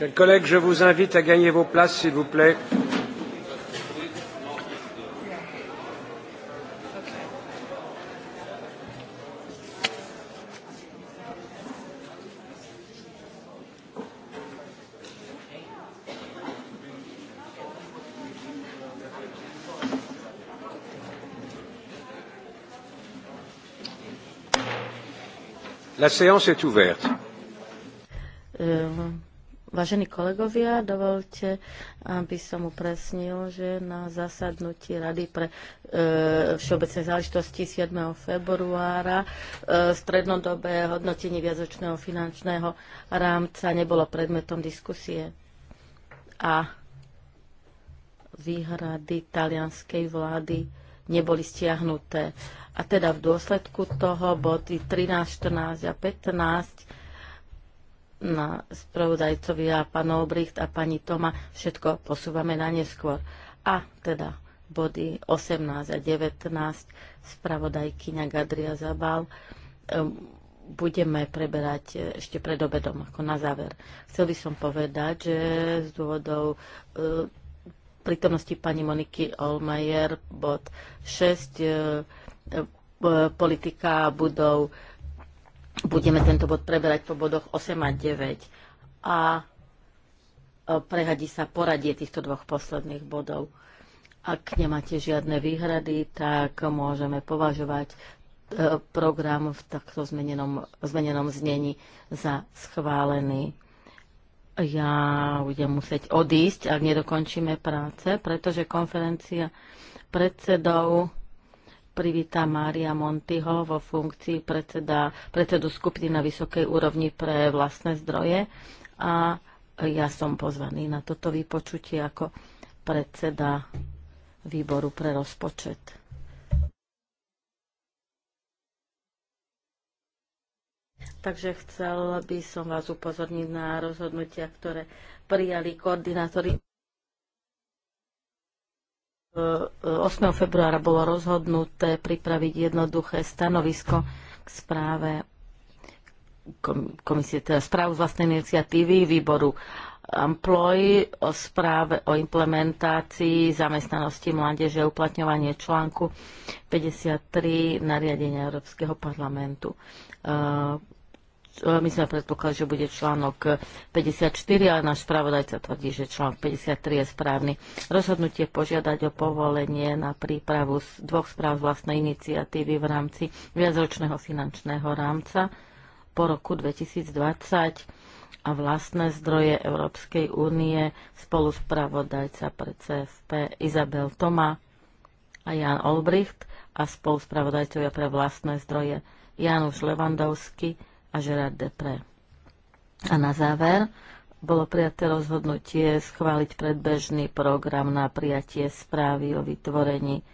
Chers collègues, je vous invite à gagner vos places, s'il vous plaît. La séance est ouverte. Euh, Vážení kolegovia, dovolte, aby som upresnil, že na zasadnutí Rady pre e, všeobecné záležitosti 7. februára e, strednodobé hodnotenie viazočného finančného rámca nebolo predmetom diskusie. A výhrady talianskej vlády neboli stiahnuté. A teda v dôsledku toho body 13, 14 a 15 na spravodajcovia pán Obricht a pani Toma všetko posúvame na neskôr. A teda body 18 a 19 spravodajkyňa Gadria Zabal ehm, budeme preberať eh, ešte pred obedom, ako na záver. Chcel by som povedať, že z dôvodov eh, prítomnosti pani Moniky Olmajer bod 6 eh, politika budov budeme tento bod preberať po bodoch 8 a 9 a e, prehadí sa poradie týchto dvoch posledných bodov. Ak nemáte žiadne výhrady, tak môžeme považovať e, program v takto zmenenom, zmenenom znení za schválený. Ja budem musieť odísť, ak nedokončíme práce, pretože konferencia predsedov privíta Mária Montyho vo funkcii predseda, predsedu skupiny na vysokej úrovni pre vlastné zdroje a ja som pozvaný na toto vypočutie ako predseda výboru pre rozpočet. Takže chcel by som vás upozorniť na rozhodnutia, ktoré prijali koordinátori 8. februára bolo rozhodnuté pripraviť jednoduché stanovisko k správe komisie, teda správu z vlastnej iniciatívy výboru amploy o správe o implementácii zamestnanosti mládeže uplatňovanie článku 53 nariadenia Európskeho parlamentu my sme predpokladali, že bude článok 54 ale náš spravodajca tvrdí, že článok 53 je správny. Rozhodnutie požiadať o povolenie na prípravu dvoch správ z vlastnej iniciatívy v rámci viacročného finančného rámca po roku 2020 a vlastné zdroje Európskej únie spolu spravodajca pre CFP Izabel Toma a Jan Olbricht a spolu spravodajcovia pre vlastné zdroje Janus Levandovský a Gerard Depre. A na záver bolo prijaté rozhodnutie schváliť predbežný program na prijatie správy o vytvorení e,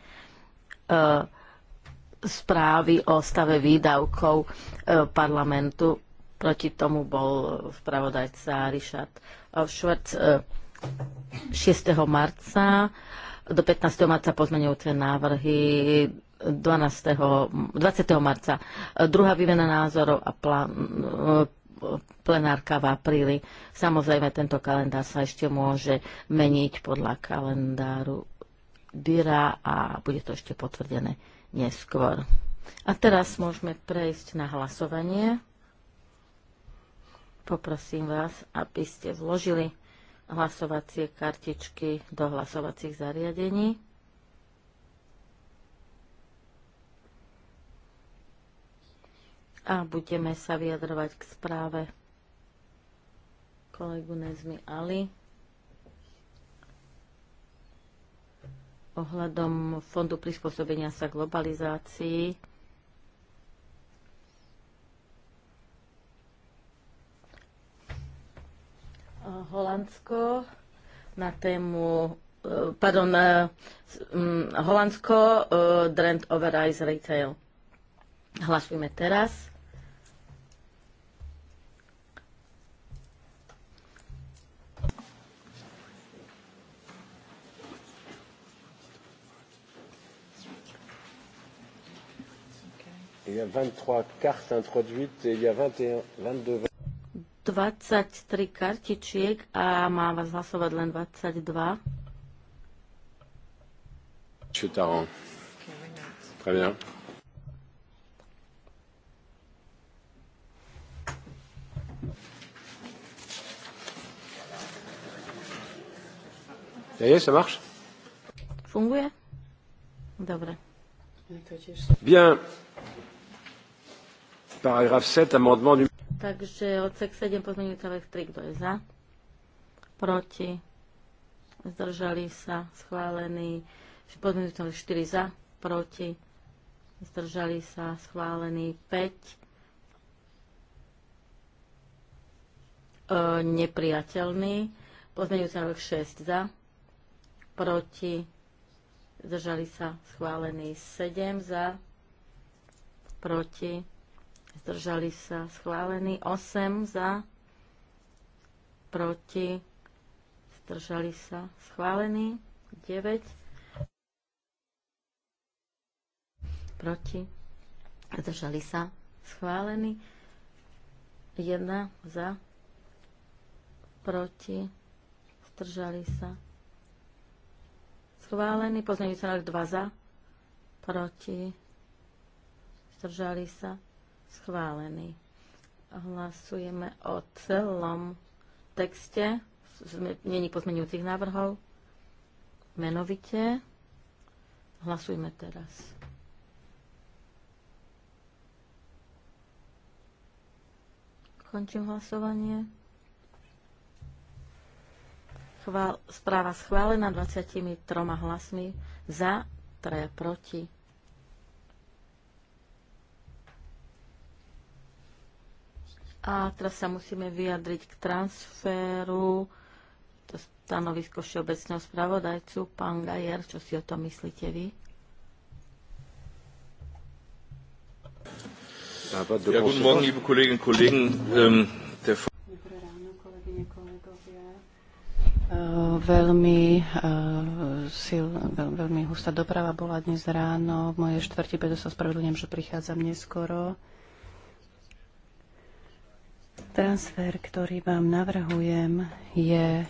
správy o stave výdavkov e, parlamentu. Proti tomu bol spravodajca Richard Schwartz e, 6. marca do 15. marca pozmenujúce návrhy 12. 20. marca. Druhá výmena názorov a plán, e, plenárka v apríli. Samozrejme, tento kalendár sa ešte môže meniť podľa kalendáru DIRA a bude to ešte potvrdené neskôr. A teraz môžeme prejsť na hlasovanie. Poprosím vás, aby ste vložili hlasovacie kartičky do hlasovacích zariadení. a budeme sa vyjadrovať k správe kolegu Nezmi Ali ohľadom Fondu prispôsobenia sa globalizácii. Holandsko na tému e, pardon, e, Holandsko Drent e, over Retail. Hlasujme teraz. Il y a 23 cartes introduites et il y a 21, 22 23 kartičiek a má vás hlasovať len 22. Monsieur Tarant. Très bien. Ça y est, ça marche Funguje Dobre. Bien. Paragraf 7, amendement du... Takže odsek 7, pozmeňujúci návrh 3, kto je za? Proti? Zdržali sa? Schválený. Pozmeňujúci návrh 4 za? Proti? Zdržali sa? Schválený. 5. E, nepriateľný. Pozmeňujúci návrh 6 za? Proti? Zdržali sa? Schválený. 7 za? Proti? zdržali sa schválení, 8 za, proti, zdržali sa schválení, 9 proti, zdržali sa schválení, 1 za, proti, zdržali sa schválení pozmeňujúce návrh 2 za, proti, zdržali sa Schválený. Hlasujeme o celom texte. Není pozmeňujúcich návrhov. Menovite. Hlasujme teraz. Končím hlasovanie. Chvál, správa schválená 23 hlasmi za, 3 proti. A teraz sa musíme vyjadriť k transferu. To stanovisko všeobecného spravodajcu. Pán Gajer, čo si o tom myslíte vy? Ja, guten Morgen, liebe Kolleginnen und Kollegen. Ähm, der äh, Veľmi, uh, sil, veľ, veľmi hustá doprava bola dnes ráno. V mojej štvrti, preto sa spravedlňujem, že prichádzam neskoro. Uh, Transfer, ktorý vám navrhujem, je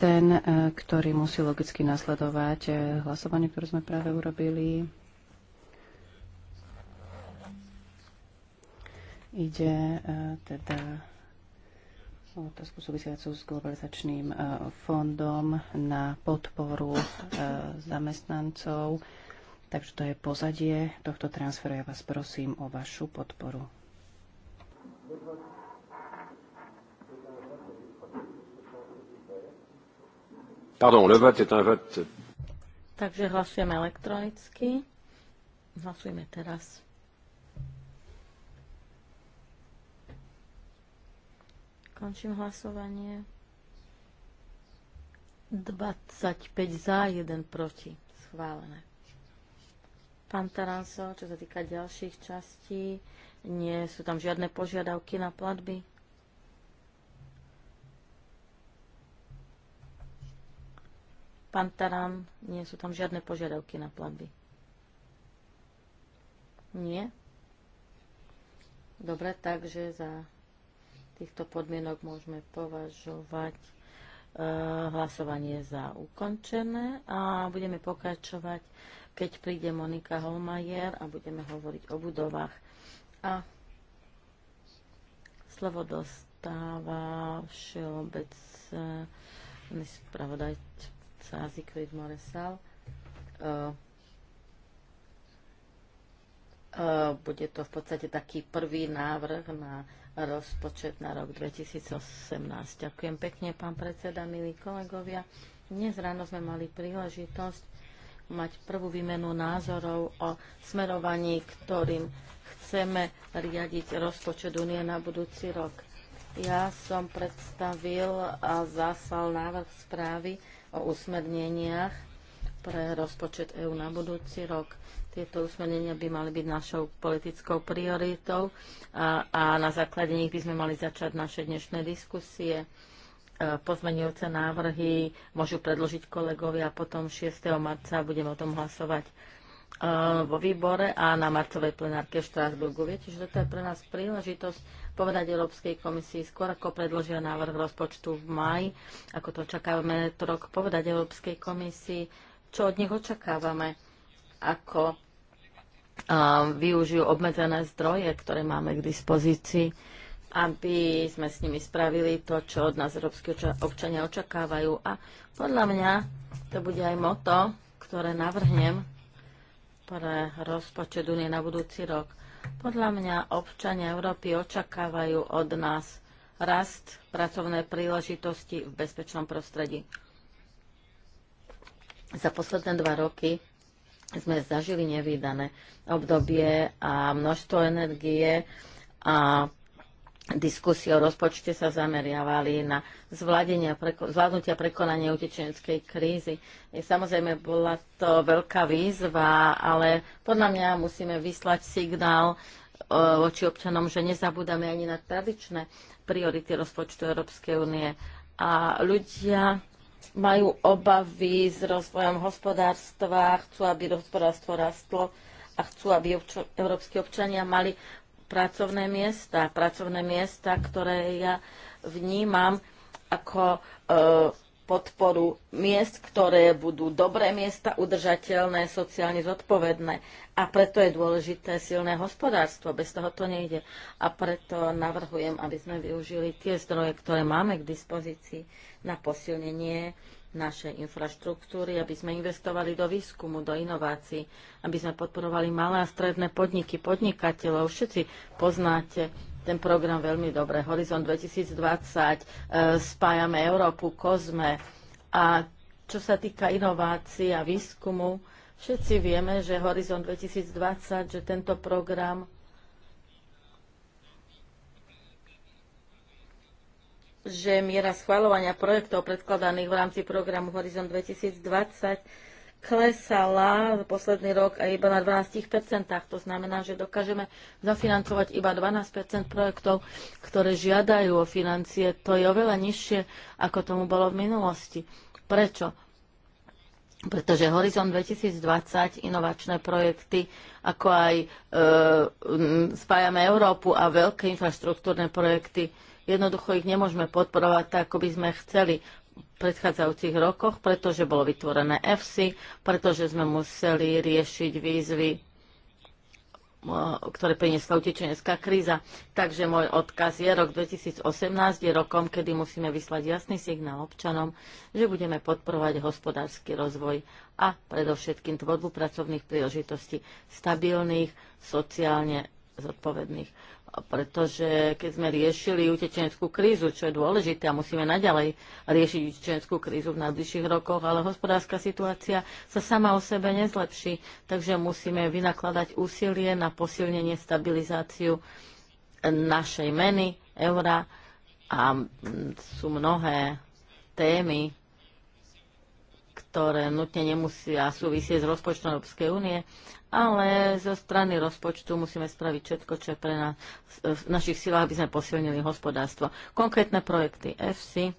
ten, e, ktorý musí logicky nasledovať e, hlasovanie, ktoré sme práve urobili. Ide e, teda o otázku súvisiacu s globalizačným fondom na podporu zamestnancov. Takže to je pozadie tohto transferu. Ja vás prosím o vašu podporu. Thank you. Pardon, le vote est un vote. Takže hlasujeme elektronicky. Hlasujeme teraz. Končím hlasovanie. 25 za, 1 proti. Schválené. Pán Taranso, čo sa týka ďalších častí, nie sú tam žiadne požiadavky na platby? Pantaram, nie sú tam žiadne požiadavky na platby. Nie? Dobre, takže za týchto podmienok môžeme považovať eh, hlasovanie za ukončené a budeme pokračovať, keď príde Monika Holmajer a budeme hovoriť o budovách. A slovo dostáva všeobec e, sa Moresal. Uh, uh, bude to v podstate taký prvý návrh na rozpočet na rok 2018. Ďakujem pekne, pán predseda, milí kolegovia. Dnes ráno sme mali príležitosť mať prvú výmenu názorov o smerovaní, ktorým chceme riadiť rozpočet únie na budúci rok. Ja som predstavil a zásal návrh správy o usmerneniach pre rozpočet EÚ na budúci rok. Tieto usmernenia by mali byť našou politickou prioritou a, a na základe nich by sme mali začať naše dnešné diskusie. E, pozmenujúce návrhy môžu predložiť kolegovia a potom 6. marca budeme o tom hlasovať e, vo výbore a na marcovej plenárke v Štrásburgu. Viete, že to je pre nás príležitosť povedať Európskej komisii skôr, ako predložia návrh rozpočtu v maji, ako to očakávame to rok, povedať Európskej komisii, čo od nich očakávame, ako využijú obmedzené zdroje, ktoré máme k dispozícii, aby sme s nimi spravili to, čo od nás európsky občania očakávajú. A podľa mňa to bude aj moto, ktoré navrhnem pre rozpočet Unie na budúci rok. Podľa mňa občania Európy očakávajú od nás rast, pracovné príležitosti v bezpečnom prostredí. Za posledné dva roky sme zažili nevýdané obdobie a množstvo energie a diskusie o rozpočte sa zameriavali na preko, zvládnutia prekonania utečeneckej krízy. Samozrejme, bola to veľká výzva, ale podľa mňa musíme vyslať signál e, voči občanom, že nezabúdame ani na tradičné priority rozpočtu Európskej únie. A ľudia majú obavy s rozvojom hospodárstva, chcú, aby hospodárstvo rastlo a chcú, aby obč- európsky občania mali pracovné miesta. Pracovné miesta, ktoré ja vnímam ako e, podporu miest, ktoré budú dobré miesta, udržateľné, sociálne zodpovedné. A preto je dôležité silné hospodárstvo. Bez toho to nejde. A preto navrhujem, aby sme využili tie zdroje, ktoré máme k dispozícii na posilnenie našej infraštruktúry, aby sme investovali do výskumu, do inovácií, aby sme podporovali malé a stredné podniky, podnikateľov. Všetci poznáte ten program veľmi dobre. Horizont 2020, e, spájame Európu, Kozme. A čo sa týka inovácií a výskumu, všetci vieme, že Horizont 2020, že tento program že miera schvaľovania projektov predkladaných v rámci programu Horizon 2020 klesala posledný rok aj iba na 12%. To znamená, že dokážeme zafinancovať iba 12% projektov, ktoré žiadajú o financie. To je oveľa nižšie, ako tomu bolo v minulosti. Prečo? Pretože Horizon 2020, inovačné projekty, ako aj e, spájame Európu a veľké infraštruktúrne projekty, Jednoducho ich nemôžeme podporovať tak, ako by sme chceli v predchádzajúcich rokoch, pretože bolo vytvorené EFSI, pretože sme museli riešiť výzvy ktoré priniesla utečenecká kríza. Takže môj odkaz je, rok 2018 je rokom, kedy musíme vyslať jasný signál občanom, že budeme podporovať hospodársky rozvoj a predovšetkým tvorbu pracovných príležitostí stabilných, sociálne zodpovedných pretože keď sme riešili utečeneckú krízu, čo je dôležité a musíme naďalej riešiť utečeneckú krízu v najbližších rokoch, ale hospodárska situácia sa sama o sebe nezlepší, takže musíme vynakladať úsilie na posilnenie stabilizáciu našej meny, eura a sú mnohé témy, ktoré nutne nemusia súvisieť s rozpočtom Európskej únie, ale zo strany rozpočtu musíme spraviť všetko, čo je pre nás v našich silách, aby sme posilnili hospodárstvo. Konkrétne projekty FC e,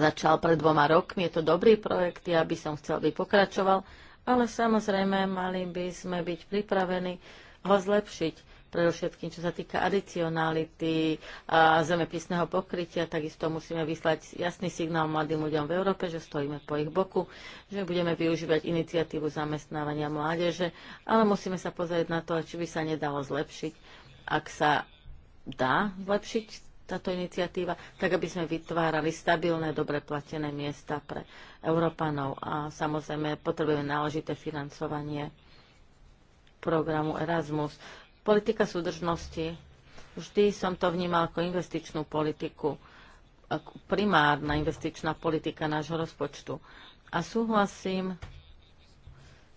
začal pred dvoma rokmi, je to dobrý projekt, ja by som chcel, aby pokračoval, ale samozrejme mali by sme byť pripravení ho zlepšiť predovšetkým čo sa týka adicionality a zemepisného pokrytia. Takisto musíme vyslať jasný signál mladým ľuďom v Európe, že stojíme po ich boku, že budeme využívať iniciatívu zamestnávania mládeže, ale musíme sa pozrieť na to, či by sa nedalo zlepšiť. Ak sa dá zlepšiť táto iniciatíva, tak aby sme vytvárali stabilné, dobre platené miesta pre Európanov. A samozrejme potrebujeme náležité financovanie programu Erasmus. Politika súdržnosti. Vždy som to vnímal ako investičnú politiku, ako primárna investičná politika nášho rozpočtu. A súhlasím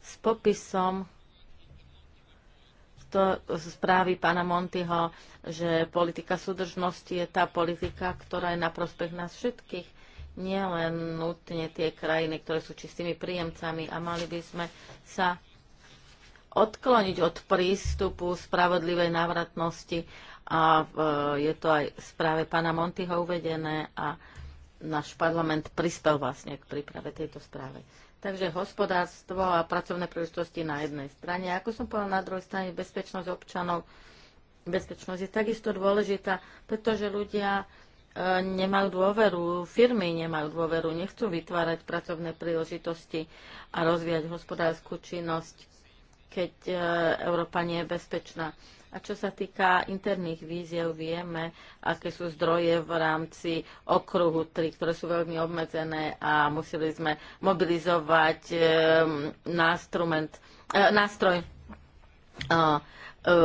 s popisom to správy pána Montyho, že politika súdržnosti je tá politika, ktorá je na prospech nás všetkých, nielen nutne tie krajiny, ktoré sú čistými príjemcami a mali by sme sa odkloniť od prístupu spravodlivej návratnosti a e, je to aj v správe pána Montyho uvedené a náš parlament prispel vlastne k príprave tejto správe. Takže hospodárstvo a pracovné príležitosti na jednej strane. Ako som povedal, na druhej strane bezpečnosť občanov. Bezpečnosť je takisto dôležitá, pretože ľudia e, nemajú dôveru, firmy nemajú dôveru, nechcú vytvárať pracovné príležitosti a rozvíjať hospodárskú činnosť keď e, Európa nie je bezpečná. A čo sa týka interných víziev, vieme, aké sú zdroje v rámci okruhu 3, ktoré sú veľmi obmedzené a museli sme mobilizovať e, e, nástroj E,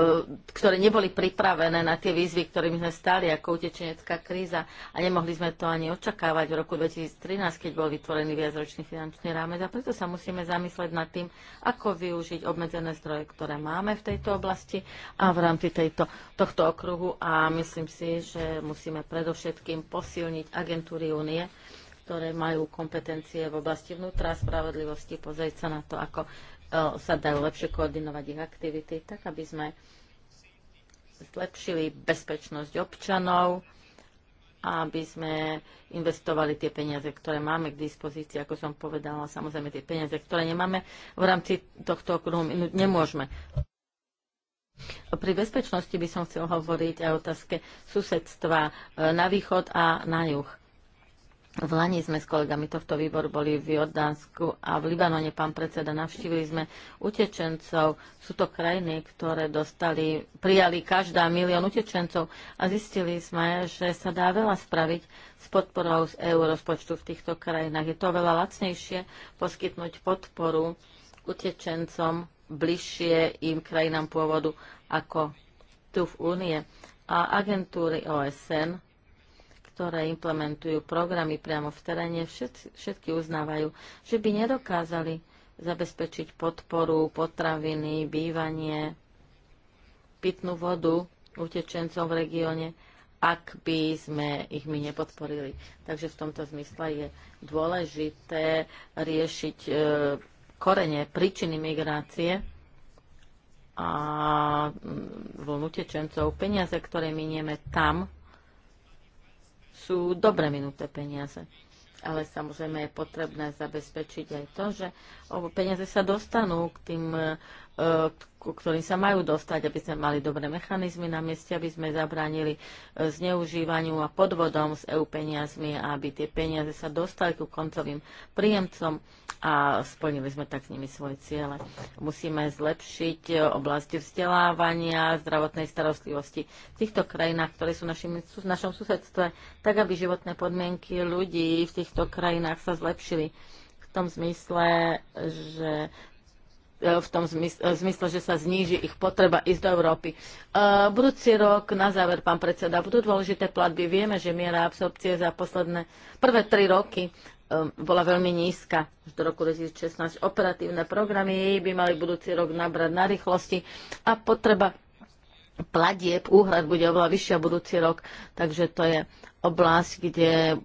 ktoré neboli pripravené na tie výzvy, ktorými sme stali ako utečenecká kríza a nemohli sme to ani očakávať v roku 2013, keď bol vytvorený viacročný finančný rámec a preto sa musíme zamyslieť nad tým, ako využiť obmedzené zdroje, ktoré máme v tejto oblasti a v rámci tejto, tohto okruhu a myslím si, že musíme predovšetkým posilniť agentúry únie, ktoré majú kompetencie v oblasti vnútra spravodlivosti, pozrieť sa na to, ako sa dajú lepšie koordinovať ich aktivity, tak aby sme zlepšili bezpečnosť občanov, aby sme investovali tie peniaze, ktoré máme k dispozícii, ako som povedala, samozrejme tie peniaze, ktoré nemáme v rámci tohto okruhu, nemôžeme. Pri bezpečnosti by som chcel hovoriť aj o otázke susedstva e, na východ a na juh. V Lani sme s kolegami tohto výboru boli v Jordánsku a v Libanone, pán predseda, navštívili sme utečencov. Sú to krajiny, ktoré dostali, prijali každá milión utečencov a zistili sme, že sa dá veľa spraviť s podporou z EU rozpočtu v týchto krajinách. Je to veľa lacnejšie poskytnúť podporu utečencom bližšie im krajinám pôvodu ako tu v Únie. A agentúry OSN ktoré implementujú programy priamo v teréne, všetky, všetky uznávajú, že by nedokázali zabezpečiť podporu, potraviny, bývanie, pitnú vodu utečencom v regióne, ak by sme ich my nepodporili. Takže v tomto zmysle je dôležité riešiť e, korene, príčiny migrácie a vln utečencov. Peniaze, ktoré minieme tam, sú dobre minuté peniaze. Ale samozrejme je potrebné zabezpečiť aj to, že peniaze sa dostanú k tým ku ktorým sa majú dostať, aby sme mali dobré mechanizmy na mieste, aby sme zabránili e, zneužívaniu a podvodom s EU peniazmi, aby tie peniaze sa dostali ku koncovým príjemcom a splnili sme tak s nimi svoje ciele. Musíme zlepšiť e, oblasti vzdelávania, zdravotnej starostlivosti v týchto krajinách, ktoré sú našim, v našom susedstve, tak aby životné podmienky ľudí v týchto krajinách sa zlepšili. V tom zmysle, že E, v tom zmysle, zmysle, že sa zníži ich potreba ísť do Európy. E, budúci rok, na záver, pán predseda, budú dôležité platby. Vieme, že miera absorpcie za posledné prvé tri roky e, bola veľmi nízka až do roku 2016. Operatívne programy by mali budúci rok nabrať na rýchlosti a potreba platieb, úhrad bude oveľa vyššia budúci rok, takže to je oblasť, kde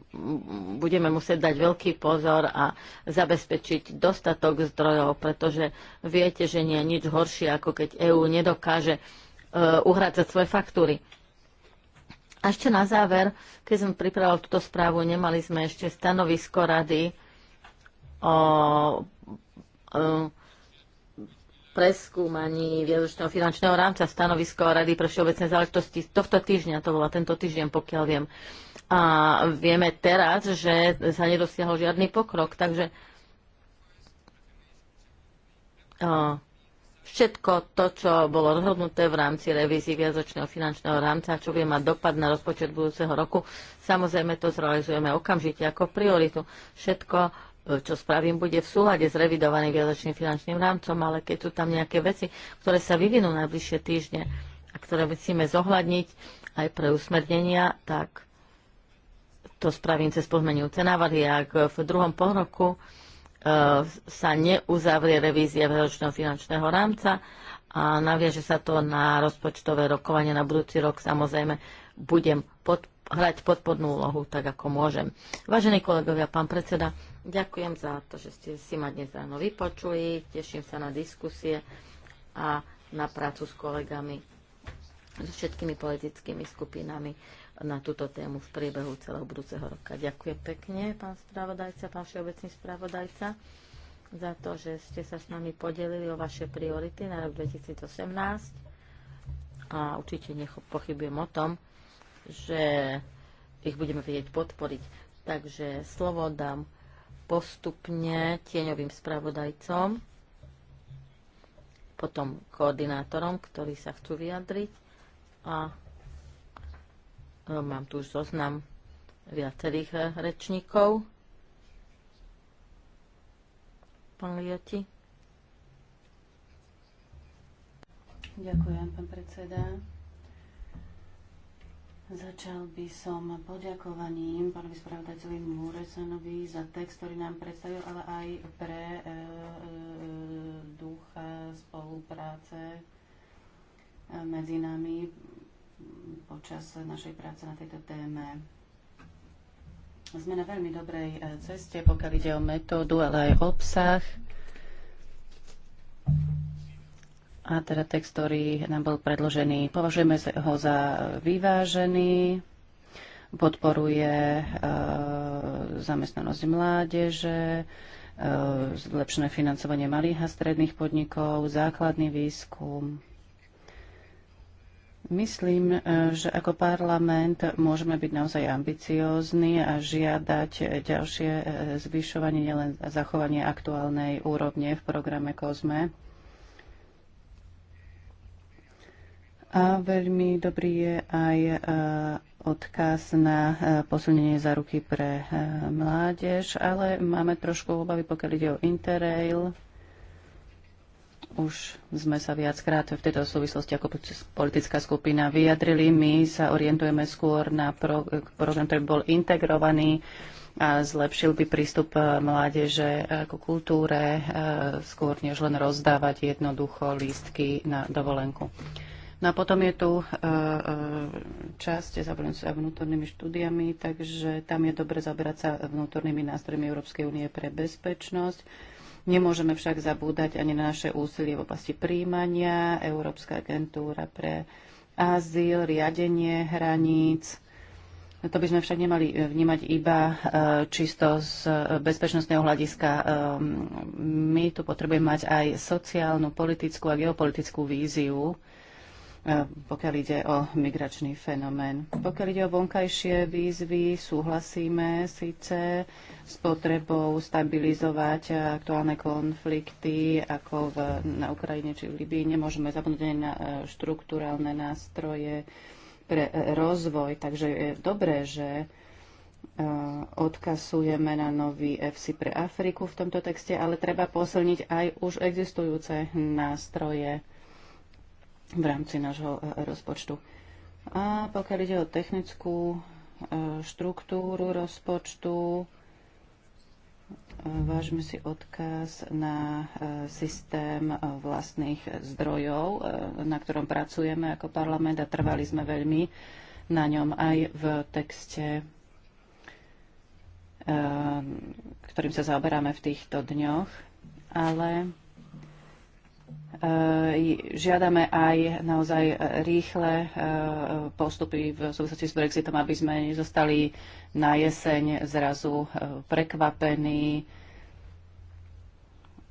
budeme musieť dať veľký pozor a zabezpečiť dostatok zdrojov, pretože viete, že nie je nič horšie, ako keď EÚ nedokáže e, uhrádzať svoje faktúry. A ešte na záver, keď som pripravil túto správu, nemali sme ešte stanovisko rady o, o e, preskúmaní viedočného finančného rámca stanovisko Rady pre všeobecné záležitosti tohto týždňa, to bola tento týždeň, pokiaľ viem. A vieme teraz, že sa nedosiahol žiadny pokrok, takže všetko to, čo bolo rozhodnuté v rámci revízii viazočného finančného rámca, čo bude mať dopad na rozpočet budúceho roku, samozrejme to zrealizujeme okamžite ako prioritu. Všetko E, čo spravím, bude v súlade s revidovaným viadočným finančným rámcom, ale keď sú tam nejaké veci, ktoré sa vyvinú najbližšie týždne a ktoré musíme zohľadniť aj pre usmernenia, tak to spravím cez pozmenujúce návrhy. Ak v druhom pohroku e, sa neuzavrie revízia viadočného finančného rámca a naviaže sa to na rozpočtové rokovanie na budúci rok, samozrejme budem pod, hrať podpornú úlohu, tak ako môžem. Vážení kolegovia, pán predseda, Ďakujem za to, že ste si ma dnes ráno vypočuli. Teším sa na diskusie a na prácu s kolegami, so všetkými politickými skupinami na túto tému v priebehu celého budúceho roka. Ďakujem pekne, pán spravodajca, pán všeobecný spravodajca, za to, že ste sa s nami podelili o vaše priority na rok 2018 a určite nepochybujem o tom, že ich budeme vedieť podporiť. Takže slovo dám postupne tieňovým spravodajcom, potom koordinátorom, ktorí sa chcú vyjadriť a e, mám tu už zoznam viacerých e, rečníkov. Pán Lioti. Ďakujem, pán predseda. Začal by som poďakovaním pánovi spravodajcovi Múresanovi za text, ktorý nám predstavil, ale aj pre e, e, ducha spolupráce e, medzi nami počas našej práce na tejto téme. Sme na veľmi dobrej e, ceste, pokiaľ ide o metódu, ale aj obsah. A teda text, ktorý nám bol predložený, považujeme ho za vyvážený, podporuje e, zamestnanosť mládeže, e, zlepšené financovanie malých a stredných podnikov, základný výskum. Myslím, e, že ako parlament môžeme byť naozaj ambiciózni a žiadať ďalšie zvyšovanie, nielen zachovanie aktuálnej úrovne v programe COSME A veľmi dobrý je aj e, odkaz na za e, záruky pre e, mládež, ale máme trošku obavy, pokiaľ ide o Interrail. Už sme sa viackrát v tejto súvislosti ako politická skupina vyjadrili. My sa orientujeme skôr na program, ktorý bol integrovaný a zlepšil by prístup mládeže ku kultúre, skôr než len rozdávať jednoducho lístky na dovolenku. No a potom je tu e, e, časť zaoberajúca sa vnútornými štúdiami, takže tam je dobre zaberať sa vnútornými nástrojmi Európskej únie pre bezpečnosť. Nemôžeme však zabúdať ani na naše úsilie v oblasti príjmania, Európska agentúra pre azyl, riadenie hraníc. No to by sme však nemali e, vnímať iba čisto z bezpečnostného hľadiska. My tu potrebujeme mať aj sociálnu, politickú a geopolitickú víziu E, pokiaľ ide o migračný fenomén. Pokiaľ ide o vonkajšie výzvy, súhlasíme síce s potrebou stabilizovať aktuálne konflikty ako v, na Ukrajine či v Libii. Nemôžeme zabudnúť na e, štruktúralne nástroje pre e, rozvoj, takže je dobré, že odkazujeme na nový FC pre Afriku v tomto texte, ale treba posilniť aj už existujúce nástroje v rámci nášho e, rozpočtu. A pokiaľ ide o technickú e, štruktúru rozpočtu, e, vážme si odkaz na systém vlastných zdrojov, na ktorom pracujeme ako parlament a trvali sme veľmi na ňom aj v texte, ktorým sa zaoberáme v týchto dňoch. Ale E, žiadame aj naozaj rýchle e, postupy v súvislosti s Brexitom, aby sme nezostali na jeseň zrazu e, prekvapení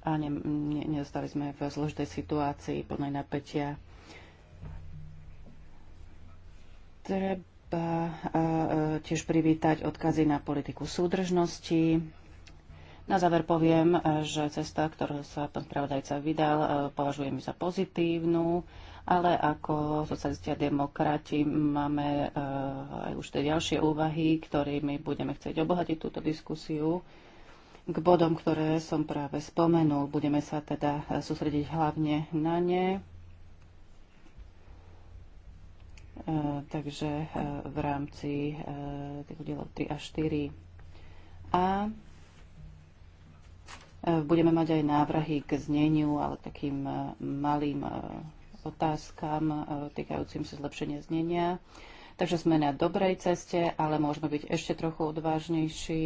a ne, ne, nezostali sme v zložitej situácii plnej napätia. Treba tiež privítať odkazy na politiku súdržnosti na záver poviem, e, že cesta, ktorú sa pán spravodajca vydal, e, považujem za pozitívnu, ale ako socialisti a demokrati máme e, aj už tie ďalšie úvahy, ktorými budeme chcieť obohatiť túto diskusiu. K bodom, ktoré som práve spomenul, budeme sa teda sústrediť hlavne na ne. takže v rámci tých oddielov 3 a 4. A Budeme mať aj návrhy k zneniu, ale takým e, malým e, otázkam e, týkajúcim sa zlepšenia znenia. Takže sme na dobrej ceste, ale môžeme byť ešte trochu odvážnejší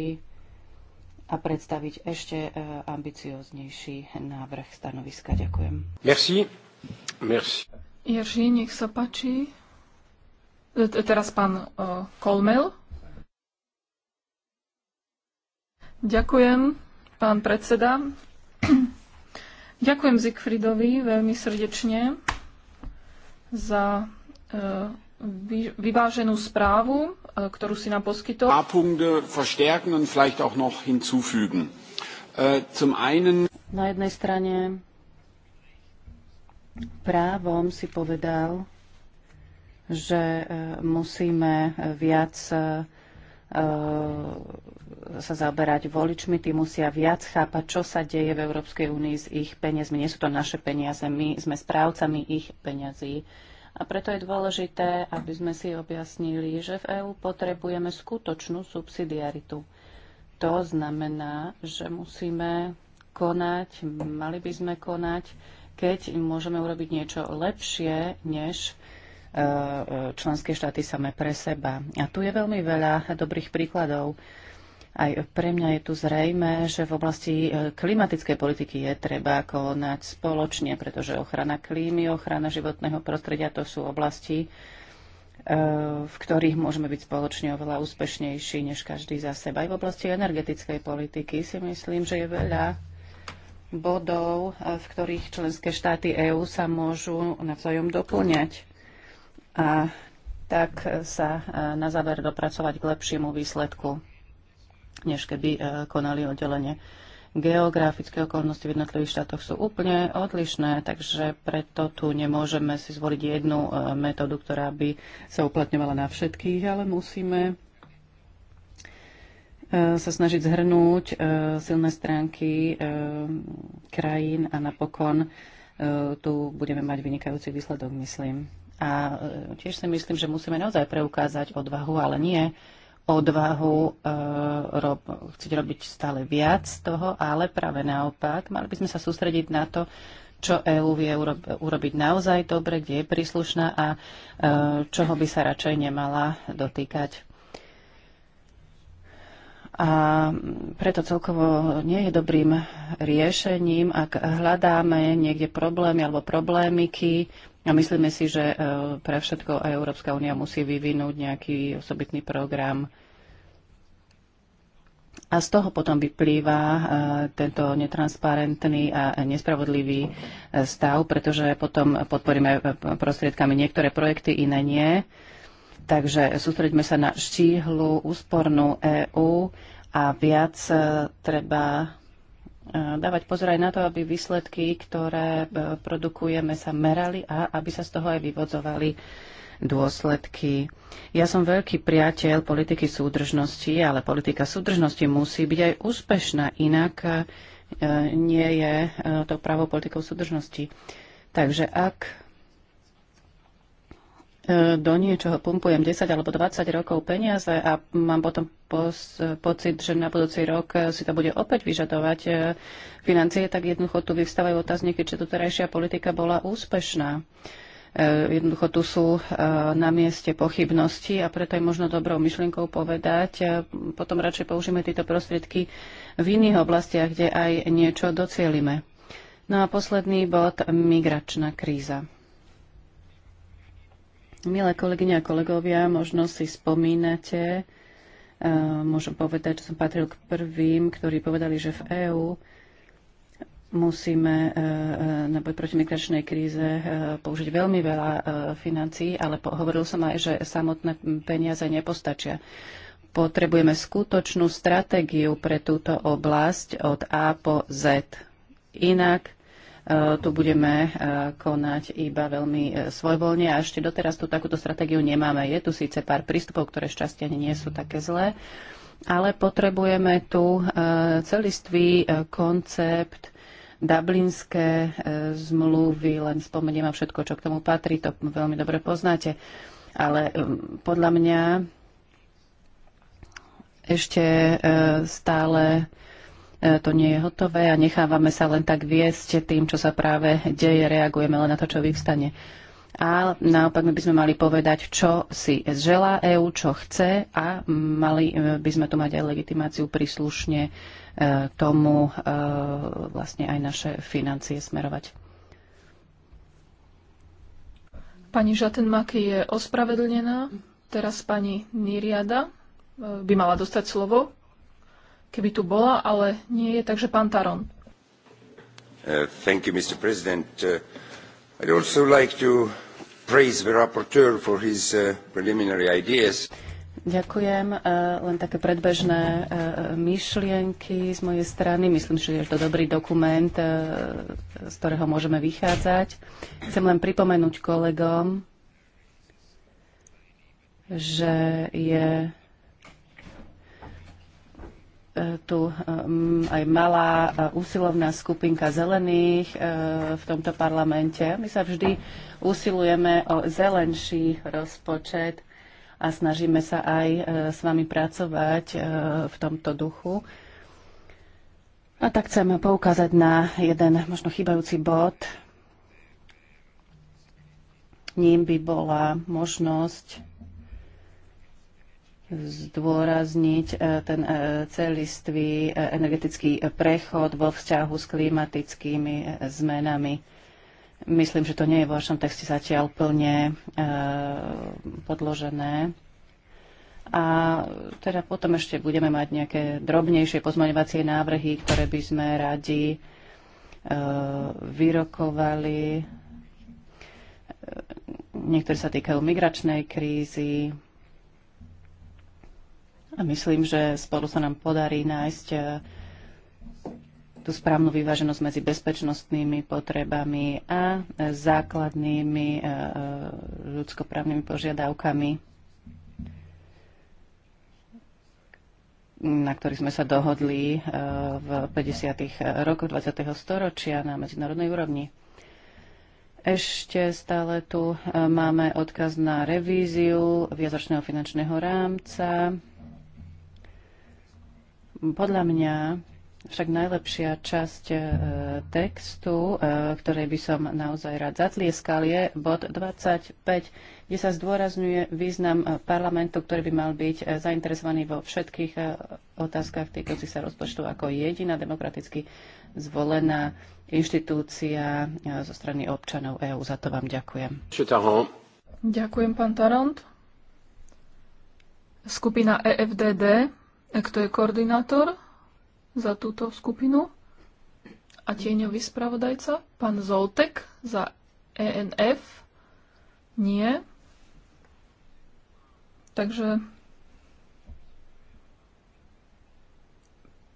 a predstaviť ešte ambicioznejší návrh stanoviska. Ďakujem. Merci. Merci. Jerži, nech sa páči. Teraz pán Kolmel. Ďakujem pán predseda. Ďakujem Zigfridovi veľmi srdečne za e, vyváženú správu, e, ktorú si nám poskytol. Punkte verstärken und vielleicht auch noch hinzufügen. Äh, zum einen na jednej strane právom si povedal, že e, musíme viac E, sa zaoberať voličmi, tí musia viac chápať, čo sa deje v Európskej únii s ich peniazmi. Nie sú to naše peniaze, my sme správcami ich peňazí. A preto je dôležité, aby sme si objasnili, že v EÚ potrebujeme skutočnú subsidiaritu. To znamená, že musíme konať, mali by sme konať, keď môžeme urobiť niečo lepšie, než E, členské štáty same pre seba. A tu je veľmi veľa dobrých príkladov. Aj pre mňa je tu zrejme, že v oblasti e, klimatickej politiky je treba konať spoločne, pretože ochrana klímy, ochrana životného prostredia to sú oblasti, e, v ktorých môžeme byť spoločne oveľa úspešnejší než každý za seba. Aj v oblasti energetickej politiky si myslím, že je veľa bodov, v ktorých členské štáty EÚ sa môžu navzájom doplňať a tak e, sa e, na záver dopracovať k lepšiemu výsledku, než keby e, konali oddelenie. Geografické okolnosti v jednotlivých štátoch sú úplne odlišné, takže preto tu nemôžeme si zvoliť jednu metódu, ktorá by sa uplatňovala na všetkých, ale musíme sa snažiť zhrnúť silné stránky krajín a napokon tu budeme mať vynikajúci výsledok, myslím. A e, tiež si myslím, že musíme naozaj preukázať odvahu, ale nie odvahu e, rob, chcieť robiť stále viac toho, ale práve naopak, mali by sme sa sústrediť na to, čo EÚ vie urob, urobiť naozaj dobre, kde je príslušná a e, čoho by sa radšej nemala dotýkať. A preto celkovo nie je dobrým riešením, ak hľadáme niekde problémy alebo problémiky, a myslíme si, že e, pre všetko aj Európska únia musí vyvinúť nejaký osobitný program. A z toho potom vyplýva e, tento netransparentný a nespravodlivý e, stav, pretože potom podporíme prostriedkami niektoré projekty, iné nie. Takže sústreďme sa na štíhlu, úspornú EÚ a viac treba Eh, dávať pozor aj na to, aby výsledky, ktoré eh, produkujeme, sa merali a aby sa z toho aj vyvodzovali dôsledky. Ja som veľký priateľ politiky súdržnosti, ale politika súdržnosti musí byť aj úspešná, inak eh, nie je to právo politikou súdržnosti. Takže ak E, do niečoho pumpujem 10 alebo 20 rokov peniaze a mám potom pocit, že na budúci rok e, si to bude opäť vyžadovať e, financie, tak jednoducho tu vyvstávajú otázniky, či doterajšia politika bola úspešná. Jednoducho tu sú na mieste pochybnosti a preto je možno dobrou myšlienkou povedať, potom radšej použijeme tieto prostriedky v iných oblastiach, kde aj niečo docielime. No a posledný bod, migračná kríza. Milé kolegyne a kolegovia, možno si spomínate, eh, môžem povedať, že som patril k prvým, ktorí povedali, že v EÚ musíme eh, eh, na boj proti migračnej kríze použiť veľmi veľa financií, ale hovoril som aj, že samotné peniaze nepostačia. Potrebujeme skutočnú stratégiu pre túto oblasť od A po Z. Inak Eh, tu budeme eh, konať iba veľmi eh, svojvoľne a ešte doteraz tu takúto stratégiu nemáme. Je tu síce pár prístupov, ktoré šťastie nie sú také zlé, ale potrebujeme tu celistvý koncept Dublinské zmluvy, len spomeniem a všetko, čo k tomu patrí, to veľmi dobre poznáte. Ale mm, podľa mňa ešte stále E, to nie je hotové a nechávame sa len tak viesť tým, čo sa práve deje, reagujeme len na to, čo vyvstane. A naopak my by sme mali povedať, čo si želá EÚ, čo chce a mali e, by sme tu mať aj legitimáciu príslušne e, tomu vlastne aj naše financie smerovať. Pani Žatenmaky je ospravedlnená. Teraz pani Niriada by mala dostať slovo keby tu bola, ale nie je. Takže pán Taron. Uh, thank you, Mr. President. Uh, I'd also like to praise the rapporteur for his uh, preliminary ideas. Ďakujem. Len také predbežné myšlienky z mojej strany. Myslím, že je to dobrý dokument, z ktorého môžeme vychádzať. Chcem len pripomenúť kolegom, že je tu eh, aj malá eh, úsilovná skupinka zelených eh, v tomto parlamente. My sa vždy usilujeme o zelenší rozpočet a snažíme sa aj s vami pracovať v tomto duchu. A tak chcem poukázať na jeden možno chýbajúci bod. Ním by bola možnosť zdôrazniť e, ten e, celistvý e, energetický prechod vo vzťahu s klimatickými zmenami. Myslím, že to nie je vo vašom texte zatiaľ plne podložené. A teda potom ešte budeme mať nejaké drobnejšie pozmaňovacie návrhy, ktoré by sme radi vyrokovali. Niektoré sa týkajú migračnej krízy, a myslím, že spolu sa nám podarí nájsť e, tú správnu vyváženosť medzi bezpečnostnými potrebami a e, základnými e, ľudskoprávnymi požiadavkami, na ktorých sme sa dohodli v 50. rokoch 20. storočia na medzinárodnej úrovni. Ešte stále tu máme odkaz na revíziu viacročného finančného rámca podľa mňa však najlepšia časť e, textu, e, ktorej by som naozaj rád zatlieskal, je bod 25, kde sa zdôrazňuje význam parlamentu, ktorý by mal byť e, zainteresovaný vo všetkých otázkach týkajúcich sa rozpočtu ako jediná demokraticky zvolená inštitúcia zo strany občanov EÚ. Za to vám ďakujem. Ďakujem, pán Tarant. Skupina EFDD kto je koordinátor za túto skupinu? A tieňový spravodajca? Pán Zoltek za ENF? Nie. Takže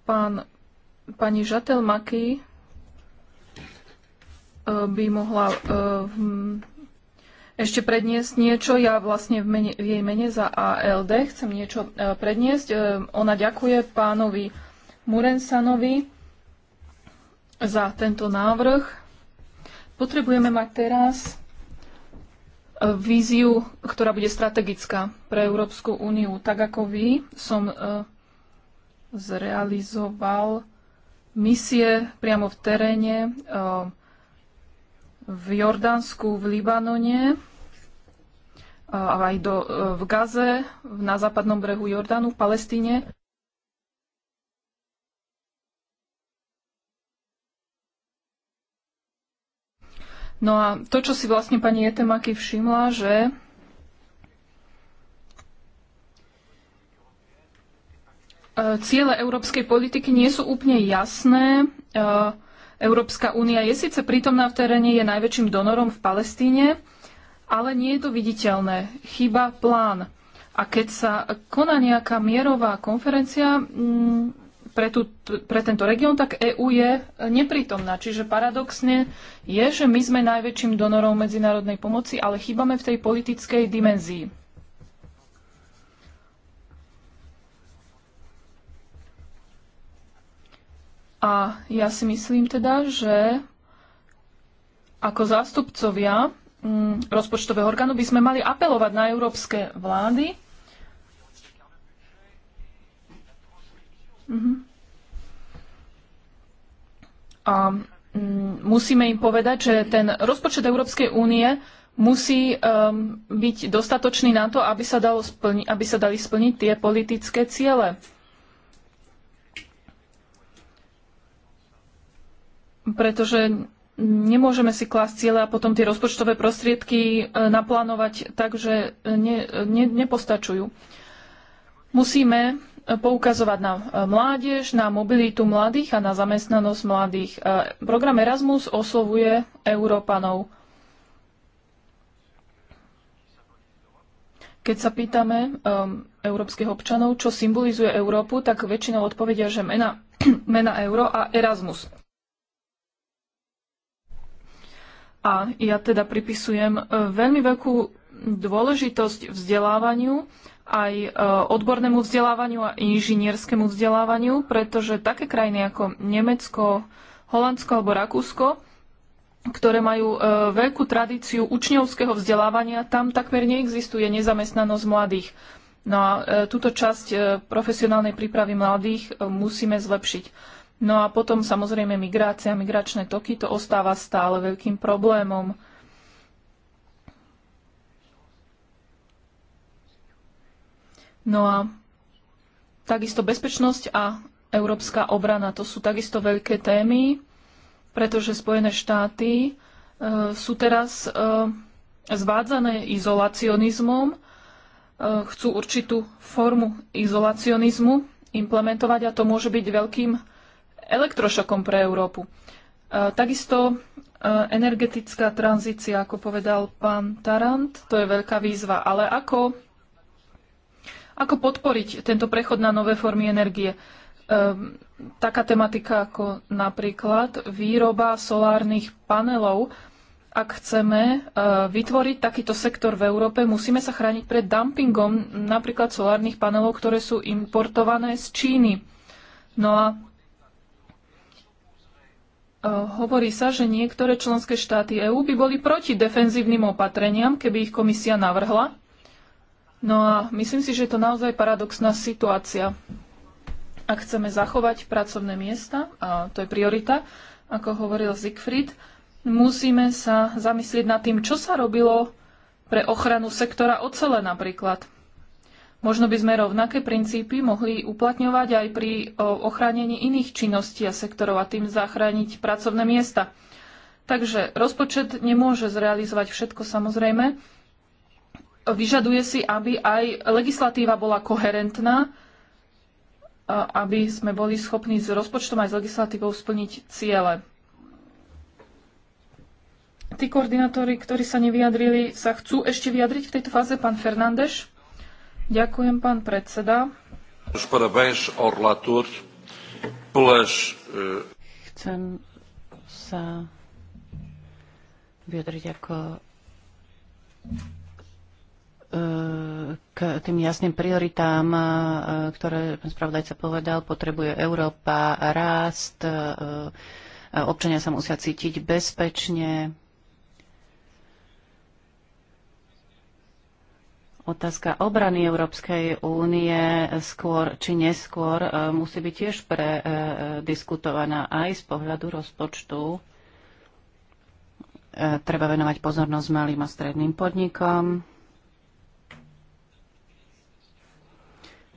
pán, pani Maky eh, by mohla eh, ešte predniesť niečo. Ja vlastne v, mene, v jej mene za ALD chcem niečo e, predniesť. E, ona ďakuje pánovi Murensanovi za tento návrh. Potrebujeme mať teraz e, víziu, ktorá bude strategická pre Európsku úniu. Tak ako vy som zrealizoval misie priamo v teréne v Jordánsku, v Libanone, aj do, e, v Gaze, na západnom brehu Jordánu, v Palestíne. No a to, čo si vlastne pani Etemaky všimla, že e, ciele európskej politiky nie sú úplne jasné. Uh, Európska únia je síce prítomná v teréne, je najväčším donorom v Palestíne, ale nie je to viditeľné. Chyba plán. A keď sa koná nejaká mierová konferencia mm, pre, tú, pre tento región, tak EÚ je neprítomná. Čiže paradoxne je, že my sme najväčším donorom medzinárodnej pomoci, ale chýbame v tej politickej dimenzii. A ja si myslím teda, že ako zástupcovia mm, rozpočtového orgánu by sme mali apelovať na európske vlády, mhm. A mm, musíme im povedať, že ten rozpočet Európskej únie musí ehm, byť dostatočný na to, aby sa, dalo splni- aby sa dali splniť tie politické ciele. pretože nemôžeme si klásť cieľa a potom tie rozpočtové prostriedky e, naplánovať tak, že ne, ne, nepostačujú. Musíme e, poukazovať na e, mládež, na mobilitu mladých a na zamestnanosť mladých. Program Erasmus oslovuje Európanov. Keď sa pýtame um, európskych občanov, čo symbolizuje Európu, tak väčšinou odpovedia, že mena, mena euro a Erasmus. A ja teda pripisujem e, veľmi veľkú dôležitosť vzdelávaniu, aj e, odbornému vzdelávaniu a inžinierskému vzdelávaniu, pretože také krajiny ako Nemecko, Holandsko alebo Rakúsko, ktoré majú e, veľkú tradíciu učňovského vzdelávania, tam takmer neexistuje nezamestnanosť mladých. No a túto časť profesionálnej prípravy mladých musíme zlepšiť. No a potom samozrejme migrácia, migračné toky, to ostáva stále veľkým problémom. No a takisto bezpečnosť a európska obrana, to sú takisto veľké témy, pretože Spojené štáty e, sú teraz e, zvádzané izolacionizmom, e, chcú určitú formu izolacionizmu implementovať a to môže byť veľkým elektrošokom pre Európu. E, takisto e, energetická tranzícia, ako povedal pán Tarant, to je veľká výzva, ale ako, ako podporiť tento prechod na nové formy energie? E, taká tematika ako napríklad výroba solárnych panelov, ak chceme vytvoriť takýto sektor v Európe, musíme sa chrániť pred dumpingom napríklad solárnych panelov, ktoré sú importované z Číny. No a E, hovorí sa, že niektoré členské štáty EÚ by boli proti defenzívnym opatreniam, keby ich komisia navrhla. No a myslím si, že je to naozaj paradoxná situácia. Ak chceme zachovať pracovné miesta, a to je priorita, ako hovoril Siegfried, musíme sa zamyslieť nad tým, čo sa robilo pre ochranu sektora ocele napríklad. Možno by sme rovnaké princípy mohli uplatňovať aj pri ochránení iných činností a sektorov a tým zachrániť pracovné miesta. Takže rozpočet nemôže zrealizovať všetko samozrejme. Vyžaduje si, aby aj legislatíva bola koherentná, aby sme boli schopní s rozpočtom aj s legislatívou splniť ciele. Tí koordinátori, ktorí sa nevyjadrili, sa chcú ešte vyjadriť v tejto fáze, pán Fernández? Ďakujem, pán predseda. E, Chcem sa vyjadriť ako e, k tým jasným prioritám, e, ktoré pán spravodajca povedal, potrebuje Európa rast, občania sa musia cítiť bezpečne, otázka obrany Európskej únie skôr či neskôr e, musí byť tiež prediskutovaná e, aj z pohľadu rozpočtu. E, treba venovať pozornosť malým a stredným podnikom.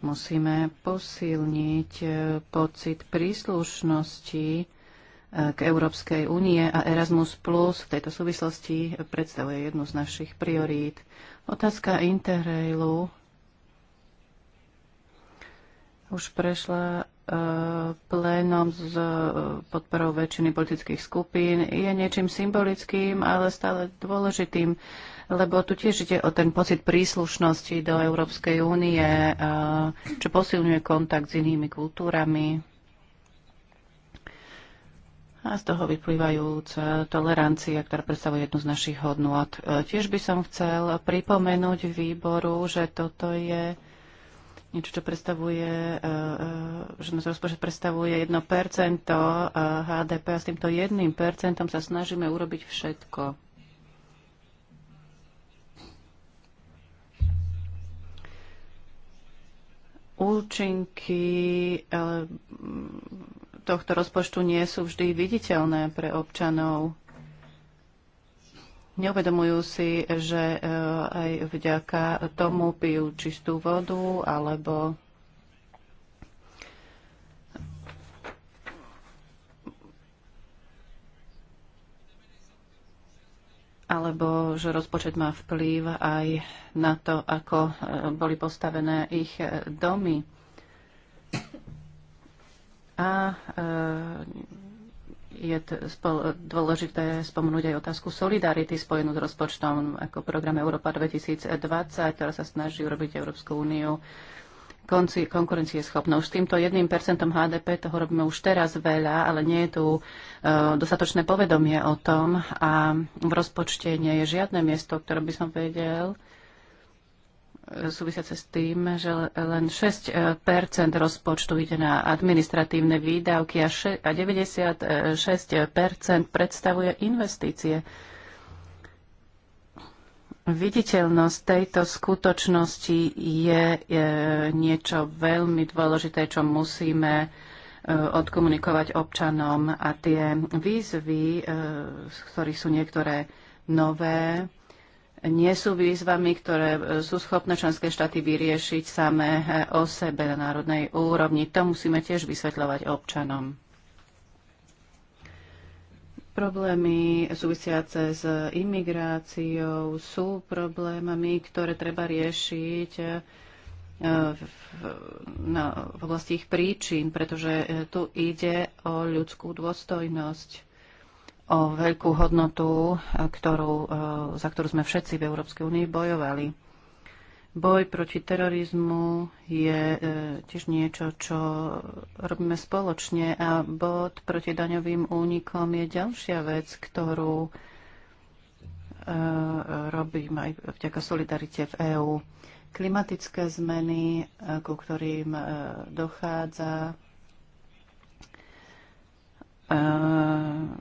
Musíme posilniť pocit príslušnosti k Európskej únie a Erasmus Plus v tejto súvislosti predstavuje jednu z našich priorít. Otázka Interrailu už prešla e, plénom s e, podporou väčšiny politických skupín je niečím symbolickým, ale stále dôležitým, lebo tu tiež ide o ten pocit príslušnosti do Európskej únie, e, čo posilňuje kontakt s inými kultúrami a z toho vyplývajúca tolerancia, ktorá predstavuje jednu z našich hodnôt. E, tiež by som chcel pripomenúť výboru, že toto je niečo, čo predstavuje, e, e, že nás rozpočet predstavuje 1% HDP a s týmto 1% sa snažíme urobiť všetko. Účinky tohto rozpočtu nie sú vždy viditeľné pre občanov. Neuvedomujú si, že e, aj vďaka tomu pijú čistú vodu alebo alebo že rozpočet má vplyv aj na to, ako e, boli postavené ich e, domy. A e, je dôležité spomenúť aj otázku solidarity spojenú s rozpočtom ako program Európa 2020, ktorá sa snaží urobiť Európsku úniu konkurencieschopnou. S týmto 1% HDP toho robíme už teraz veľa, ale nie je tu e, dostatočné povedomie o tom a v rozpočte nie je žiadne miesto, ktoré by som vedel, súvisiace s tým, že len 6 e, rozpočtu ide na administratívne výdavky a 96 e, predstavuje investície. Viditeľnosť tejto skutočnosti je e, niečo veľmi dôležité, čo musíme odkomunikovať občanom a tie výzvy, z ktorých sú niektoré nové, nie sú výzvami, ktoré e, sú schopné členské štáty vyriešiť samé e, o sebe na národnej úrovni. To musíme tiež vysvetľovať občanom. Problémy súvisiace s imigráciou sú problémami, ktoré treba riešiť e, v oblasti ich príčin, pretože tu ide o ľudskú dôstojnosť o veľkú hodnotu, e, ktorú, e, za ktorú sme všetci v Európskej únii bojovali. Boj proti terorizmu je e, tiež niečo, čo robíme spoločne a bod proti daňovým únikom je ďalšia vec, ktorú robím aj vďaka solidarite v EÚ. Klimatické zmeny, ku ktorým dochádza,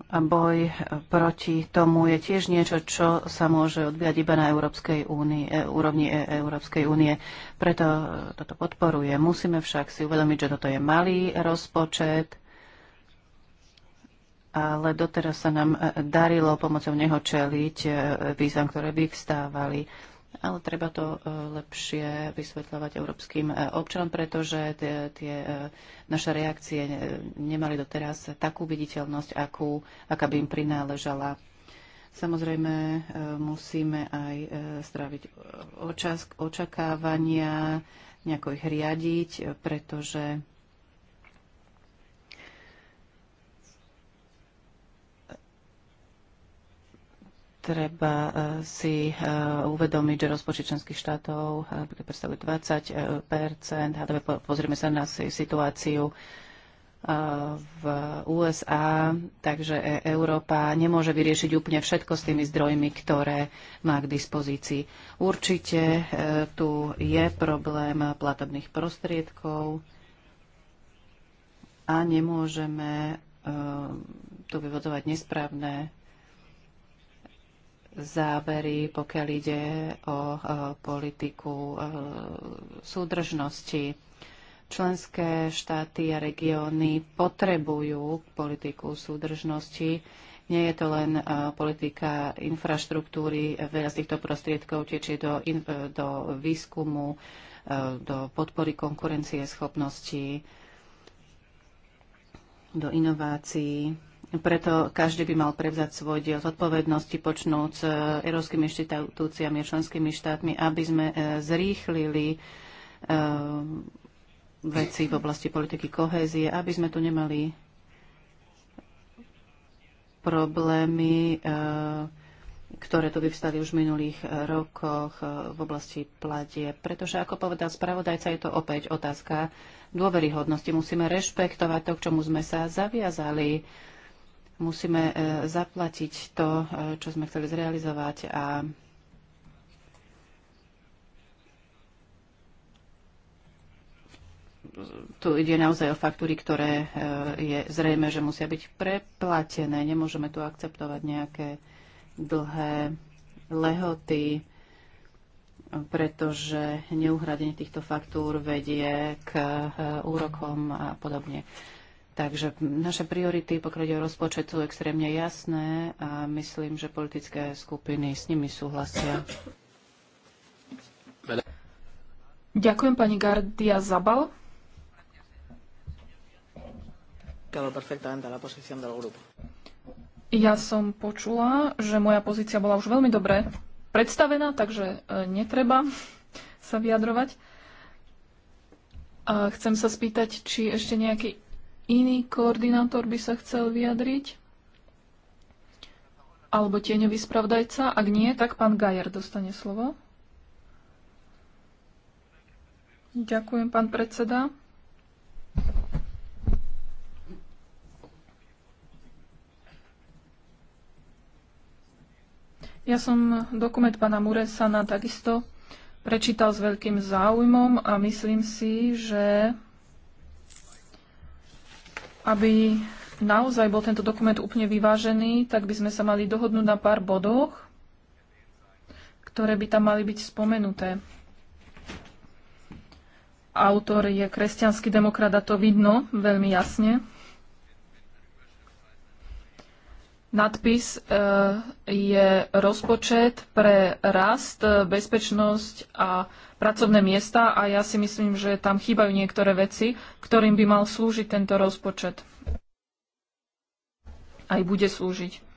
a boj proti tomu je tiež niečo, čo sa môže odviať iba na Európskej únii, e, úrovni e, Európskej únie. Preto toto podporuje. Musíme však si uvedomiť, že toto je malý rozpočet, ale doteraz sa nám e, darilo pomocou neho čeliť výzvam, ktoré by vstávali ale treba to e, lepšie vysvetľovať európskym e, občanom, pretože tie, tie e, naše reakcie nemali doteraz takú viditeľnosť, akú, aká by im prináležala. Samozrejme, musíme aj stráviť očas, očakávania, nejako ich riadiť, pretože Treba e, si e, uvedomiť, že rozpočet členských štátov e, predstavuje 20 HDP. Pozrieme sa na situáciu v USA, takže Európa nemôže vyriešiť úplne všetko s tými zdrojmi, ktoré má k dispozícii. Určite tu je problém platobných prostriedkov a nemôžeme tu vyvodzovať nesprávne závery, pokiaľ ide o e, politiku e, súdržnosti. Členské štáty a regióny potrebujú politiku súdržnosti. Nie je to len e, politika infraštruktúry, veľa z týchto prostriedkov tečie do, do výskumu, do podpory konkurencie schopností, do inovácií preto každý by mal prevzať svoj diel zodpovednosti, počnúc e, európskymi inštitúciami a členskými štátmi, aby sme e, zrýchlili e, veci v oblasti politiky kohézie, aby sme tu nemali problémy, ktoré tu vyvstali už v minulých rokoch v oblasti platie. Pretože, ako povedal spravodajca, je to opäť otázka dôveryhodnosti. Musíme rešpektovať to, k čomu sme sa zaviazali musíme e, zaplatiť to, e, čo sme chceli zrealizovať a tu ide naozaj o faktúry, ktoré e, je zrejme, že musia byť preplatené. Nemôžeme tu akceptovať nejaké dlhé lehoty, pretože neuhradenie týchto faktúr vedie k úrokom a podobne. Takže naše priority, pokrade o rozpočet, sú extrémne jasné a myslím, že politické skupiny s nimi súhlasia. Ďakujem pani Gardia Zabal. Ja som počula, že moja pozícia bola už veľmi dobre predstavená, takže e, netreba sa vyjadrovať. A chcem sa spýtať, či ešte nejaký Iný koordinátor by sa chcel vyjadriť? Alebo tieňový spravdajca? Ak nie, tak pán Gajer dostane slovo. Ďakujem, pán predseda. Ja som dokument pána Muresana takisto prečítal s veľkým záujmom a myslím si, že aby naozaj bol tento dokument úplne vyvážený, tak by sme sa mali dohodnúť na pár bodoch, ktoré by tam mali byť spomenuté. Autor je kresťanský demokrat a to vidno veľmi jasne. Nadpis e, je rozpočet pre rast, bezpečnosť a pracovné miesta a ja si myslím, že tam chýbajú niektoré veci, ktorým by mal slúžiť tento rozpočet. Aj bude slúžiť.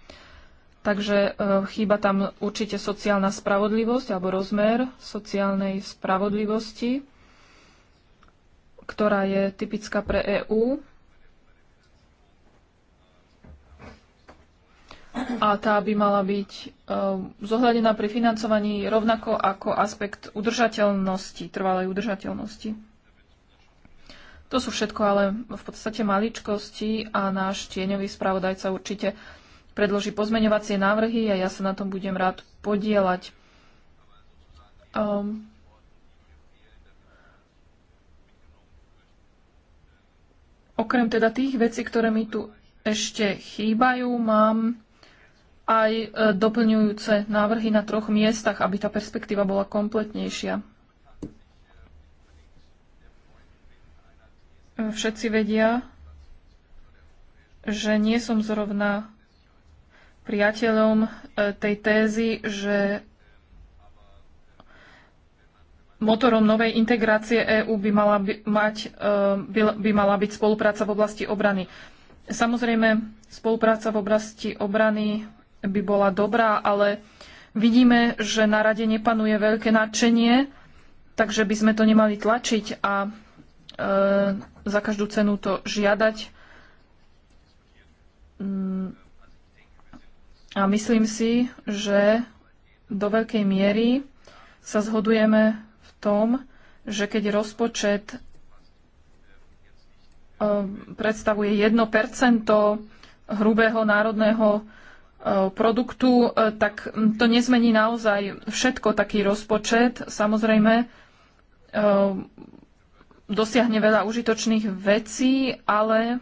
Takže e, chýba tam určite sociálna spravodlivosť alebo rozmer sociálnej spravodlivosti, ktorá je typická pre EÚ a tá by mala byť eh, zohľadená pri financovaní rovnako ako aspekt udržateľnosti, trvalej udržateľnosti. To sú všetko ale v podstate maličkosti a náš tieňový spravodajca určite predloží pozmeňovacie návrhy a ja sa na tom budem rád podielať. Um, okrem teda tých vecí, ktoré mi tu ešte chýbajú, mám aj e, doplňujúce návrhy na troch miestach, aby tá perspektíva bola kompletnejšia. E, všetci vedia, že nie som zrovna priateľom e, tej tézy, že motorom novej integrácie EÚ by mala, by, by mala byť spolupráca v oblasti obrany. Samozrejme, spolupráca v oblasti obrany by bola dobrá, ale vidíme, že na rade nepanuje veľké nadšenie, takže by sme to nemali tlačiť a e, za každú cenu to žiadať. Mm. A myslím si, že do veľkej miery sa zhodujeme v tom, že keď rozpočet e, predstavuje 1 hrubého národného Eh, produktu, eh, tak to nezmení naozaj všetko taký rozpočet. Samozrejme, eh, dosiahne veľa užitočných vecí, ale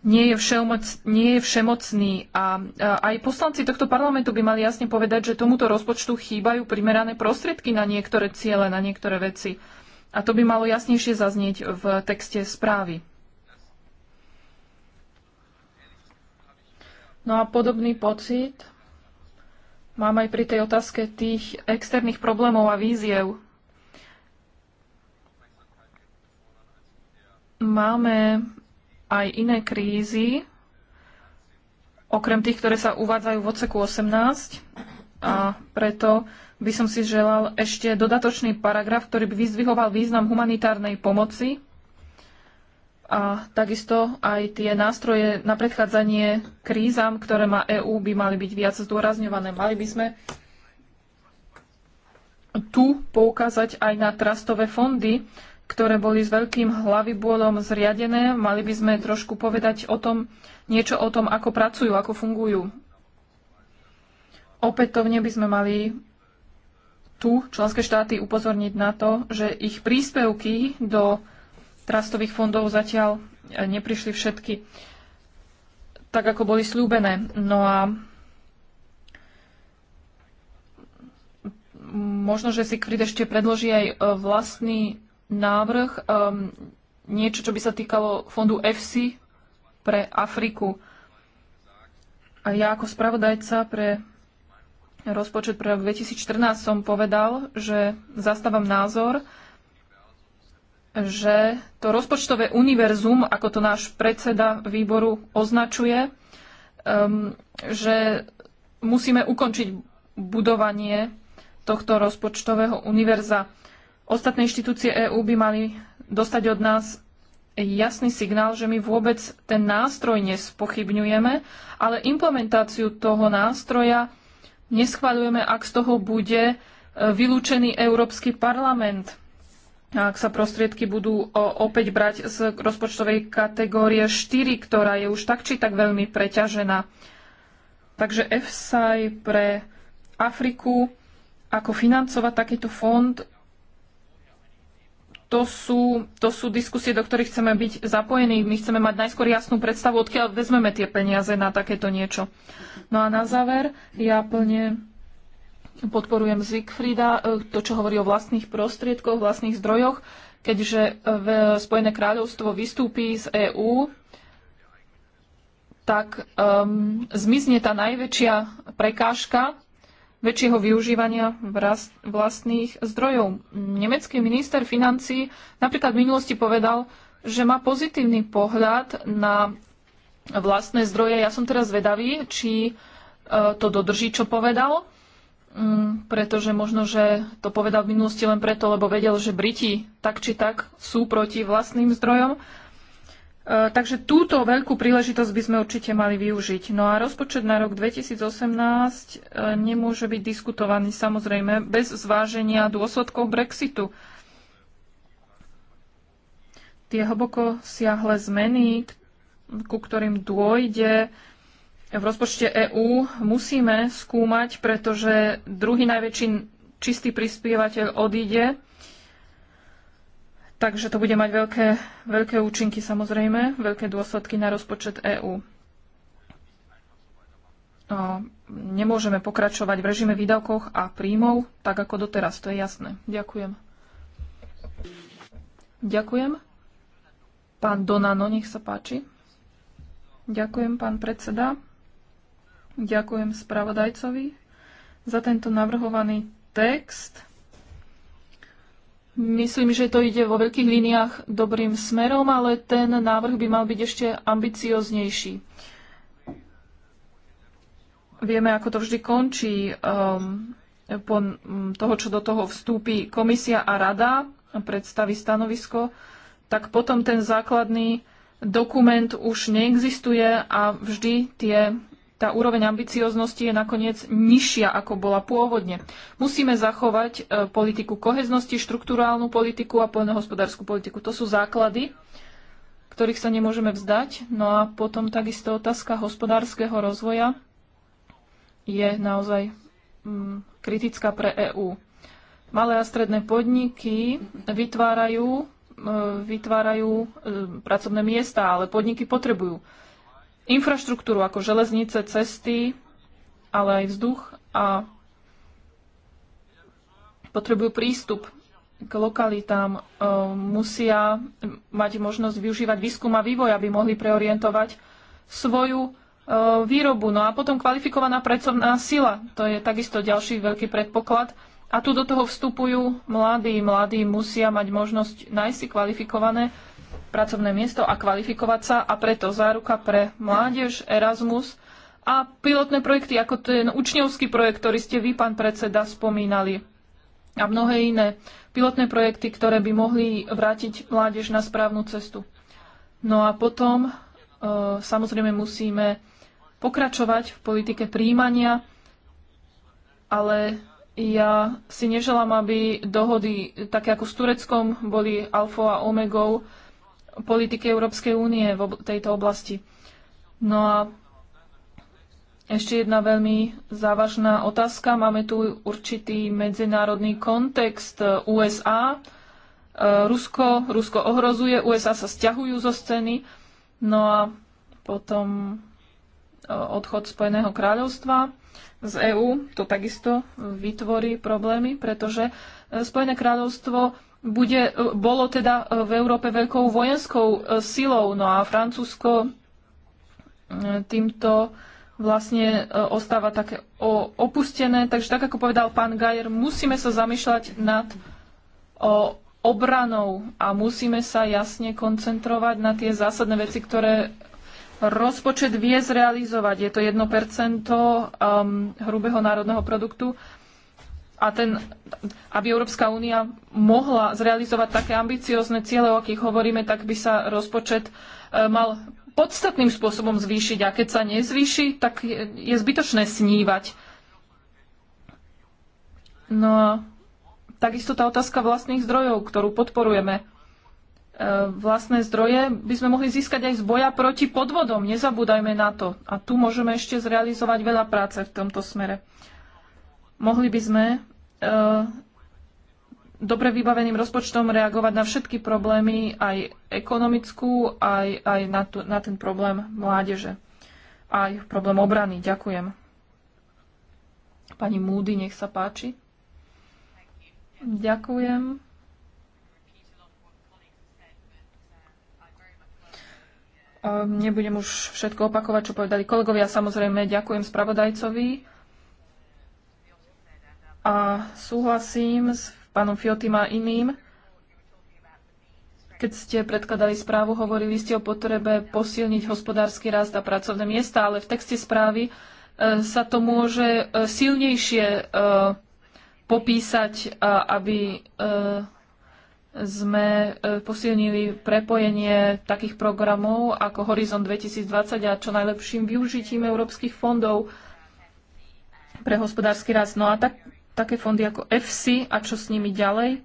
nie je, všemoc, nie je všemocný. A, a aj poslanci tohto parlamentu by mali jasne povedať, že tomuto rozpočtu chýbajú primerané prostriedky na niektoré ciele, na niektoré veci. A to by malo jasnejšie zaznieť v texte správy. No a podobný pocit mám aj pri tej otázke tých externých problémov a víziev. Máme aj iné krízy, okrem tých, ktoré sa uvádzajú v odseku 18 a preto by som si želal ešte dodatočný paragraf, ktorý by vyzdvihoval význam humanitárnej pomoci a takisto aj tie nástroje na predchádzanie krízam, ktoré má EÚ, by mali byť viac zdôrazňované. Mali by sme tu poukázať aj na trastové fondy, ktoré boli s veľkým hlavybôlom zriadené. Mali by sme trošku povedať o tom, niečo o tom, ako pracujú, ako fungujú. Opätovne by sme mali tu členské štáty upozorniť na to, že ich príspevky do trastových fondov zatiaľ e, neprišli všetky tak, ako boli slúbené. No a možno, že si Krid ešte predloží aj e, vlastný návrh, um, niečo, čo by sa týkalo fondu EFSI pre Afriku. A ja ako spravodajca pre rozpočet pre rok 2014 som povedal, že zastávam názor, že to rozpočtové univerzum, ako to náš predseda výboru označuje, um, že musíme ukončiť budovanie tohto rozpočtového univerza. Ostatné inštitúcie EÚ by mali dostať od nás jasný signál, že my vôbec ten nástroj nespochybňujeme, ale implementáciu toho nástroja neschváľujeme, ak z toho bude e, vylúčený Európsky parlament ak sa prostriedky budú opäť brať z rozpočtovej kategórie 4, ktorá je už tak či tak veľmi preťažená. Takže FSI pre Afriku, ako financovať takýto fond, to sú, to sú diskusie, do ktorých chceme byť zapojení. My chceme mať najskôr jasnú predstavu, odkiaľ vezmeme tie peniaze na takéto niečo. No a na záver, ja plne podporujem Siegfrieda, e, to, čo hovorí o vlastných prostriedkoch, vlastných zdrojoch, keďže e, v Spojené kráľovstvo vystúpi z EÚ, tak um, zmizne tá najväčšia prekážka väčšieho využívania vlastných zdrojov. Nemecký minister financí napríklad v minulosti povedal, že má pozitívny pohľad na vlastné zdroje. Ja som teraz vedavý, či e, to dodrží, čo povedal, Mm, pretože možno, že to povedal v minulosti len preto, lebo vedel, že Briti tak či tak sú proti vlastným zdrojom. E, takže túto veľkú príležitosť by sme určite mali využiť. No a rozpočet na rok 2018 e, nemôže byť diskutovaný samozrejme bez zváženia dôsledkov Brexitu. Tie hlboko siahle zmeny, ku ktorým dôjde, v rozpočte EÚ musíme skúmať, pretože druhý najväčší čistý prispievateľ odíde. Takže to bude mať veľké, veľké účinky samozrejme, veľké dôsledky na rozpočet EÚ. No, nemôžeme pokračovať v režime výdavkov a príjmov, tak ako doteraz, to je jasné. Ďakujem. Ďakujem. Pán Donano, nech sa páči. Ďakujem, pán predseda. Ďakujem spravodajcovi za tento navrhovaný text. Myslím, že to ide vo veľkých líniách dobrým smerom, ale ten návrh by mal byť ešte ambicioznejší. Vieme, ako to vždy končí um, po toho, čo do toho vstúpi komisia a rada a predstaví stanovisko, tak potom ten základný dokument už neexistuje a vždy tie tá úroveň ambicioznosti je nakoniec nižšia, ako bola pôvodne. Musíme zachovať e, politiku koheznosti, štruktúrálnu politiku a poľnohospodárskú politiku. To sú základy, ktorých sa nemôžeme vzdať. No a potom takisto otázka hospodárskeho rozvoja je naozaj mm, kritická pre EÚ. Malé a stredné podniky vytvárajú, e, vytvárajú e, pracovné miesta, ale podniky potrebujú infraštruktúru ako železnice, cesty, ale aj vzduch a potrebujú prístup k lokalitám, e, musia mať možnosť využívať výskum a vývoj, aby mohli preorientovať svoju e, výrobu. No a potom kvalifikovaná pracovná sila, to je takisto ďalší veľký predpoklad. A tu do toho vstupujú mladí. Mladí musia mať možnosť nájsť si kvalifikované pracovné miesto a kvalifikovať sa a preto záruka pre mládež, Erasmus a pilotné projekty ako ten učňovský projekt, ktorý ste vy, pán predseda, spomínali a mnohé iné pilotné projekty, ktoré by mohli vrátiť mládež na správnu cestu. No a potom e, samozrejme musíme pokračovať v politike príjmania, ale ja si neželám, aby dohody také ako s Tureckom boli alfa a omegou politiky Európskej únie v tejto oblasti. No a ešte jedna veľmi závažná otázka. Máme tu určitý medzinárodný kontext e, USA. E, Rusko, Rusko ohrozuje, USA sa stiahujú zo scény. No a potom e, odchod Spojeného kráľovstva z EÚ, to takisto vytvorí problémy, pretože Spojené kráľovstvo bude, e, bolo teda e, v Európe veľkou vojenskou e, silou. No a Francúzsko týmto vlastne ostáva také opustené. Takže tak, ako povedal pán Gajer, musíme sa zamýšľať nad obranou a musíme sa jasne koncentrovať na tie zásadné veci, ktoré rozpočet vie zrealizovať. Je to 1% um, hrubého národného produktu a ten, aby Európska únia mohla zrealizovať také ambiciozne ciele, o akých hovoríme, tak by sa rozpočet e, mal podstatným spôsobom zvýšiť. A keď sa nezvýši, tak je zbytočné snívať. No a takisto tá otázka vlastných zdrojov, ktorú podporujeme. E, vlastné zdroje by sme mohli získať aj z boja proti podvodom. Nezabúdajme na to. A tu môžeme ešte zrealizovať veľa práce v tomto smere. Mohli by sme e, dobre vybaveným rozpočtom reagovať na všetky problémy, aj ekonomickú, aj, aj na, tu, na ten problém mládeže, aj problém obrany. Ďakujem. Pani Múdy, nech sa páči. Ďakujem. Ehm, nebudem už všetko opakovať, čo povedali kolegovia. Samozrejme, ďakujem spravodajcovi a súhlasím s pánom Fiotim a iným. Keď ste predkladali správu, hovorili ste o potrebe posilniť hospodársky rast a pracovné miesta, ale v texte správy e, sa to môže e, silnejšie e, popísať, aby sme posilnili prepojenie takých programov ako Horizon 2020 a čo najlepším využitím európskych fondov pre hospodársky rast. No a tak, také fondy ako EFSI a čo s nimi ďalej.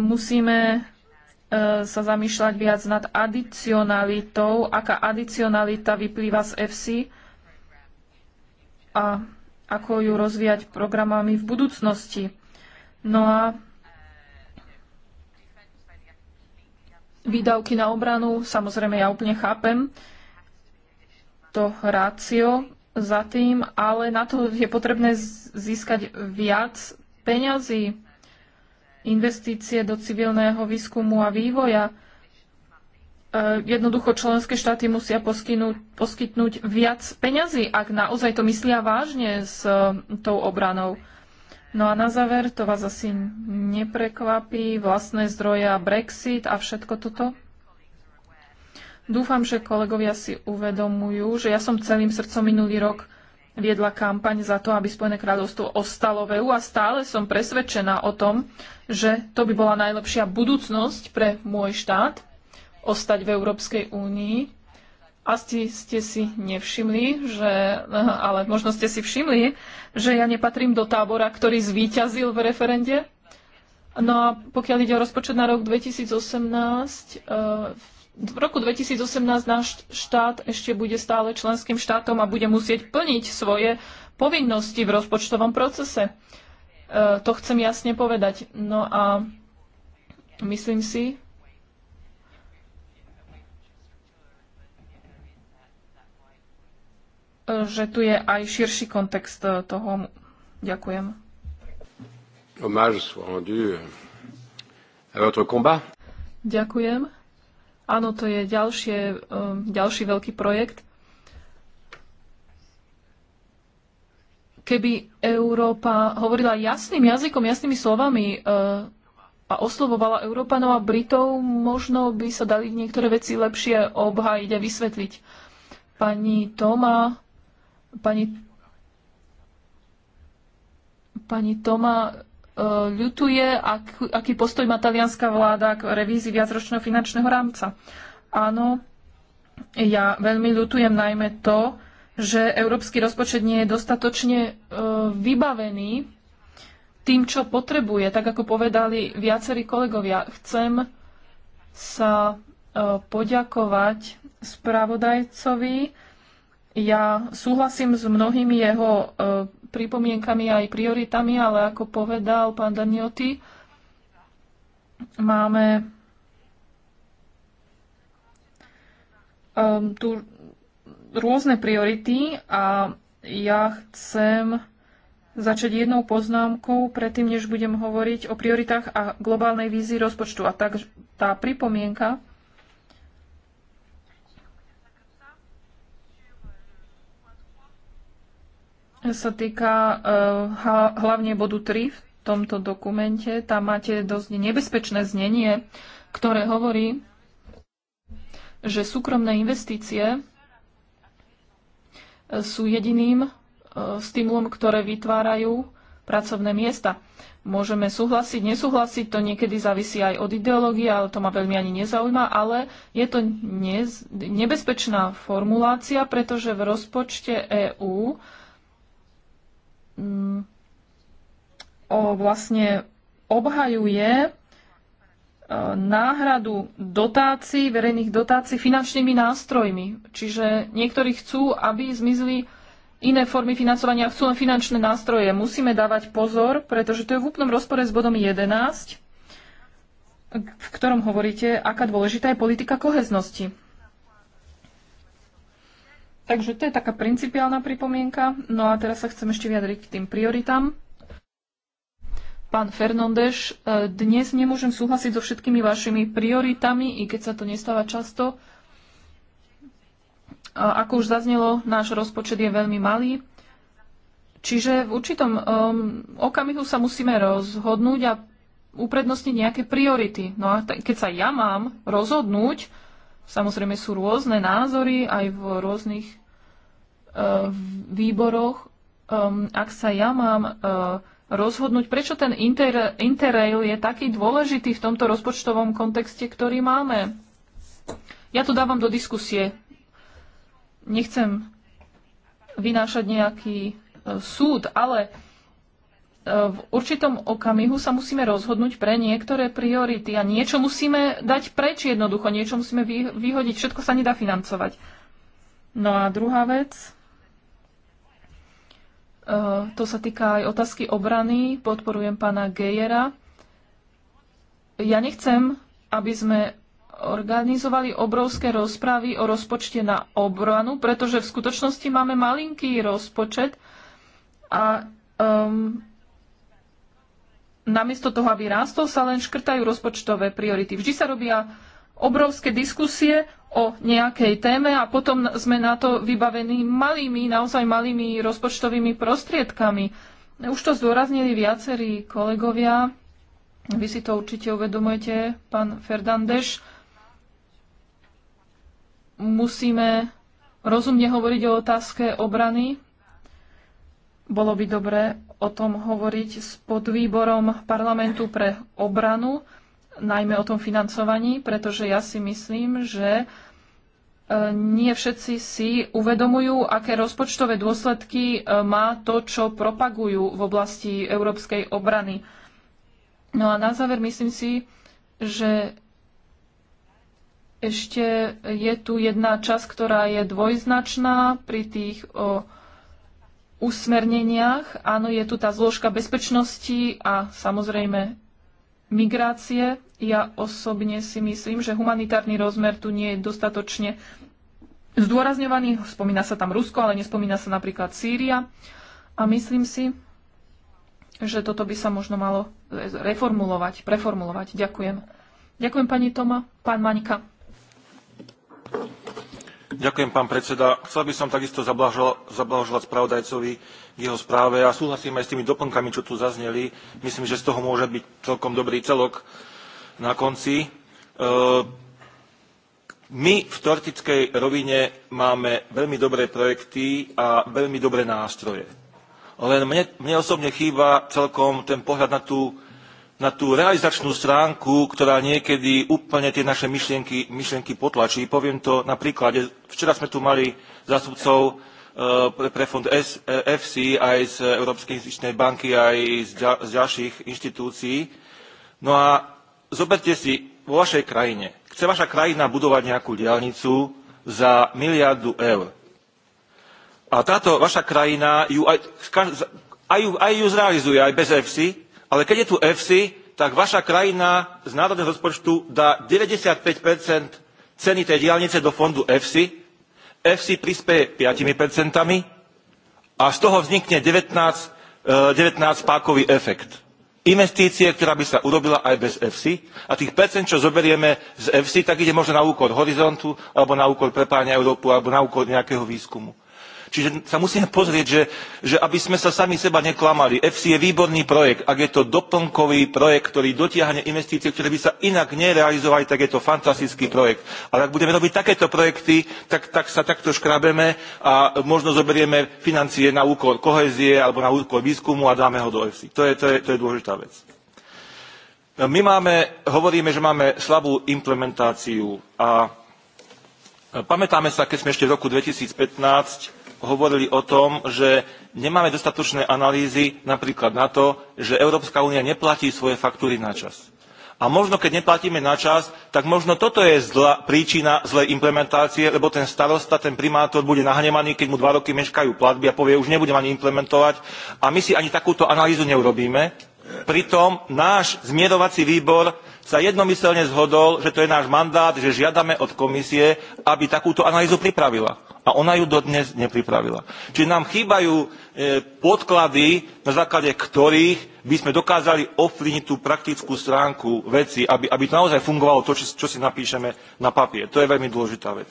Musíme e, sa zamýšľať viac nad adicionalitou, aká adicionalita vyplýva z EFSI a ako ju rozvíjať programami v budúcnosti. No a výdavky na obranu, samozrejme ja úplne chápem to rácio, za tým, ale na to je potrebné získať viac peňazí, investície do civilného výskumu a vývoja. E, jednoducho členské štáty musia poskytnúť, poskytnúť viac peňazí, ak naozaj to myslia vážne s e, tou obranou. No a na záver, to vás asi neprekvapí, vlastné zdroje a Brexit a všetko toto. Dúfam, že kolegovia si uvedomujú, že ja som celým srdcom minulý rok viedla kampaň za to, aby Spojené kráľovstvo ostalo v EU a stále som presvedčená o tom, že to by bola najlepšia budúcnosť pre môj štát, ostať v Európskej únii. Asi ste si nevšimli, že, ale možno ste si všimli, že ja nepatrím do tábora, ktorý zvíťazil v referende. No a pokiaľ ide o rozpočet na rok 2018, v roku 2018 náš štát ešte bude stále členským štátom a bude musieť plniť svoje povinnosti v rozpočtovom procese. E, to chcem jasne povedať. No a myslím si, že tu je aj širší kontext toho. Ďakujem. Hommage soit rendu à votre combat. Ďakujem. Áno, to je ďalšie, um, ďalší veľký projekt. Keby Európa hovorila jasným jazykom, jasnými slovami uh, a oslovovala Európanov a Britov, možno by sa dali niektoré veci lepšie obhájiť a vysvetliť. Pani Toma, pani, pani Toma ľutuje, aký postoj má talianská vláda k revízii viacročného finančného rámca. Áno, ja veľmi ľutujem najmä to, že európsky rozpočet nie je dostatočne e, vybavený tým, čo potrebuje. Tak ako povedali viacerí kolegovia, chcem sa e, poďakovať spravodajcovi. Ja súhlasím s mnohými jeho e, pripomienkami aj prioritami, ale ako povedal pán Danioty, máme um, tu rôzne priority a ja chcem začať jednou poznámkou predtým, než budem hovoriť o prioritách a globálnej vízii rozpočtu. A tak tá pripomienka sa týka eh, hlavne bodu 3 v tomto dokumente. Tam máte dosť nebezpečné znenie, ktoré hovorí, že súkromné investície eh, sú jediným eh, stimulom, ktoré vytvárajú pracovné miesta. Môžeme súhlasiť, nesúhlasiť, to niekedy závisí aj od ideológie, ale to ma veľmi ani nezaujíma, ale je to nebezpečná formulácia, pretože v rozpočte EÚ Mm, o vlastne obhajuje e, náhradu dotácií, verejných dotácií finančnými nástrojmi. Čiže niektorí chcú, aby zmizli iné formy financovania, chcú len finančné nástroje. Musíme dávať pozor, pretože to je v úplnom rozpore s bodom 11, v ktorom hovoríte, aká dôležitá je politika koheznosti. Takže to je taká principiálna pripomienka. No a teraz sa chcem ešte vyjadriť k tým prioritám. Pán Fernandeš, e, dnes nemôžem súhlasiť so všetkými vašimi prioritami, i keď sa to nestáva často. Ako už zaznelo, náš rozpočet je veľmi malý. Čiže v určitom um, okamihu sa musíme rozhodnúť a uprednostniť nejaké priority. No a keď sa ja mám rozhodnúť, Samozrejme sú rôzne názory aj v rôznych uh, výboroch. Um, ak sa ja mám uh, rozhodnúť, prečo ten inter, interrail je taký dôležitý v tomto rozpočtovom kontexte, ktorý máme. Ja to dávam do diskusie. Nechcem vynášať nejaký e, súd, ale v určitom okamihu sa musíme rozhodnúť pre niektoré priority a niečo musíme dať preč jednoducho, niečo musíme vyhodiť, všetko sa nedá financovať. No a druhá vec, eh, to sa týka aj otázky obrany, podporujem pána Gejera. Ja nechcem, aby sme organizovali obrovské rozpravy o rozpočte na obranu, pretože v skutočnosti máme malinký rozpočet a um, namiesto toho, aby rástol, sa len škrtajú rozpočtové priority. Vždy sa robia obrovské diskusie o nejakej téme a potom sme na to vybavení malými, naozaj malými rozpočtovými prostriedkami. Už to zdôraznili viacerí kolegovia. Vy si to určite uvedomujete, pán Ferdandeš. Musíme rozumne hovoriť o otázke obrany bolo by dobre o tom hovoriť s podvýborom parlamentu pre obranu, najmä o tom financovaní, pretože ja si myslím, že e, nie všetci si uvedomujú, aké rozpočtové dôsledky e, má to, čo propagujú v oblasti európskej obrany. No a na záver myslím si, že ešte je tu jedna časť, ktorá je dvojznačná pri tých o, usmerneniach. Áno, je tu tá zložka bezpečnosti a samozrejme migrácie. Ja osobne si myslím, že humanitárny rozmer tu nie je dostatočne zdôrazňovaný. Spomína sa tam Rusko, ale nespomína sa napríklad Sýria. A myslím si, že toto by sa možno malo reformulovať, preformulovať. Ďakujem. Ďakujem pani Toma, pán Maňka. Ďakujem, pán predseda. Chcel by som takisto zablahoželať spravodajcovi k jeho správe a súhlasím aj s tými doplnkami, čo tu zazneli. Myslím, že z toho môže byť celkom dobrý celok na konci. E, my v teoretickej rovine máme veľmi dobré projekty a veľmi dobré nástroje. Len mne, mne osobne chýba celkom ten pohľad na tú na tú realizačnú stránku, ktorá niekedy úplne tie naše myšlienky, myšlienky potlačí. Poviem to na príklade. Včera sme tu mali zástupcov e, pre, pre fond e, FC aj z Európskej investičnej banky, aj z, ďal, z ďalších inštitúcií. No a zoberte si, vo vašej krajine, chce vaša krajina budovať nejakú diaľnicu za miliardu eur. A táto vaša krajina ju aj, aj, ju, aj ju zrealizuje aj bez EFSI, ale keď je tu EFSI, tak vaša krajina z národného rozpočtu dá 95 ceny tej diálnice do fondu EFSI, EFSI prispieje 5 a z toho vznikne 19, 19 e, pákový efekt. Investície, ktorá by sa urobila aj bez EFSI a tých percent, čo zoberieme z EFSI, tak ide možno na úkor horizontu alebo na úkor prepáňa Európu alebo na úkor nejakého výskumu. Čiže sa musíme pozrieť, že, že aby sme sa sami seba neklamali. EFSI je výborný projekt. Ak je to doplnkový projekt, ktorý dotiahne investície, ktoré by sa inak nerealizovali, tak je to fantastický projekt. Ale ak budeme robiť takéto projekty, tak, tak sa takto škrabeme a možno zoberieme financie na úkor kohézie alebo na úkor výskumu a dáme ho do EFSI. To je, to je, to je dôležitá vec. My máme, hovoríme, že máme slabú implementáciu a pamätáme sa, keď sme ešte v roku 2015 hovorili o tom, že nemáme dostatočné analýzy napríklad na to, že Európska únia neplatí svoje faktúry na čas. A možno, keď neplatíme na čas, tak možno toto je zla, príčina zlej implementácie, lebo ten starosta, ten primátor bude nahnevaný, keď mu dva roky meškajú platby a povie, už nebudem ani implementovať. A my si ani takúto analýzu neurobíme. Pritom náš zmierovací výbor sa jednomyselne zhodol, že to je náš mandát, že žiadame od komisie, aby takúto analýzu pripravila. A ona ju dodnes nepripravila. Čiže nám chýbajú e, podklady, na základe ktorých by sme dokázali ovplyvniť tú praktickú stránku veci, aby, aby to naozaj fungovalo to, čo, čo si napíšeme na papier. To je veľmi dôležitá vec.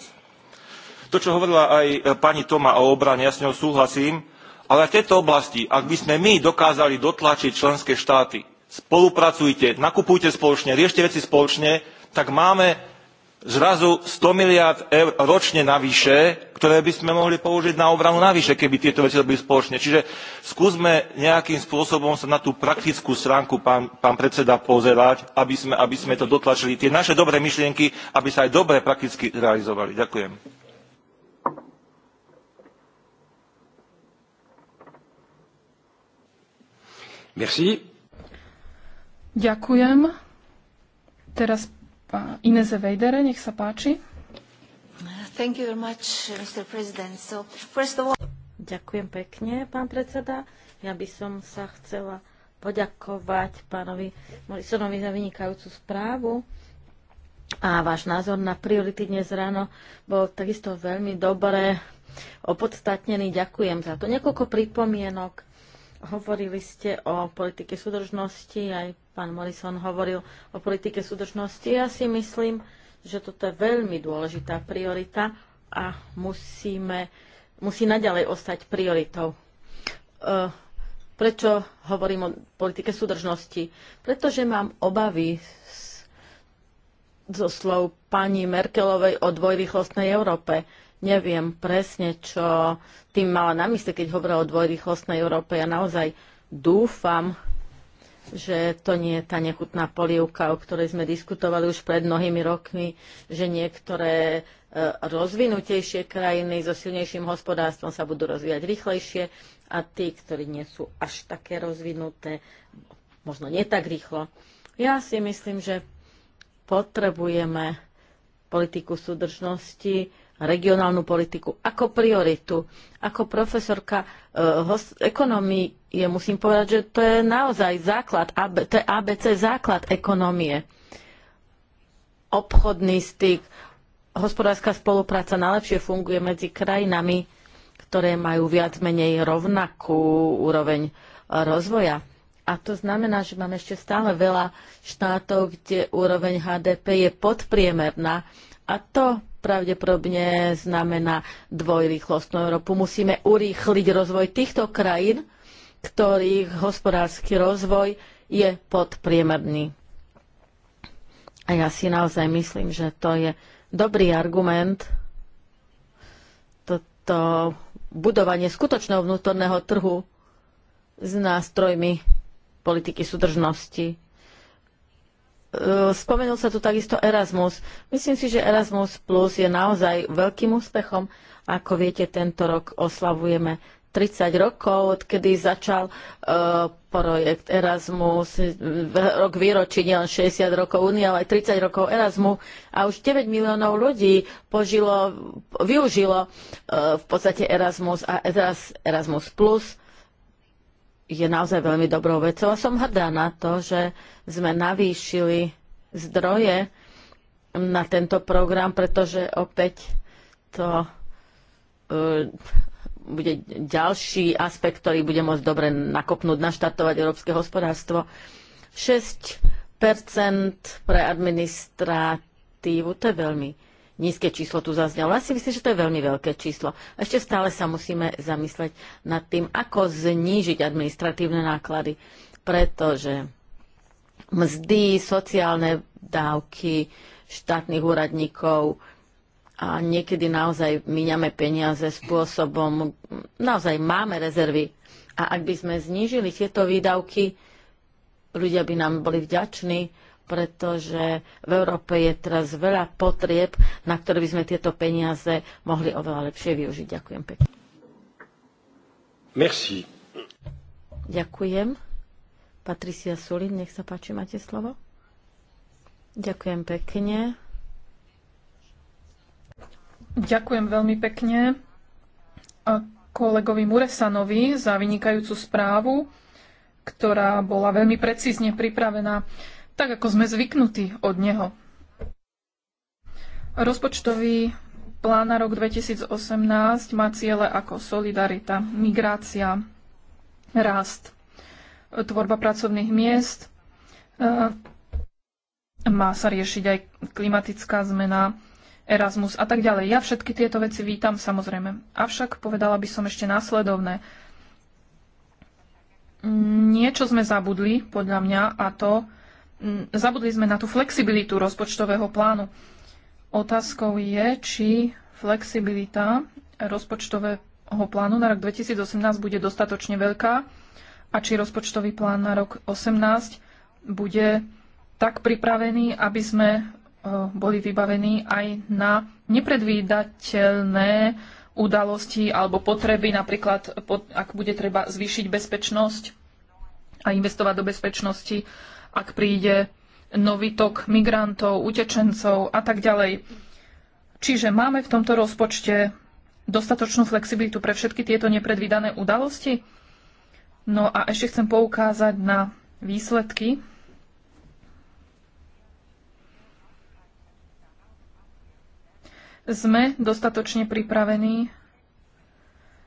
To, čo hovorila aj e, pani Toma o obrane, ja s ňou súhlasím, ale v tejto oblasti, ak by sme my dokázali dotlačiť členské štáty spolupracujte, nakupujte spoločne, riešte veci spoločne, tak máme zrazu 100 miliard eur ročne navyše, ktoré by sme mohli použiť na obranu navyše, keby tieto veci robili spoločne. Čiže skúsme nejakým spôsobom sa na tú praktickú stránku, pán, pán predseda, pozerať, aby sme, aby sme to dotlačili, tie naše dobré myšlienky, aby sa aj dobre prakticky realizovali. Ďakujem. Merci. Ďakujem. Teraz Ineze Vejdere, nech sa páči. Thank you very much, Mr. President. So, first of all... Ďakujem pekne, pán predseda. Ja by som sa chcela poďakovať pánovi Morisonovi za vynikajúcu správu. A váš názor na priority dnes ráno bol takisto veľmi dobre opodstatnený. Ďakujem za to. Niekoľko pripomienok Hovorili ste o politike súdržnosti, aj pán Morrison hovoril o politike súdržnosti. Ja si myslím, že toto je veľmi dôležitá priorita a musíme, musí naďalej ostať prioritou. E, prečo hovorím o politike súdržnosti? Pretože mám obavy z, zo slov pani Merkelovej o dvojrychlostnej Európe. Neviem presne, čo tým mala na mysle, keď hovorila o dvojrýchlostnej Európe. Ja naozaj dúfam, že to nie je tá nechutná polievka, o ktorej sme diskutovali už pred mnohými rokmi, že niektoré e, rozvinutejšie krajiny so silnejším hospodárstvom sa budú rozvíjať rýchlejšie a tí, ktorí nie sú až také rozvinuté, možno nie tak rýchlo. Ja si myslím, že potrebujeme politiku súdržnosti, regionálnu politiku ako prioritu. Ako profesorka eh, host, ekonomie musím povedať, že to je naozaj základ, to je ABC základ ekonomie. Obchodný styk, hospodárska spolupráca najlepšie funguje medzi krajinami, ktoré majú viac menej rovnakú úroveň eh, rozvoja. A to znamená, že máme ešte stále veľa štátov, kde úroveň HDP je podpriemerná. A to pravdepodobne znamená dvojrýchlostnú Európu. Musíme urýchliť rozvoj týchto krajín, ktorých hospodársky rozvoj je podpriemerný. A ja si naozaj myslím, že to je dobrý argument. Toto budovanie skutočného vnútorného trhu s nástrojmi politiky súdržnosti E, spomenul sa tu takisto Erasmus. Myslím si, že Erasmus Plus je naozaj veľkým úspechom. Ako viete, tento rok oslavujeme 30 rokov, odkedy začal uh, projekt Erasmus, rok výročí nielen 60 rokov Unie, ale aj 30 rokov Erasmu a už 9 miliónov ľudí požilo, využilo uh, v podstate Erasmus a teraz Erasmus Plus je naozaj veľmi dobrou vecou a som hrdá na to, že sme navýšili zdroje na tento program, pretože opäť to e, bude ďalší aspekt, ktorý bude môcť dobre nakopnúť, naštartovať európske hospodárstvo. 6% pre administratívu to je veľmi nízke číslo tu zaznelo. Ja si myslím, že to je veľmi veľké číslo. Ešte stále sa musíme zamysleť nad tým, ako znížiť administratívne náklady, pretože mzdy, sociálne dávky štátnych úradníkov a niekedy naozaj míňame peniaze spôsobom, naozaj máme rezervy. A ak by sme znížili tieto výdavky, ľudia by nám boli vďační, pretože v Európe je teraz veľa potrieb, na ktoré by sme tieto peniaze mohli oveľa lepšie využiť. Ďakujem pekne. Merci. Ďakujem. Patricia Sulin, nech sa páči, máte slovo. Ďakujem pekne. Ďakujem veľmi pekne kolegovi Muresanovi za vynikajúcu správu, ktorá bola veľmi precízne pripravená tak ako sme zvyknutí od neho. Rozpočtový plán na rok 2018 má ciele ako solidarita, migrácia, rast, tvorba pracovných miest, e, má sa riešiť aj klimatická zmena, Erasmus a tak ďalej. Ja všetky tieto veci vítam samozrejme. Avšak povedala by som ešte následovné. Niečo sme zabudli, podľa mňa, a to Mm, zabudli sme na tú flexibilitu rozpočtového plánu. Otázkou je, či flexibilita rozpočtového plánu na rok 2018 bude dostatočne veľká a či rozpočtový plán na rok 2018 bude tak pripravený, aby sme e, boli vybavení aj na nepredvídateľné udalosti alebo potreby, napríklad ak bude treba zvýšiť bezpečnosť a investovať do bezpečnosti ak príde nový tok migrantov, utečencov a tak ďalej. Čiže máme v tomto rozpočte dostatočnú flexibilitu pre všetky tieto nepredvídané udalosti. No a ešte chcem poukázať na výsledky sme dostatočne pripravení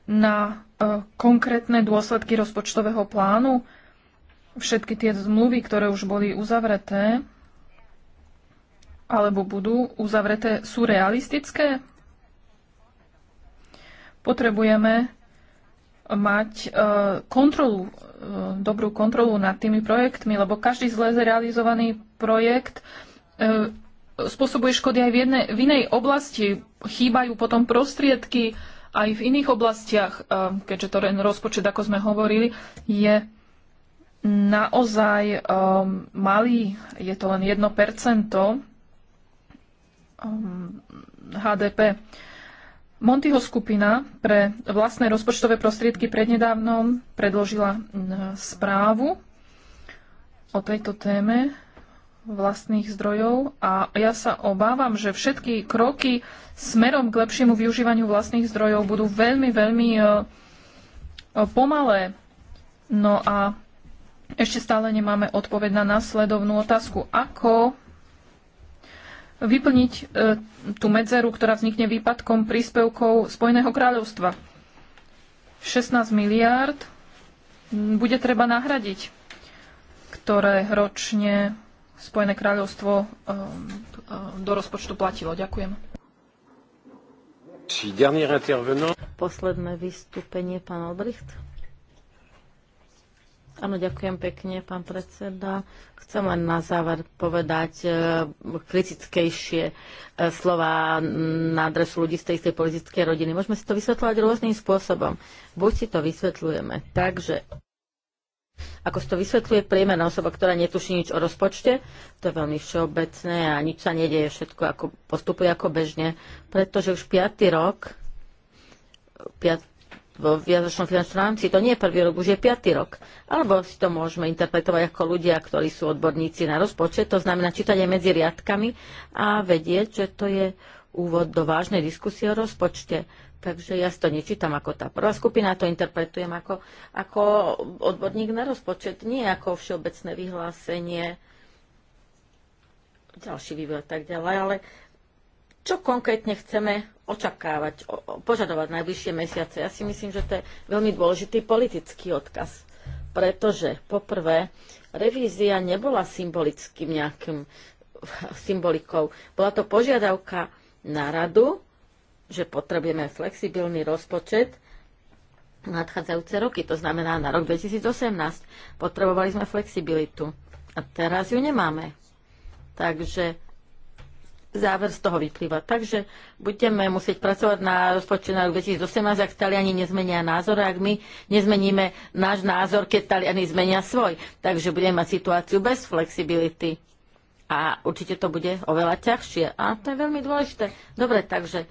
na e, konkrétne dôsledky rozpočtového plánu všetky tie zmluvy, ktoré už boli uzavreté alebo budú uzavreté, sú realistické? Potrebujeme mať e, kontrolu, e, dobrú kontrolu nad tými projektmi, lebo každý zle zrealizovaný projekt e, spôsobuje škody aj v, jednej, v inej oblasti. Chýbajú potom prostriedky aj v iných oblastiach, keďže to rozpočet, ako sme hovorili, je naozaj um, malý, je to len 1% um, HDP. Montyho skupina pre vlastné rozpočtové prostriedky prednedávnom predložila správu o tejto téme vlastných zdrojov a ja sa obávam, že všetky kroky smerom k lepšiemu využívaniu vlastných zdrojov budú veľmi, veľmi e, e, pomalé. No a ešte stále nemáme odpoveď na následovnú otázku. Ako vyplniť e, tú medzeru, ktorá vznikne výpadkom príspevkov Spojeného kráľovstva? 16 miliárd bude treba nahradiť, ktoré ročne Spojené kráľovstvo e, e, do rozpočtu platilo. Ďakujem. Posledné vystúpenie, pán Albrecht. Áno, ďakujem pekne, pán predseda. Chcem len na záver povedať e, kritickejšie e, slova na adresu ľudí z tej istej politickej rodiny. Môžeme si to vysvetľovať rôznym spôsobom. Buď si to vysvetľujeme tak, že ako si to vysvetľuje priemerná osoba, ktorá netuší nič o rozpočte, to je veľmi všeobecné a nič sa nedieje, všetko ako, postupuje ako bežne, pretože už piatý rok, piat, vo viazočnom finančnom rámci. To nie je prvý rok, už je piatý rok. Alebo si to môžeme interpretovať ako ľudia, ktorí sú odborníci na rozpočet. To znamená čítať aj medzi riadkami a vedieť, že to je úvod do vážnej diskusie o rozpočte. Takže ja si to nečítam ako tá prvá skupina, to interpretujem ako, ako odborník na rozpočet, nie ako všeobecné vyhlásenie, ďalší vývoj a tak ďalej, ale čo konkrétne chceme očakávať, požadovať najbližšie mesiace. Ja si myslím, že to je veľmi dôležitý politický odkaz, pretože poprvé revízia nebola symbolickým nejakým symbolikou. Bola to požiadavka na radu, že potrebujeme flexibilný rozpočet nadchádzajúce roky, to znamená na rok 2018. Potrebovali sme flexibilitu a teraz ju nemáme. Takže záver z toho vyplýva. Takže budeme musieť pracovať na rozpočte na rok 2018, ak Taliani nezmenia názor, ak my nezmeníme náš názor, keď Taliani zmenia svoj. Takže budeme mať situáciu bez flexibility. A určite to bude oveľa ťažšie. A to je veľmi dôležité. Dobre, takže e,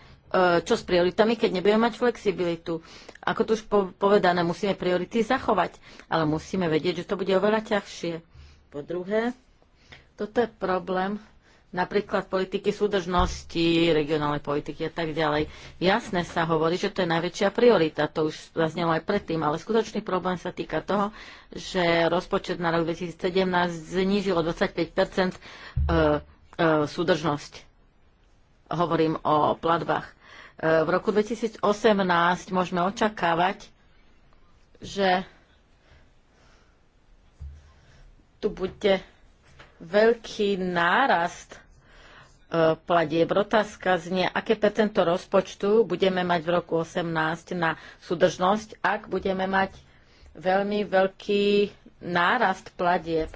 čo s prioritami, keď nebudeme mať flexibilitu. Ako tu už povedané, musíme priority zachovať, ale musíme vedieť, že to bude oveľa ťažšie. Po druhé, toto je problém napríklad politiky súdržnosti, regionálnej politiky a tak ďalej. Jasne sa hovorí, že to je najväčšia priorita, to už zaznelo aj predtým, ale skutočný problém sa týka toho, že rozpočet na rok 2017 znížil o 25 e, e, súdržnosť. Hovorím o platbách. E, v roku 2018 môžeme očakávať, že tu bude veľký nárast e, platieb. Otázka znie, aké percento rozpočtu budeme mať v roku 18 na súdržnosť, ak budeme mať veľmi veľký nárast platieb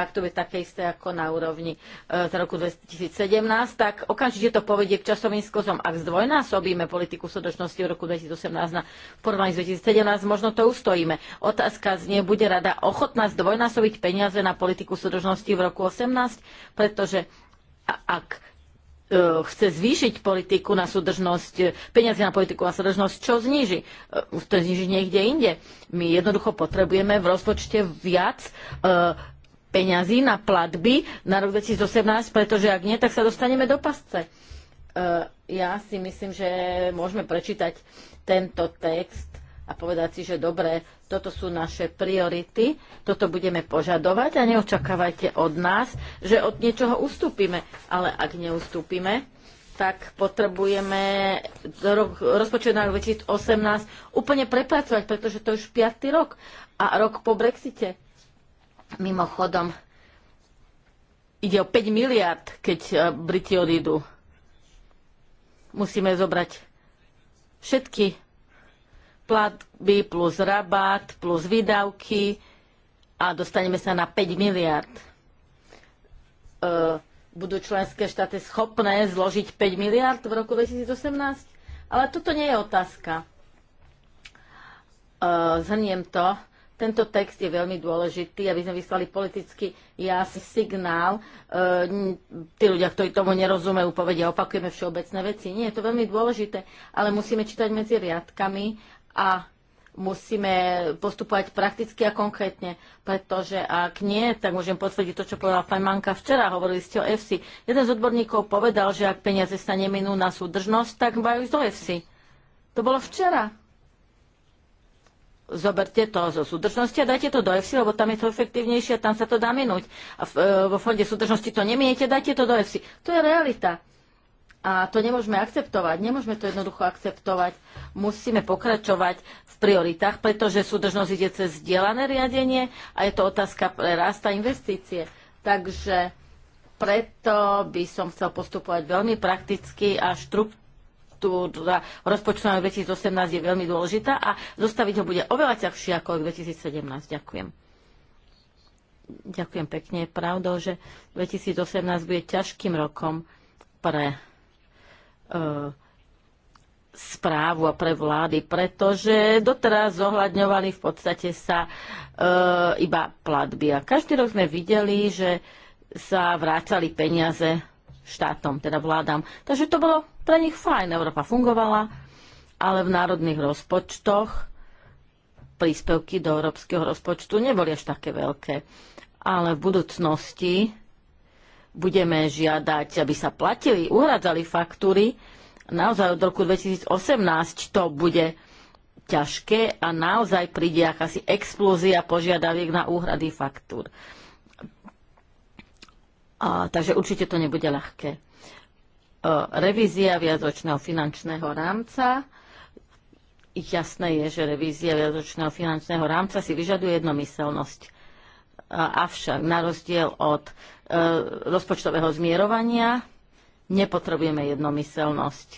ak to je také isté ako na úrovni e, z roku 2017, tak okamžite to povedie k časovým skozom. Ak zdvojnásobíme politiku súdočnosti v roku 2018 na porovnaní s 2017, možno to ustojíme. Otázka znie, bude rada ochotná zdvojnásobiť peniaze na politiku súdočnosti v roku 18, pretože ak e, chce zvýšiť politiku na súdržnosť, e, peniaze na politiku na súdržnosť, čo zniží? To zniží niekde inde. My jednoducho potrebujeme v rozpočte viac peňazí na platby na rok 2018, pretože ak nie, tak sa dostaneme do pasce. E, ja si myslím, že môžeme prečítať tento text a povedať si, že dobre, toto sú naše priority, toto budeme požadovať a neočakávajte od nás, že od niečoho ustúpime. Ale ak neustúpime, tak potrebujeme rok, rozpočet na rok 2018 úplne prepracovať, pretože to je už piatý rok a rok po Brexite. Mimochodom, ide o 5 miliard, keď e, Briti odídu. Musíme zobrať všetky platby plus rabat plus výdavky a dostaneme sa na 5 miliard. E budú členské štáty schopné zložiť 5 miliard v roku 2018? Ale toto nie je otázka. E, zhrniem to. Tento text je veľmi dôležitý, aby sme vyslali politicky jasný signál. E, tí ľudia, ktorí tomu nerozumejú, povedia, opakujeme všeobecné veci. Nie, je to veľmi dôležité, ale musíme čítať medzi riadkami a musíme postupovať prakticky a konkrétne, pretože ak nie, tak môžem potvrdiť to, čo povedala Fajmanka včera, hovorili ste o EFSI. Jeden z odborníkov povedal, že ak peniaze sa neminú na súdržnosť, tak majú ísť do EFSI. To bolo včera zoberte to zo súdržnosti a dajte to do EFSI, lebo tam je to efektívnejšie a tam sa to dá minúť. A v, e, vo fonde súdržnosti to neminiete, dajte to do EFSI. To je realita. A to nemôžeme akceptovať. Nemôžeme to jednoducho akceptovať. Musíme pokračovať v prioritách, pretože súdržnosť ide cez vzdielané riadenie a je to otázka pre rast a investície. Takže preto by som chcel postupovať veľmi prakticky a štruktúrne tu teda rozpočtu na 2018 je veľmi dôležitá a zostaviť ho bude oveľa ťažšie ako 2017. Ďakujem. Ďakujem pekne. Je pravdou, že 2018 bude ťažkým rokom pre e, správu a pre vlády, pretože doteraz zohľadňovali v podstate sa e, iba platby. A každý rok sme videli, že sa vrácali peniaze štátom, teda vládam. Takže to bolo pre nich fajn, Európa fungovala, ale v národných rozpočtoch príspevky do európskeho rozpočtu neboli až také veľké. Ale v budúcnosti budeme žiadať, aby sa platili, uhradzali faktúry. Naozaj od roku 2018 to bude ťažké a naozaj príde akási explózia požiadaviek na úhrady faktúr. A, takže určite to nebude ľahké. E, revízia viacročného finančného rámca. Jasné je, že revízia viazočného finančného rámca si vyžaduje jednomyselnosť. E, avšak na rozdiel od e, rozpočtového zmierovania nepotrebujeme jednomyselnosť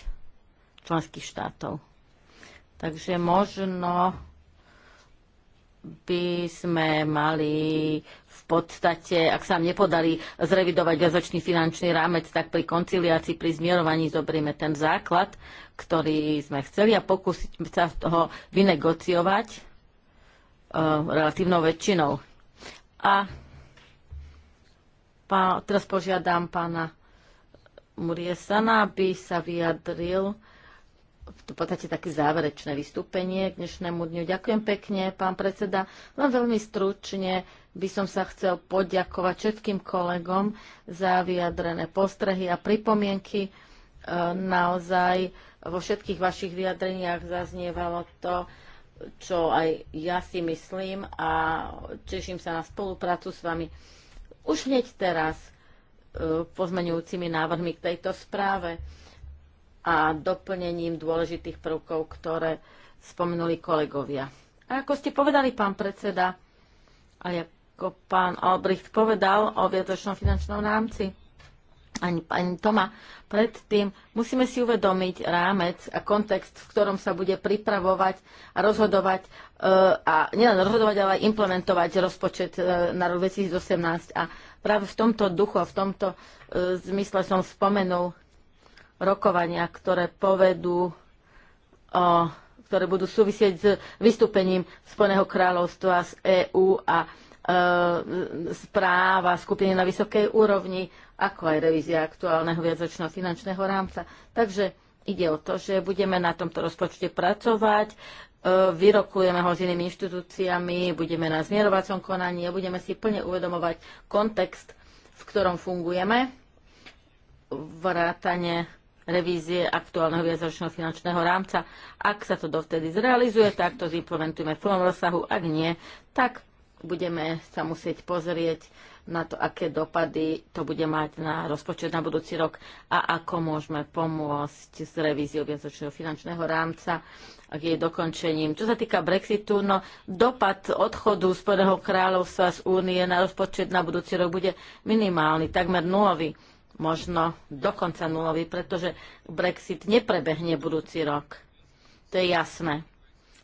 členských štátov. Takže možno by sme mali podstate, ak sa vám nepodarí zrevidovať väzočný finančný rámec, tak pri konciliácii, pri zmierovaní zoberieme ten základ, ktorý sme chceli a pokúsiť sa z toho vynegociovať e, relatívnou väčšinou. A pá, teraz požiadam pána Muriesana, aby sa vyjadril v podstate také záverečné vystúpenie k dnešnému dňu. Ďakujem pekne, pán predseda. Len veľmi stručne by som sa chcel poďakovať všetkým kolegom za vyjadrené postrehy a pripomienky. E, naozaj vo všetkých vašich vyjadreniach zaznievalo to, čo aj ja si myslím a teším sa na spoluprácu s vami. Už hneď teraz e, pozmenujúcimi návrhmi k tejto správe a doplnením dôležitých prvkov, ktoré spomenuli kolegovia. A ako ste povedali, pán predseda, a ja ako pán Albrecht povedal o viacročnom finančnom rámci, ani, pani Toma, predtým musíme si uvedomiť rámec a kontext, v ktorom sa bude pripravovať a rozhodovať eh, a nielen rozhodovať, ale aj implementovať rozpočet eh, na rok 2018. A práve v tomto duchu a v tomto eh, zmysle som spomenul rokovania, ktoré povedú o ktoré budú súvisieť s vystúpením Spojeného kráľovstva z EÚ a E, správa skupiny na vysokej úrovni, ako aj revízia aktuálneho viacročného finančného rámca. Takže ide o to, že budeme na tomto rozpočte pracovať, e, vyrokujeme ho s inými inštitúciami, budeme na zmierovacom konaní a budeme si plne uvedomovať kontext, v ktorom fungujeme, vrátane revízie aktuálneho viacročného finančného rámca. Ak sa to dovtedy zrealizuje, tak to zimplementujeme v plnom rozsahu. Ak nie, tak budeme sa musieť pozrieť na to, aké dopady to bude mať na rozpočet na budúci rok a ako môžeme pomôcť s revíziou viacročného finančného rámca a jej dokončením. Čo sa týka Brexitu, no dopad odchodu Spojeného kráľovstva z únie na rozpočet na budúci rok bude minimálny, takmer nulový, možno dokonca nulový, pretože Brexit neprebehne budúci rok. To je jasné.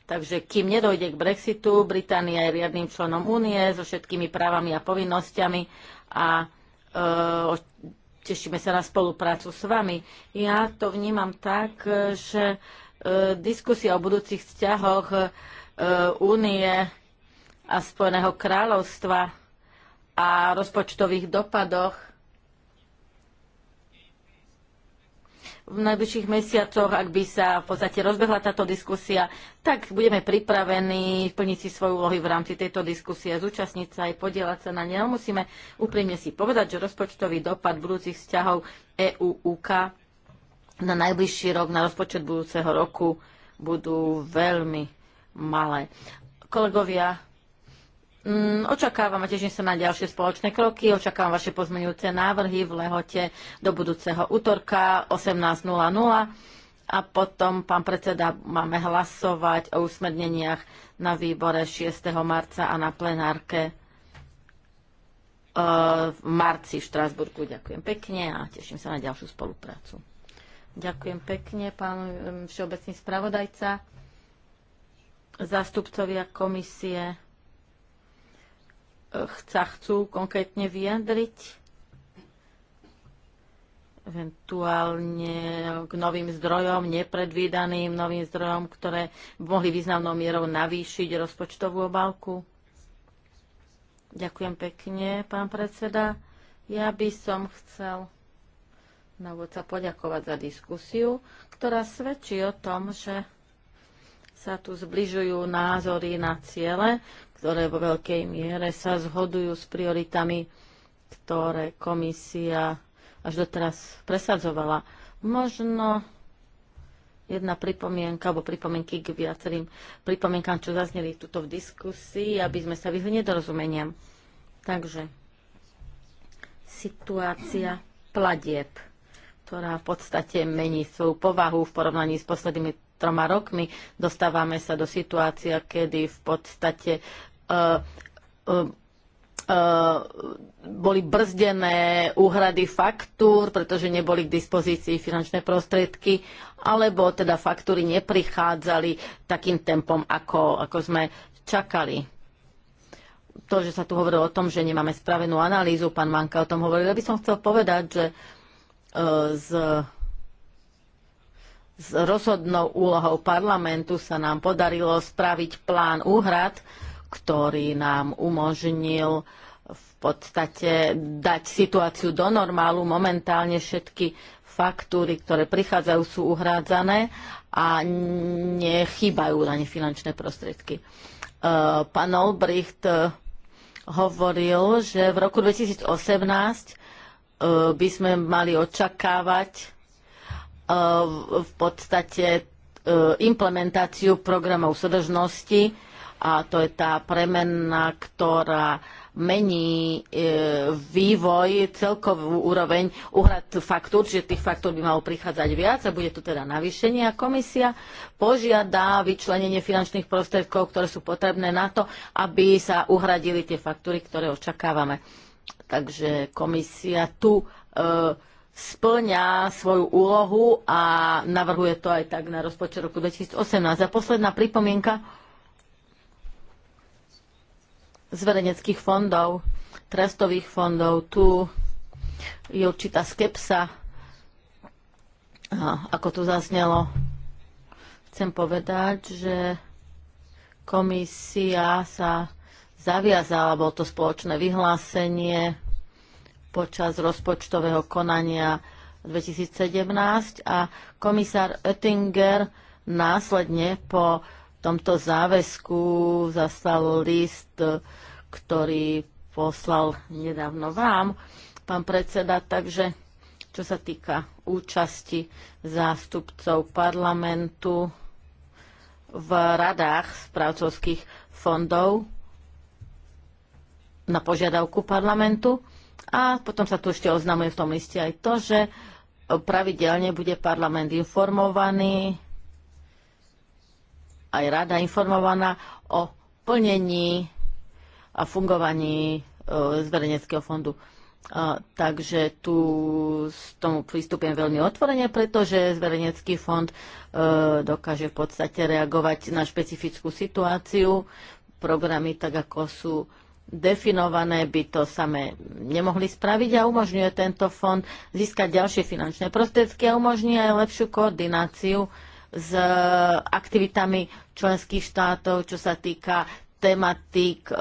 Takže kým nedojde k Brexitu, Británia je riadným členom únie so všetkými právami a povinnosťami a e, tešíme sa na spoluprácu s vami. Ja to vnímam tak, že e, diskusia o budúcich vzťahoch e, únie a Spojeného kráľovstva a rozpočtových dopadoch v najbližších mesiacoch, ak by sa v podstate rozbehla táto diskusia, tak budeme pripravení plniť si svoju úlohy v rámci tejto diskusie, zúčastniť sa aj podielať sa na ne. musíme úprimne si povedať, že rozpočtový dopad budúcich vzťahov EU-UK na najbližší rok, na rozpočet budúceho roku budú veľmi malé. Kolegovia, Mm, očakávam a teším sa na ďalšie spoločné kroky. Očakávam vaše pozmeňujúce návrhy v lehote do budúceho útorka 18.00 a potom, pán predseda, máme hlasovať o usmerneniach na výbore 6. marca a na plenárke e, v marci v Štrásburgu. Ďakujem pekne a teším sa na ďalšiu spoluprácu. Ďakujem pekne, pán mm, všeobecný spravodajca, zástupcovia komisie sa chcú konkrétne vyjadriť eventuálne k novým zdrojom, nepredvídaným novým zdrojom, ktoré mohli významnou mierou navýšiť rozpočtovú obálku? Ďakujem pekne, pán predseda. Ja by som chcel na úvod sa poďakovať za diskusiu, ktorá svedčí o tom, že sa tu zbližujú názory na ciele, ktoré vo veľkej miere sa zhodujú s prioritami, ktoré komisia až doteraz presadzovala. Možno jedna pripomienka, alebo pripomienky k viacerým pripomienkám, čo zazneli tuto v diskusii, aby sme sa vyhli nedorozumeniam. Takže situácia pladieb, ktorá v podstate mení svoju povahu v porovnaní s poslednými troma rokmi. Dostávame sa do situácia, kedy v podstate Eh, eh, eh, boli brzdené úhrady faktúr, pretože neboli k dispozícii finančné prostriedky, alebo teda faktúry neprichádzali takým tempom, ako, ako sme čakali. To, že sa tu hovorilo o tom, že nemáme spravenú analýzu, pán Manka o tom hovoril, ja by som chcel povedať, že z s rozhodnou úlohou parlamentu sa nám podarilo spraviť plán úhrad, ktorý nám umožnil v podstate dať situáciu do normálu. Momentálne všetky faktúry, ktoré prichádzajú, sú uhrádzané a nechýbajú ani finančné prostriedky. E, pán Olbricht e, hovoril, že v roku 2018 e, by sme mali očakávať v podstate implementáciu programov súdržnosti a to je tá premena, ktorá mení e, vývoj, celkovú úroveň uhrad faktúr, čiže tých faktúr by malo prichádzať viac a bude tu teda navýšenie a komisia požiada vyčlenenie finančných prostriedkov, ktoré sú potrebné na to, aby sa uhradili tie faktúry, ktoré očakávame. Takže komisia tu e, splňa svoju úlohu a navrhuje to aj tak na rozpočet roku 2018. A posledná pripomienka z vedeneckých fondov, trestových fondov. Tu je určitá skepsa, ako tu zaznelo. Chcem povedať, že komisia sa zaviazala, bolo to spoločné vyhlásenie počas rozpočtového konania 2017 a komisár Oettinger následne po tomto záväzku zastal list, ktorý poslal nedávno vám, pán predseda, takže čo sa týka účasti zástupcov parlamentu v radách správcovských fondov na požiadavku parlamentu. A potom sa tu ešte oznamuje v tom liste aj to, že pravidelne bude parlament informovaný aj rada informovaná o plnení a fungovaní e, zverejneckého fondu. A, e, takže tu s tomu pristupujem veľmi otvorene, pretože Zverejnecký fond e, dokáže v podstate reagovať na špecifickú situáciu. Programy, tak ako sú definované, by to samé nemohli spraviť a umožňuje tento fond získať ďalšie finančné prostriedky a umožňuje aj lepšiu koordináciu e, s e, aktivitami členských štátov, čo sa týka tematík e,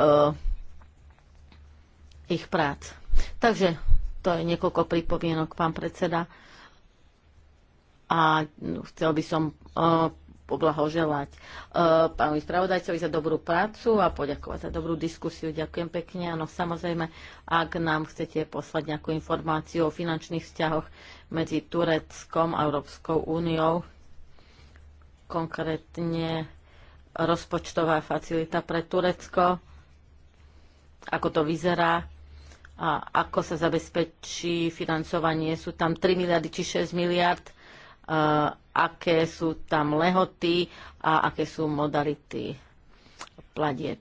ich prác. Takže to je niekoľko pripomienok, pán predseda. A chcel by som e, poblahoželať e, pánovi spravodajcovi za dobrú prácu a poďakovať za dobrú diskusiu. Ďakujem pekne. Áno, samozrejme, ak nám chcete poslať nejakú informáciu o finančných vzťahoch medzi Tureckom a Európskou úniou, konkrétne rozpočtová facilita pre Turecko, ako to vyzerá a ako sa zabezpečí financovanie. Sú tam 3 miliardy či 6 miliard, aké sú tam lehoty a aké sú modality platieb.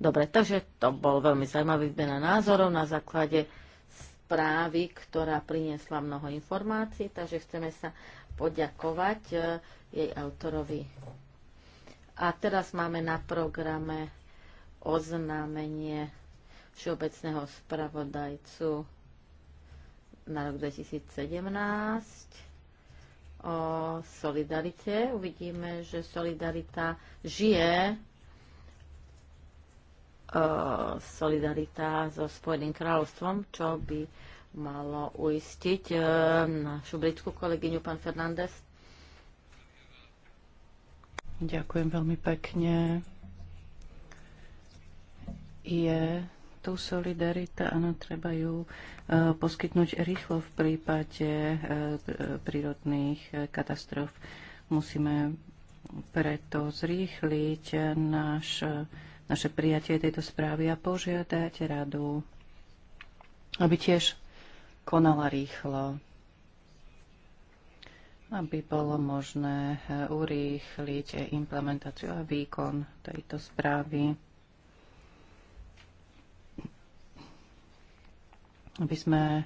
Dobre, takže to bol veľmi zaujímavý výmena názorov na základe správy, ktorá priniesla mnoho informácií, takže chceme sa poďakovať e, jej autorovi. A teraz máme na programe oznámenie všeobecného spravodajcu na rok 2017 o solidarite. Uvidíme, že solidarita žije. E, solidarita so Spojeným kráľovstvom, čo by malo uistiť eh, našu britskú kolegyňu, pán Fernández. Ďakujem veľmi pekne. Je tu solidarita, áno, treba ju eh, poskytnúť rýchlo v prípade eh, prírodných katastrof. Musíme preto zrýchliť naš, naše prijatie tejto správy a požiadať radu, aby tiež konala rýchlo, aby bolo možné eh, urýchliť implementáciu a výkon tejto správy, aby sme eh,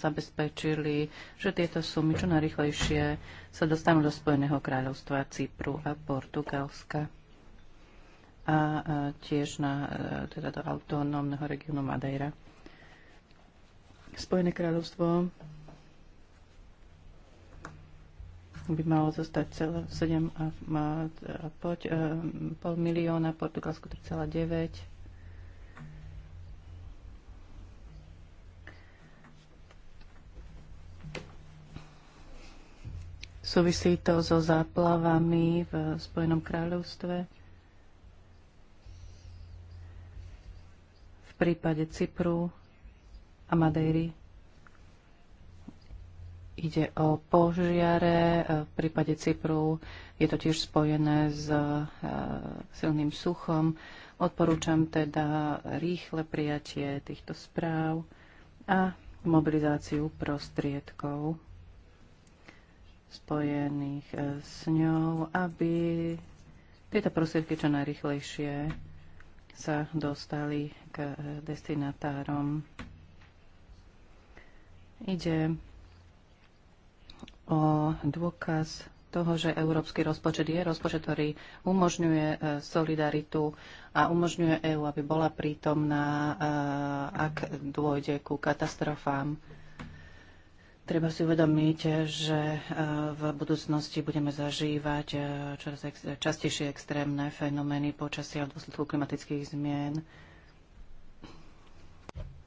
zabezpečili, že tieto sumy čo najrychlejšie sa dostanú do Spojeného kráľovstva, Cypru a Portugalska a eh, tiež na, teda do autonómneho regiónu Madeira. Spojené kráľovstvo by malo zostať celé 7 a, poď, e, pol milióna, Portugalsko 3,9. Súvisí to so záplavami v Spojenom kráľovstve. V prípade Cypru a Madejry. Ide o požiare, e, v prípade Cypru je to tiež spojené s e, silným suchom. Odporúčam teda rýchle prijatie týchto správ a mobilizáciu prostriedkov spojených e, s ňou, aby tieto prostriedky čo najrychlejšie sa dostali k destinatárom. Ide o dôkaz toho, že európsky rozpočet je rozpočet, ktorý umožňuje e, solidaritu a umožňuje EÚ, aby bola prítomná, e, ak dôjde ku katastrofám. Treba si uvedomiť, že e, v budúcnosti budeme zažívať častejšie extrémne fenomény počasia v dôsledku klimatických zmien.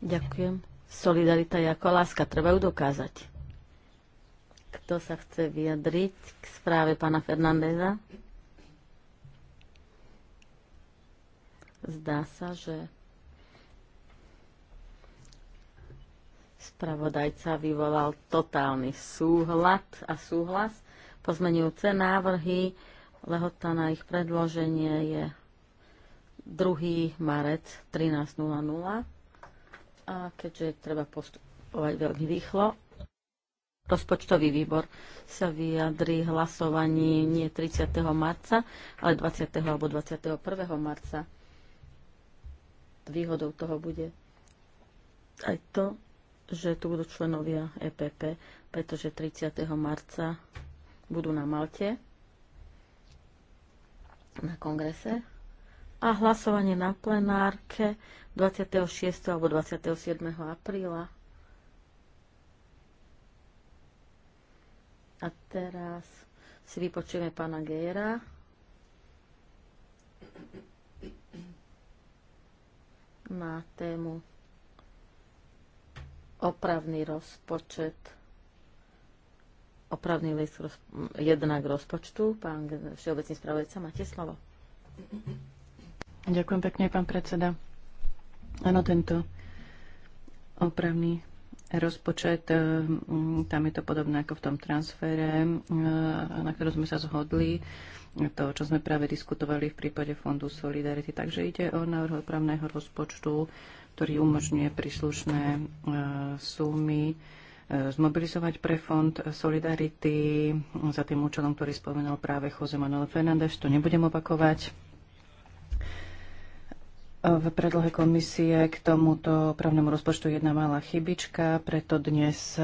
Ďakujem. Solidarita je ako láska, treba ju dokázať. Kto sa chce vyjadriť k správe pána Fernandeza? Zdá sa, že spravodajca vyvolal totálny súhlad a súhlas. Pozmenujúce návrhy, lehota na ich predloženie je 2. marec 13.00 a keďže treba postupovať veľmi rýchlo, rozpočtový výbor sa vyjadri hlasovaní nie 30. marca, ale 20. alebo 21. marca. Výhodou toho bude aj to, že tu budú členovia EPP, pretože 30. marca budú na Malte na kongrese a hlasovanie na plenárke 26. alebo 27. apríla. A teraz si vypočujeme pána Gejera. na tému opravný rozpočet, opravný list roz, jednak rozpočtu. Pán všeobecný spravodajca, máte slovo. Ďakujem pekne, pán predseda. Áno, tento opravný rozpočet, eh, mm, tam je to podobné ako v tom transfere, eh, na ktorom sme sa zhodli, to, čo sme práve diskutovali v prípade Fondu Solidarity. Takže ide o návrh opravného rozpočtu, ktorý umožňuje príslušné eh, sumy zmobilizovať pre Fond Solidarity za tým účelom, ktorý spomenul práve Jose Manuel Fernández. To nebudem opakovať. V predlohe komisie k tomuto právnemu rozpočtu jedna malá chybička, preto dnes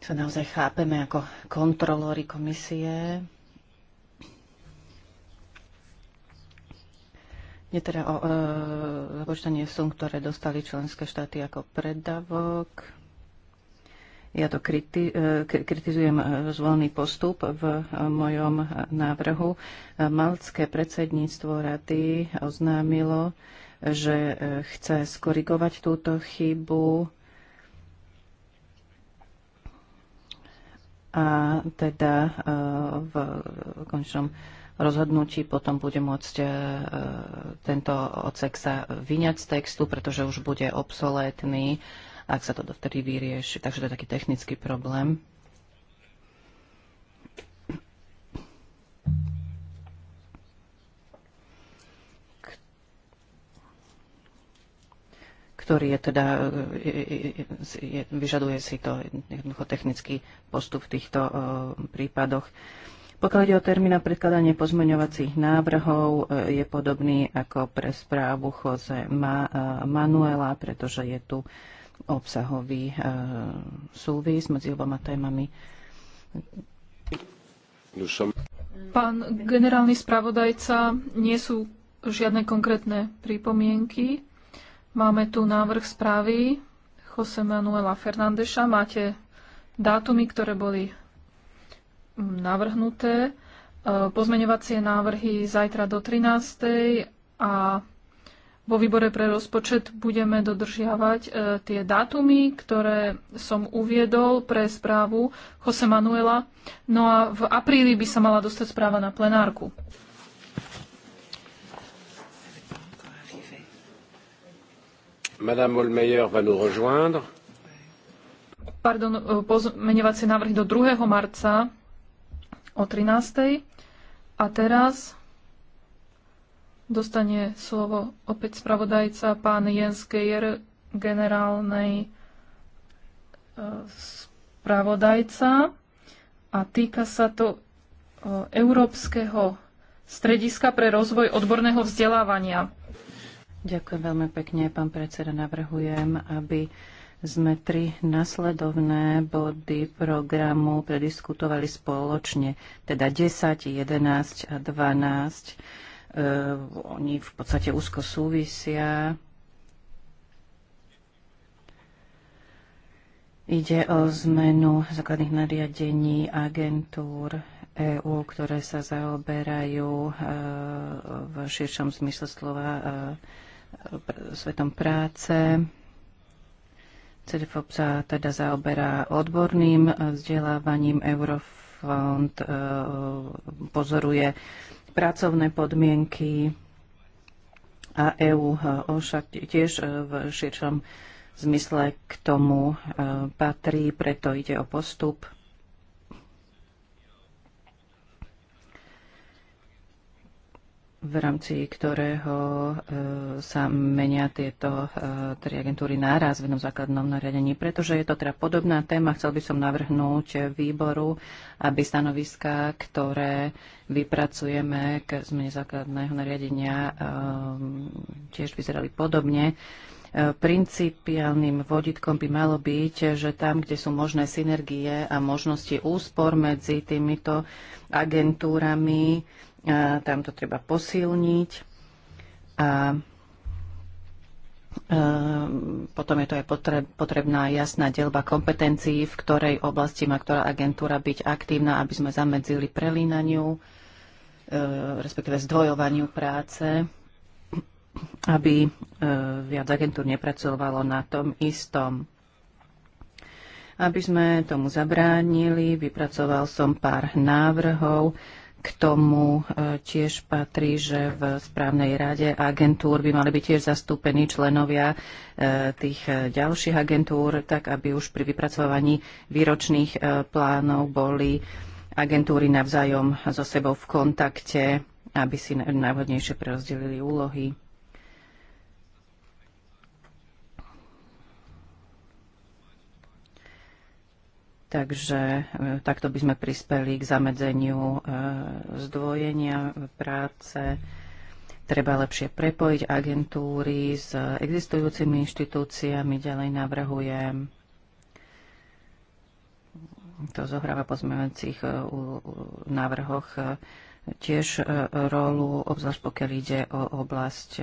sa naozaj chápeme ako kontrolóri komisie. Je teda o e, započtanie sum, ktoré dostali členské štáty ako predavok. Ja to kriti- e, kritizujem e, zvolený postup v e, mojom návrhu. Malcké predsedníctvo rady oznámilo, že chce skorigovať túto chybu a teda v končnom rozhodnutí potom bude môcť tento odsek sa vyňať z textu, pretože už bude obsolétny ak sa to dovtedy vyrieši. Takže to je taký technický problém. ktorý je teda, je, vyžaduje si to jednoducho technický postup v týchto uh, prípadoch. Pokiaľ ide o termín na predkladanie pozmeňovacích návrhov, e, je podobný ako pre správu Jose e, Manuela, pretože je tu obsahový eh, súvis medzi oboma témami. Pán generálny spravodajca, nie sú žiadne konkrétne pripomienky. Máme tu návrh správy Jose Manuela Fernandeša. Máte dátumy, ktoré boli mm, navrhnuté. Eh, pozmeňovacie návrhy zajtra do 13. a vo výbore pre rozpočet budeme dodržiavať e, tie dátumy, ktoré som uviedol pre správu Jose Manuela. No a v apríli by sa mala dostať správa na plenárku. Madame Olmeyer va nous rejoindre. Pardon, e, pozmeňovacie návrhy do 2. marca o 13. A teraz Dostane slovo opäť spravodajca pán Jens Gejer, generálnej e, spravodajca a týka sa to e, Európskeho strediska pre rozvoj odborného vzdelávania. Ďakujem veľmi pekne, pán predseda. Navrhujem, aby sme tri nasledovné body programu prediskutovali spoločne, teda 10, 11 a 12 Eh, oni v podstate úzko súvisia. Ide o zmenu základných nariadení agentúr EÚ, ktoré sa zaoberajú eh, v širšom zmysle slova eh, svetom práce. CDFOP sa teda zaoberá odborným vzdelávaním, Eurofond pozoruje pracovné podmienky a EÚ však tiež v širšom zmysle k tomu e, patrí, preto ide o postup v rámci ktorého e, sa menia tieto e, tri agentúry náraz v jednom základnom nariadení. Pretože je to teda podobná téma, chcel by som navrhnúť výboru, aby stanoviská, ktoré vypracujeme k zmene základného nariadenia, e, tiež vyzerali podobne. Principiálnym vodítkom by malo byť, že tam, kde sú možné synergie a možnosti úspor medzi týmito agentúrami, tam to treba posilniť a e, potom je to aj potrebná jasná delba kompetencií, v ktorej oblasti má ktorá agentúra byť aktívna, aby sme zamedzili prelínaniu, e, respektíve zdvojovaniu práce, aby e, viac agentúr nepracovalo na tom istom. Aby sme tomu zabránili, vypracoval som pár návrhov, k tomu e, tiež patrí, že v správnej rade agentúr by mali byť tiež zastúpení členovia e, tých e, ďalších agentúr, tak aby už pri vypracovaní výročných plánov boli agentúry navzájom so sebou v kontakte, aby si najvhodnejšie prerozdelili úlohy. Takže e, takto by sme prispeli k zamedzeniu e, zdvojenia práce. Treba lepšie prepojiť agentúry s existujúcimi inštitúciami. Ďalej navrhujem to zohráva po zmenujúcich e, návrhoch tiež rolu, obzvlášť pokiaľ ide o oblasť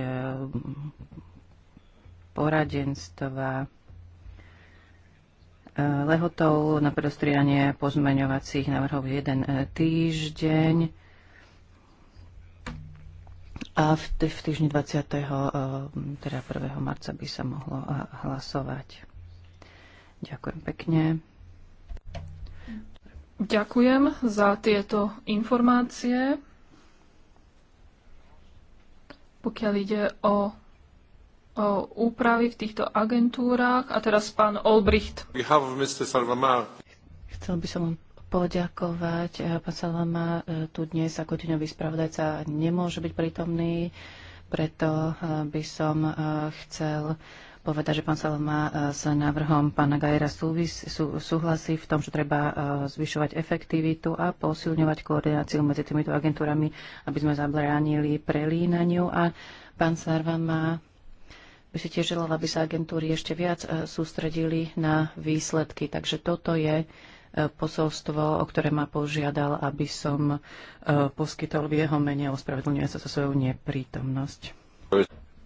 poradenstva, lehotou na predostrianie pozmeňovacích návrhov jeden e, týždeň a v, v týždni 20. E, teda 1. marca by sa mohlo e, hlasovať. Ďakujem pekne. Ďakujem za tieto informácie. Pokiaľ ide o úpravy v týchto agentúrach. A teraz pán Olbricht. Chcel by som poďakovať. Eh, pán Salvama eh, tu dnes ako deňový spravodajca nemôže byť prítomný, preto eh, by som chcel povedať, že pán Salama s návrhom pána Gajera súhlasí v tom, že treba zvyšovať efektivitu a posilňovať koordináciu medzi týmito agentúrami, aby sme zabránili prelínaniu. A pán Sarvama by si tiež želala, aby sa agentúry ešte viac e, sústredili na výsledky. Takže toto je e, posolstvo, o ktoré ma požiadal, aby som e, poskytol v jeho mene. Ospravedlňuje sa za svoju neprítomnosť.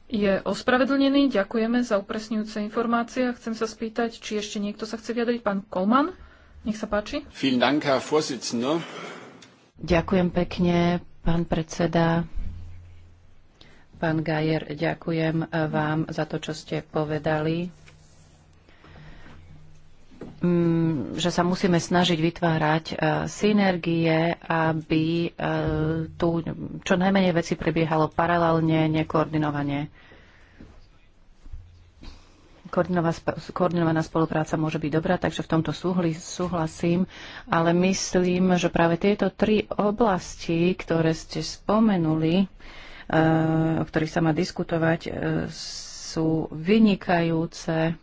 Je ospravedlnený, ďakujeme za upresňujúce informácie. Chcem sa spýtať, či ešte niekto sa chce vyjadriť. Pán Kolman, nech sa páči. Ďakujem pekne, pán predseda. Pán Gajer, ďakujem eh, vám za to, čo ste povedali mm, že sa musíme snažiť vytvárať eh, synergie, aby eh, tu čo najmenej veci prebiehalo paralelne, nekoordinovane. Koordinovaná spolupráca môže byť dobrá, takže v tomto súhlasím, ale myslím, že práve tieto tri oblasti, ktoré ste spomenuli, Eh, o ktorých sa má diskutovať, eh, sú vynikajúce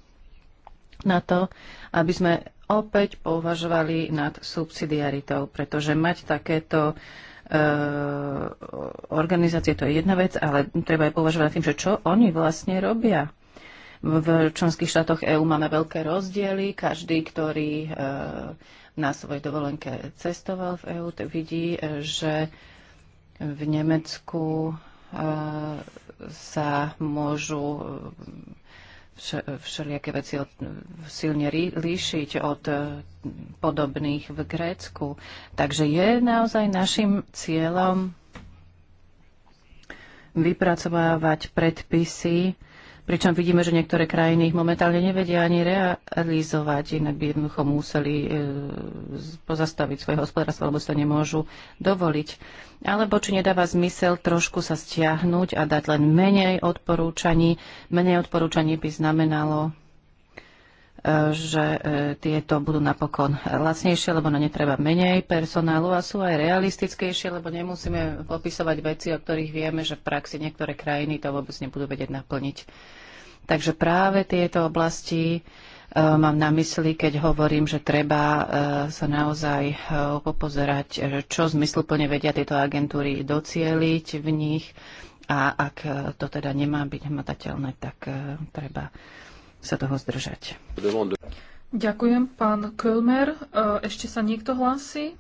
na to, aby sme opäť považovali nad subsidiaritou, pretože mať takéto eh, organizácie, to je jedna vec, ale treba aj považovať tým, že čo oni vlastne robia. V členských štátoch EÚ máme veľké rozdiely. Každý, ktorý na svojej dovolenke cestoval v EÚ, vidí, že v Nemecku sa môžu e, všelijaké veci od, silne rí, líšiť od e, podobných v Grécku. Takže je naozaj našim cieľom vypracovávať predpisy, pričom vidíme, že niektoré krajiny ich momentálne nevedia ani realizovať, inak by jednoducho museli e, pozastaviť svoje hospodárstvo, alebo sa nemôžu dovoliť. Alebo či nedáva zmysel trošku sa stiahnuť a dať len menej odporúčaní. Menej odporúčaní by znamenalo E, že e, tieto budú napokon lacnejšie, lebo na ne treba menej personálu a sú aj realistickejšie, lebo nemusíme popisovať veci, o ktorých vieme, že v praxi niektoré krajiny to vôbec nebudú vedieť naplniť. Takže práve tieto oblasti e, mám na mysli, keď hovorím, že treba sa naozaj popozerať, čo zmysluplne vedia tieto agentúry docieliť v nich a ak to teda nemá byť hmatateľné, tak treba sa toho zdržať. Ďakujem, pán Kölmer. E, ešte sa niekto hlási?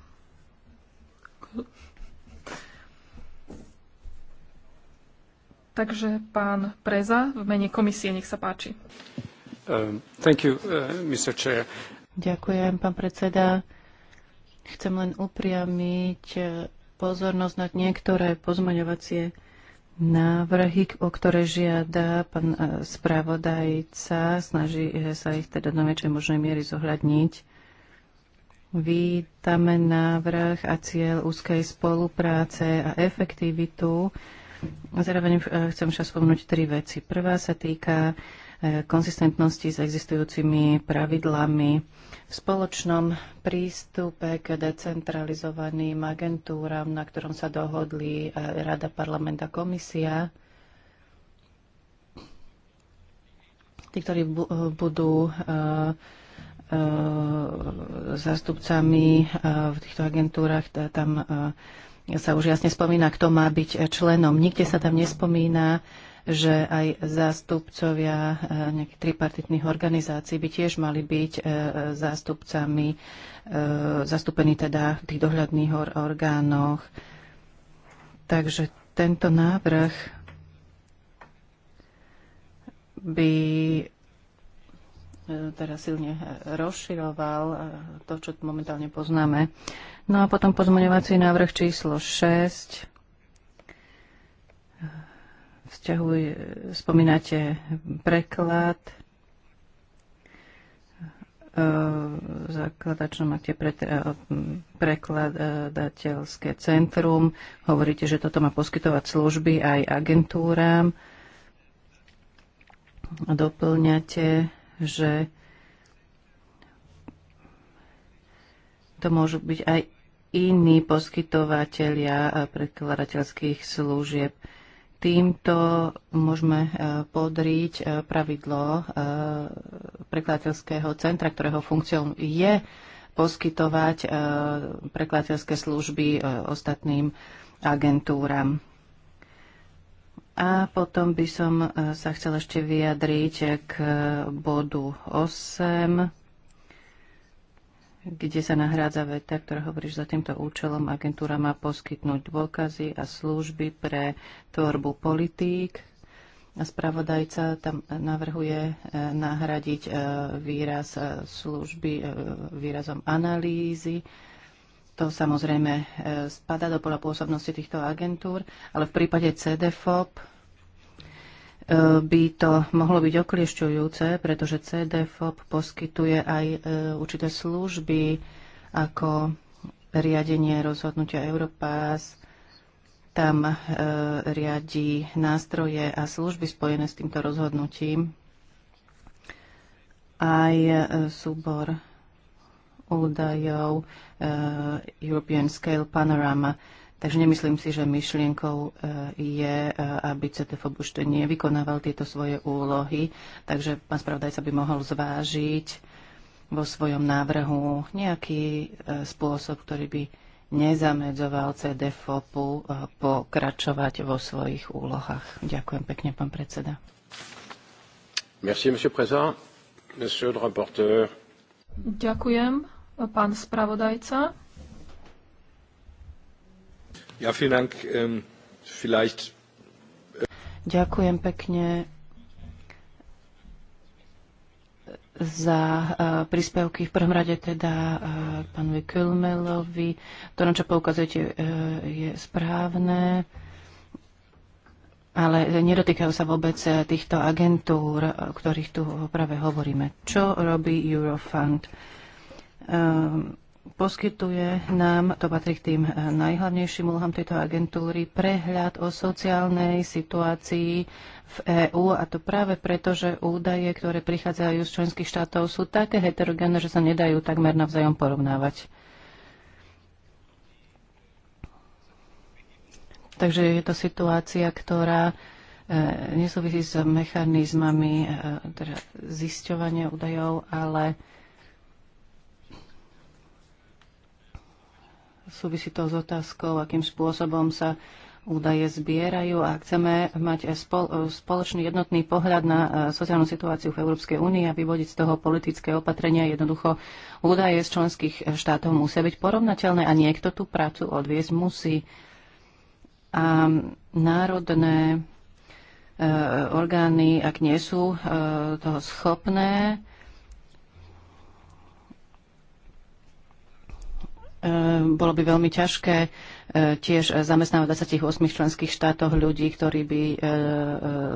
Takže pán Preza v mene komisie, nech sa páči. Um, you, uh, Ďakujem, pán predseda. Chcem len upriamiť pozornosť na niektoré pozmaňovacie návrhy, o ktoré žiada pán e, spravodajca. Snaží e, sa ich teda do väčšej možnej miery zohľadniť. Vítame návrh a cieľ úzkej spolupráce a efektivitu. Zároveň e, chcem však spomnúť tri veci. Prvá sa týka konzistentnosti s existujúcimi pravidlami v spoločnom prístupe k decentralizovaným agentúram, na ktorom sa dohodli eh, Rada, Parlament a Komisia. Tí, ktorí bu budú eh, eh, zástupcami v týchto agentúrach, tam sa už jasne spomína, kto má byť členom. Nikde sa tam nespomína že aj zástupcovia e, nejakých tripartitných organizácií by tiež mali byť e, zástupcami, e, zastúpení teda v tých dohľadných orgánoch. Takže tento návrh by teda silne rozširoval to, čo momentálne poznáme. No a potom pozmoňovací návrh číslo 6 vzťahu spomínate preklad v e, základačnom akte pre, e, prekladateľské centrum. Hovoríte, že toto má poskytovať služby aj agentúram. Doplňate, že to môžu byť aj iní poskytovateľia e, prekladateľských služieb. Týmto môžeme e, podriť e, pravidlo e, prekladateľského centra, ktorého funkciou je poskytovať prekladateľské služby ostatným agentúram. A potom by som sa chcel ešte vyjadriť k bodu 8 kde sa nahrádza veta, ktorá hovorí, že za týmto účelom agentúra má poskytnúť dôkazy a služby pre tvorbu politík. A spravodajca tam navrhuje e, nahradiť e, výraz e, služby výrazom analýzy. To samozrejme spada do pola pôsobnosti týchto agentúr, ale v prípade CDFOP by to mohlo byť okliešťujúce, pretože CDFOP poskytuje aj e, určité služby ako riadenie rozhodnutia Europass, tam e, riadi nástroje a služby spojené s týmto rozhodnutím, aj e, súbor údajov European Scale Panorama. Takže nemyslím si, že myšlienkou e, je, e, aby CTFOB už nevykonával tieto svoje úlohy. Takže pán spravodajca by mohol zvážiť vo svojom návrhu nejaký e, spôsob, ktorý by nezamedzoval CDFOPu pokračovať vo svojich úlohách. Ďakujem pekne, pán predseda. Merci, monsieur président. Monsieur le rapporteur. Ďakujem, pán spravodajca. Ja, vielen Dank. Ähm, vielleicht... Äh, Ďakujem pekne za äh, príspevky v prvom rade teda äh, pánovi Kulmelovi. To, na čo poukazujete, je správne, ale nedotýkajú sa vôbec týchto agentúr, o ktorých tu práve hovoríme. Čo robí Eurofund? Um, poskytuje nám, to patrí k tým eh, najhlavnejším úlohám tejto agentúry, prehľad o sociálnej situácii v EÚ a to práve preto, že údaje, ktoré prichádzajú z členských štátov, sú také heterogénne, že sa nedajú takmer navzájom porovnávať. Takže je to situácia, ktorá eh, nesúvisí s mechanizmami eh, teda zisťovania údajov, ale Súvisí to s otázkou, akým spôsobom sa údaje zbierajú a chceme mať spoločný jednotný pohľad na e, sociálnu situáciu v Európskej únii a vyvodiť z toho politické opatrenia. Jednoducho údaje z členských štátov musia byť porovnateľné a niekto tú prácu odviesť musí. A národné e, orgány, ak nie sú e, toho schopné, Ehm, bolo by veľmi ťažké ehm, tiež zamestnávať v 28 členských štátoch ľudí, ktorí by ehm,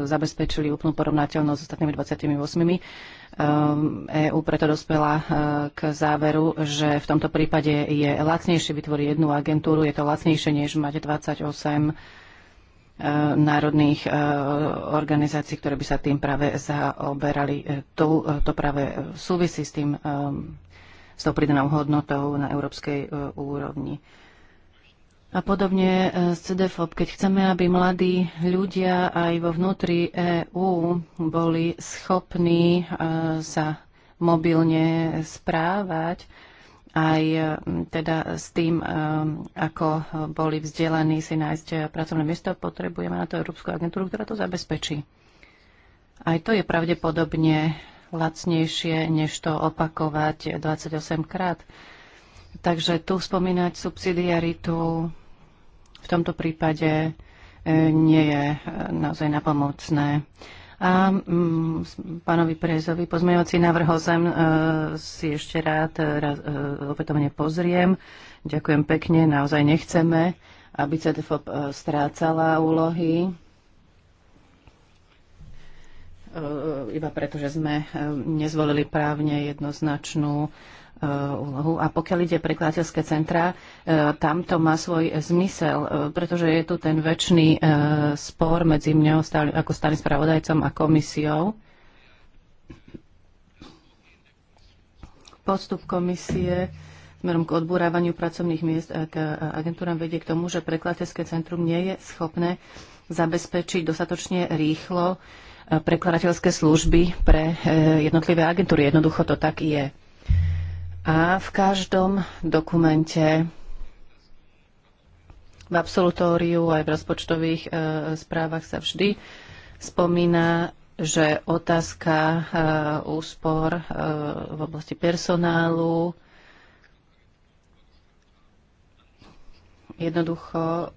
zabezpečili úplnú porovnateľnosť s ostatnými 28. EÚ e preto dospela k záveru, že v tomto prípade je lacnejšie vytvoriť jednu agentúru, je to lacnejšie, než mať 28 národných organizácií, ktoré by sa tým práve zaoberali. E, to, e, to práve súvisí s tým s tou pridanou hodnotou na európskej e, úrovni. A podobne e, s CDFOP, keď chceme, aby mladí ľudia aj vo vnútri EÚ boli schopní e, sa mobilne správať, aj teda s tým, ako boli vzdelaní si nájsť pracovné miesto, potrebujeme na to Európsku agentúru, ktorá to zabezpečí. Aj to je pravdepodobne lacnejšie, než to opakovať 28 krát. Takže tu spomínať subsidiaritu v tomto prípade e, nie je e, naozaj napomocné. A mm, pánovi Prezovi pozmejovací návrh zem e, si ešte rád raz, opätovne pozriem. Ďakujem pekne, naozaj nechceme, aby CDFOP strácala úlohy E, iba preto, že sme e, nezvolili právne jednoznačnú e, úlohu. A pokiaľ ide prekladateľské centra, tam to má svoj zmysel, pretože je tu ten väčší spor medzi mňou ako stálym spravodajcom a komisiou. Postup komisie smerom k odburávaniu pracovných miest a k agentúram vedie k tomu, že prekladateľské centrum nie je schopné zabezpečiť dostatočne rýchlo prekladateľské služby pre e, jednotlivé agentúry. Jednoducho to tak je. A v každom dokumente v absolutóriu aj v rozpočtových e, správach sa vždy spomína, že otázka e, úspor v oblasti personálu jednoducho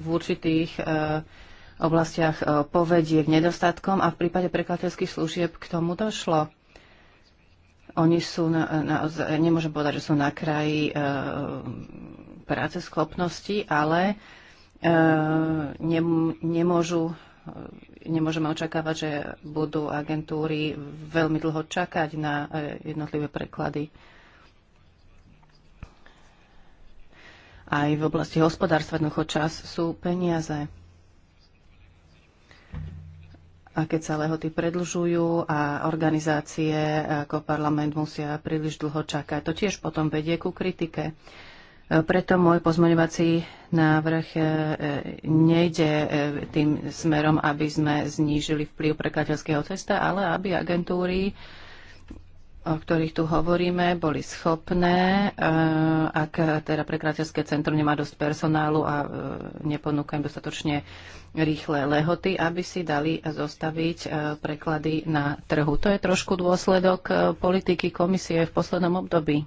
v určitých oblastiach e, povedie k nedostatkom a v prípade prekladateľských služieb k tomu došlo. Oni sú, na, na, nemôžem povedať, že sú na kraji e, práce schopnosti, ale e, ne, nemôžu, e, nemôžeme očakávať, že budú agentúry veľmi dlho čakať na e, jednotlivé preklady. Aj v oblasti hospodárstva jednoducho čas sú peniaze. A keď sa lehoty predlžujú a organizácie ako parlament musia príliš dlho čakať, to tiež potom vedie ku kritike. Preto môj pozmeňovací návrh e, nejde e, tým smerom, aby sme znížili vplyv prekladateľského cesta, ale aby agentúry o ktorých tu hovoríme, boli schopné, eh, ak teda prekráťarské centrum nemá dosť personálu a eh, neponúka im dostatočne rýchle lehoty, aby si dali zostaviť eh, preklady na trhu. To je trošku dôsledok politiky komisie v poslednom období.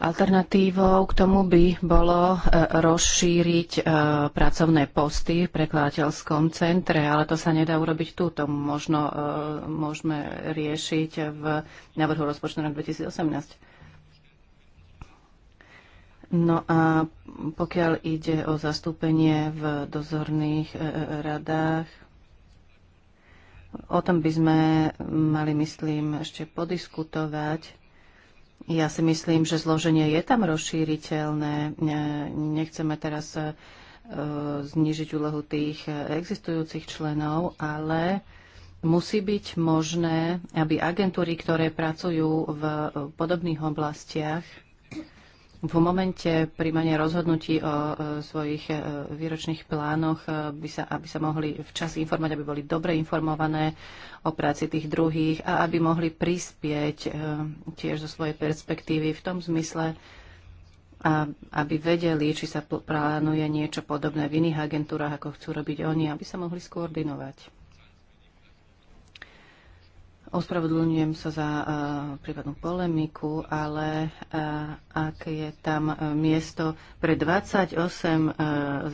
Alternatívou k tomu by bolo e, rozšíriť e, pracovné posty v prekladateľskom centre, ale to sa nedá urobiť tu. To možno e, môžeme riešiť v návrhu rozpočtu na 2018. No a pokiaľ ide o zastúpenie v dozorných radách, o tom by sme mali, myslím, ešte podiskutovať ja si myslím, že zloženie je tam rozšíriteľné. Nechceme teraz e, znižiť úlohu tých e, existujúcich členov, ale musí byť možné, aby agentúry, ktoré pracujú v e, podobných oblastiach, v momente príjmania rozhodnutí o e, svojich e, výročných plánoch, e, by sa, aby sa mohli včas informovať, aby boli dobre informované o práci tých druhých a aby mohli prispieť tiež zo svojej perspektívy v tom zmysle, aby vedeli, či sa plánuje niečo podobné v iných agentúrach, ako chcú robiť oni, aby sa mohli skoordinovať. Ospravedlňujem sa za uh, prípadnú polemiku, ale uh, ak je tam uh, miesto pre 28 uh,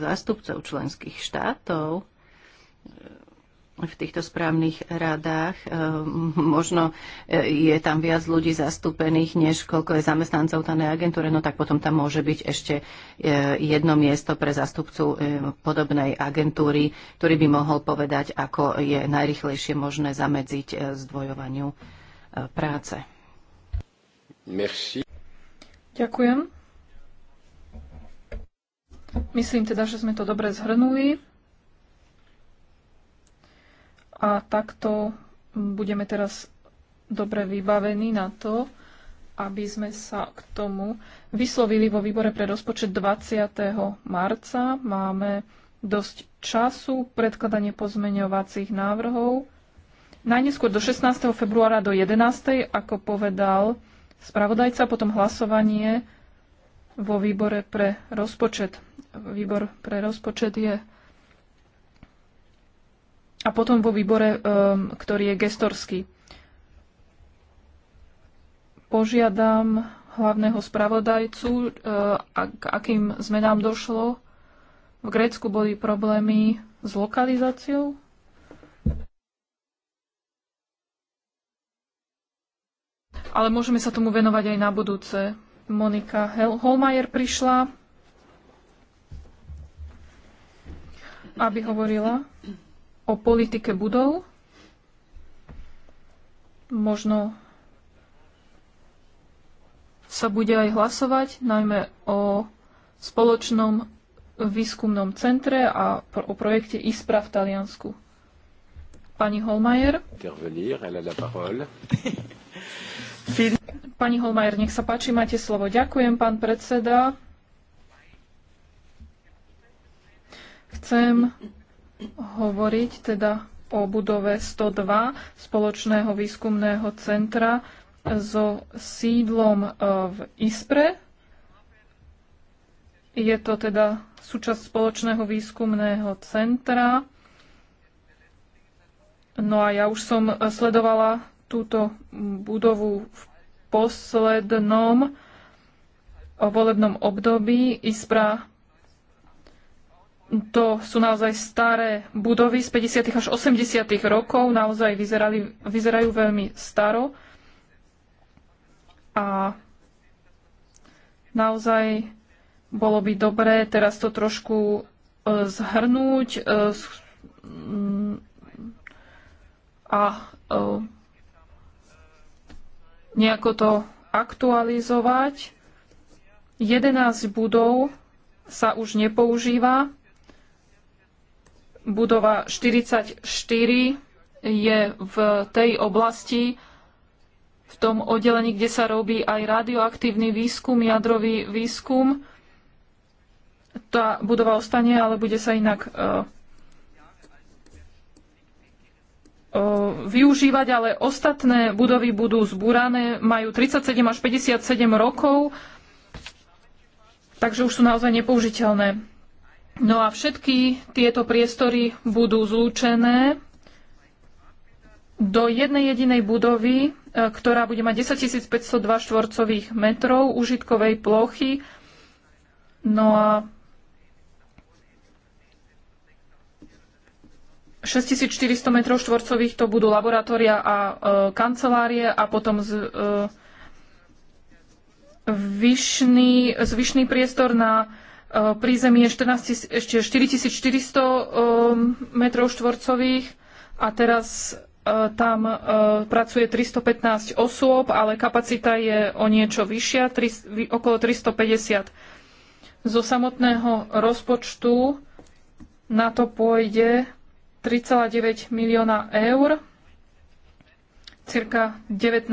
zástupcov členských štátov, uh, v týchto správnych radách. E, možno e, je tam viac ľudí zastúpených, než koľko je zamestnancov danej agentúre, no tak potom tam môže byť ešte e, jedno miesto pre zastupcu podobnej agentúry, ktorý by mohol povedať, ako je najrychlejšie možné zamedziť zdvojovaniu práce. Merci. Ďakujem. Myslím teda, že sme to dobre zhrnuli. A takto budeme teraz dobre vybavení na to, aby sme sa k tomu vyslovili vo výbore pre rozpočet 20. marca. Máme dosť času, predkladanie pozmeňovacích návrhov. Najneskôr do 16. februára do 11. ako povedal spravodajca, potom hlasovanie vo výbore pre rozpočet. Výbor pre rozpočet je a potom vo výbore, ehm, ktorý je gestorský. Požiadam hlavného spravodajcu, ehm, k akým zmenám došlo. V Grécku boli problémy s lokalizáciou. Ale môžeme sa tomu venovať aj na budúce. Monika Holmajer prišla, aby hovorila o politike budov. Možno sa bude aj hlasovať, najmä o spoločnom výskumnom centre a o projekte ISPRA v Taliansku. Pani Holmajer. Pani Holmajer, nech sa páči, máte slovo. Ďakujem, pán predseda. Chcem hovoriť teda o budove 102 spoločného výskumného centra so sídlom e, v Ispre. Je to teda súčasť spoločného výskumného centra. No a ja už som sledovala túto budovu v poslednom volebnom období. Ispra to sú naozaj staré budovy z 50. až 80. rokov, naozaj vyzerali, vyzerajú veľmi staro. A naozaj bolo by dobré teraz to trošku e, zhrnúť e, mm, a e, nejako to aktualizovať. 11 budov sa už nepoužíva budova 44 je v tej oblasti, v tom oddelení, kde sa robí aj radioaktívny výskum, jadrový výskum. Tá budova ostane, ale bude sa inak e, e, využívať, ale ostatné budovy budú zbúrané, majú 37 až 57 rokov, takže už sú naozaj nepoužiteľné. No a všetky tieto priestory budú zlúčené do jednej jedinej budovy, e, ktorá bude mať 10 502 štvorcových metrov užitkovej plochy. No a 6400 metrov štvorcových to budú laboratória a e, kancelárie a potom z, e, vyšný, zvyšný priestor na E, pri Zemi je 14, ešte 4400 e, metrov štvorcových a teraz e, tam pracuje 315 osôb, ale kapacita je o niečo vyššia, okolo 350. Zo samotného rozpočtu na to pôjde 3,9 milióna eur, cirka 19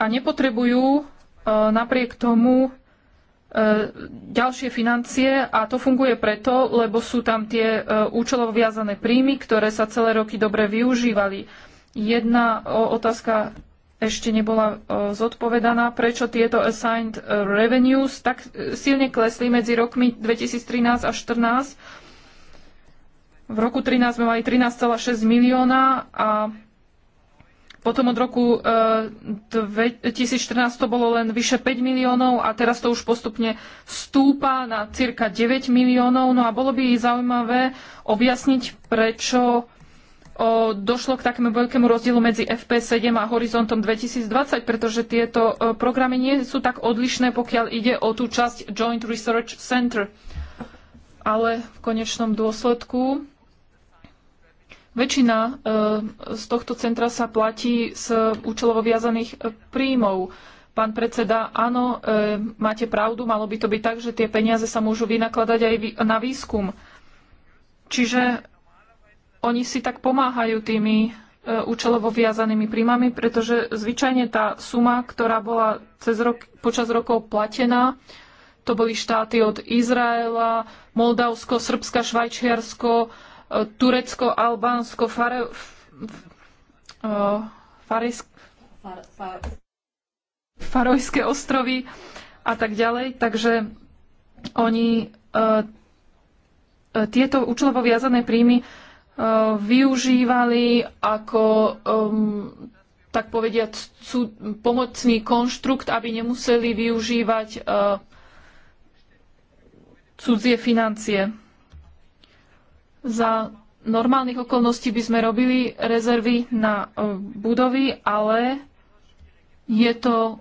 a nepotrebujú napriek tomu E, ďalšie financie a to funguje preto, lebo sú tam tie e, účelovo viazané príjmy, ktoré sa celé roky dobre využívali. Jedna otázka ešte nebola e, zodpovedaná, prečo tieto assigned revenues tak silne klesli medzi rokmi 2013 a 2014. V roku 2013 sme mali 13,6 milióna a potom od roku 2014 eh, to bolo len vyše 5 miliónov a teraz to už postupne stúpa na cirka 9 miliónov. No a bolo by zaujímavé objasniť, prečo došlo k takému veľkému rozdielu medzi FP7 a Horizontom 2020, pretože tieto eh, programy nie sú tak odlišné, pokiaľ ide o tú časť Joint Research Center. Ale v konečnom dôsledku Väčšina e, z tohto centra sa platí z účelovo viazaných e, príjmov. Pán predseda, áno, e, máte pravdu, malo by to byť tak, že tie peniaze sa môžu vynakladať aj na výskum. Čiže oni si tak pomáhajú tými účelovo viazanými príjmami, pretože zvyčajne tá suma, ktorá bola cez rok, počas rokov platená, to boli štáty od Izraela, Moldavsko, Srbska, Švajčiarsko, Turecko, Albánsko, Fare, Farojské ostrovy a tak ďalej. Takže oni e, e, tieto účelovo viazané príjmy e, využívali ako tak povediať pomocný konštrukt, aby nemuseli využívať cudzie financie. Za normálnych okolností by sme robili rezervy na e, budovy, ale je to e,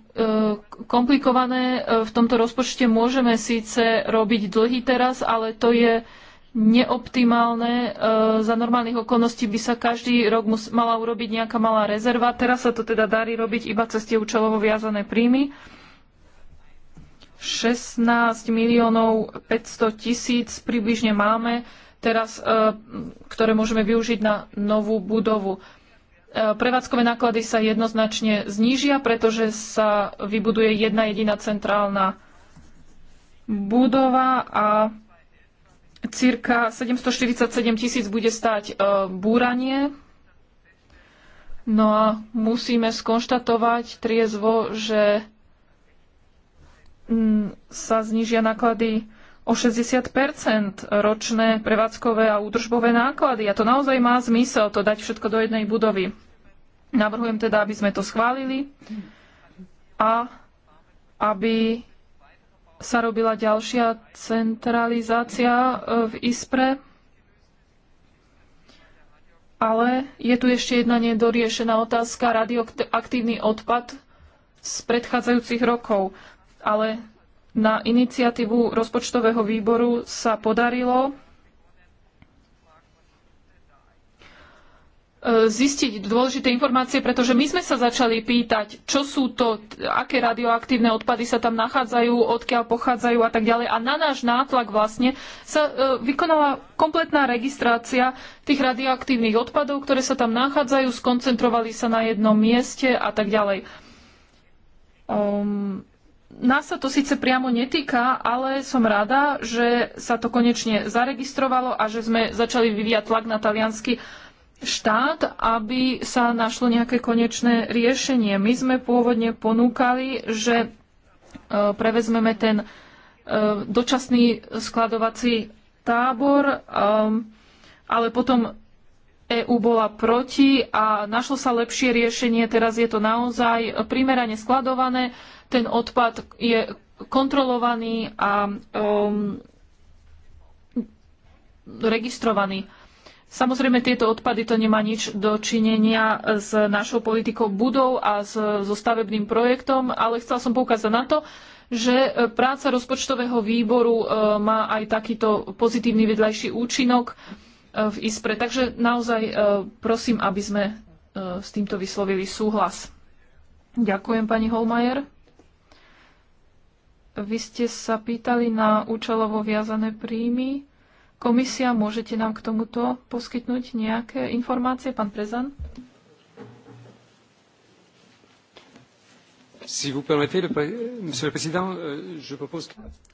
komplikované. E, v tomto rozpočte môžeme síce robiť dlhý teraz, ale to je neoptimálne. Za normálnych okolností by sa každý rok mala urobiť nejaká malá rezerva. Teraz sa to teda darí robiť iba cez tie účelovo viazané príjmy. 16 miliónov 500 tisíc približne máme teraz, e, ktoré môžeme využiť na novú budovu. E, prevádzkové náklady sa jednoznačne znížia, pretože sa vybuduje jedna jediná centrálna budova a cirka 747 tisíc bude stať e, búranie. No a musíme skonštatovať triezvo, že mm, sa znížia náklady o 60 ročné prevádzkové a údržbové náklady. A to naozaj má zmysel, to dať všetko do jednej budovy. Navrhujem teda, aby sme to schválili a aby sa robila ďalšia centralizácia e, v ISPRE. Ale je tu ešte jedna nedoriešená otázka, radioaktívny odpad z predchádzajúcich rokov. Ale na iniciatívu rozpočtového výboru sa podarilo e, zistiť dôležité informácie, pretože my sme sa začali pýtať, čo sú to, aké radioaktívne odpady sa tam nachádzajú, odkiaľ pochádzajú a tak ďalej. A na náš nátlak vlastne sa e, vykonala kompletná registrácia tých radioaktívnych odpadov, ktoré sa tam nachádzajú, skoncentrovali sa na jednom mieste a tak ďalej. Um, nás sa to síce priamo netýka, ale som rada, že sa to konečne zaregistrovalo a že sme začali vyvíjať tlak na taliansky štát, aby sa našlo nejaké konečné riešenie. My sme pôvodne ponúkali, že e, prevezmeme ten e, dočasný skladovací tábor, e, ale potom EÚ bola proti a našlo sa lepšie riešenie. Teraz je to naozaj primerane skladované ten odpad je kontrolovaný a um, registrovaný. Samozrejme, tieto odpady to nemá nič do činenia s našou politikou budov a s, so stavebným projektom, ale chcela som poukázať na to, že práca rozpočtového výboru uh, má aj takýto pozitívny vedľajší účinok uh, v ISPRE. Takže naozaj uh, prosím, aby sme s týmto vyslovili súhlas. Ďakujem, pani Holmajer. Vy ste sa pýtali na účelovo viazané príjmy. Komisia, môžete nám k tomuto poskytnúť nejaké informácie, pán Prezan? Euh,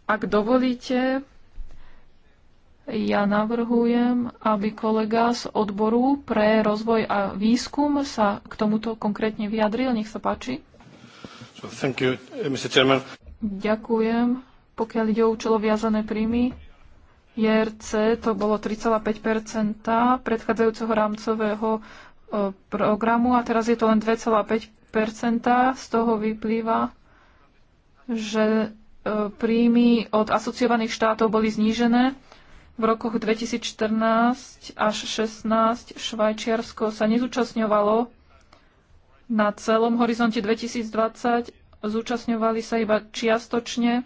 Ak dovolíte, ja navrhujem, aby kolega z odboru pre rozvoj a výskum sa k tomuto konkrétne vyjadril. Nech sa páči. So, you, Ďakujem. Pokiaľ ide o účelo viazané príjmy, JRC to bolo 3,5 predchádzajúceho rámcového e, programu a teraz je to len 2,5 Z toho vyplýva, že e, príjmy od asociovaných štátov boli znížené. V rokoch 2014 až 2016 Švajčiarsko sa nezúčastňovalo na celom horizonte 2020 zúčastňovali sa iba čiastočne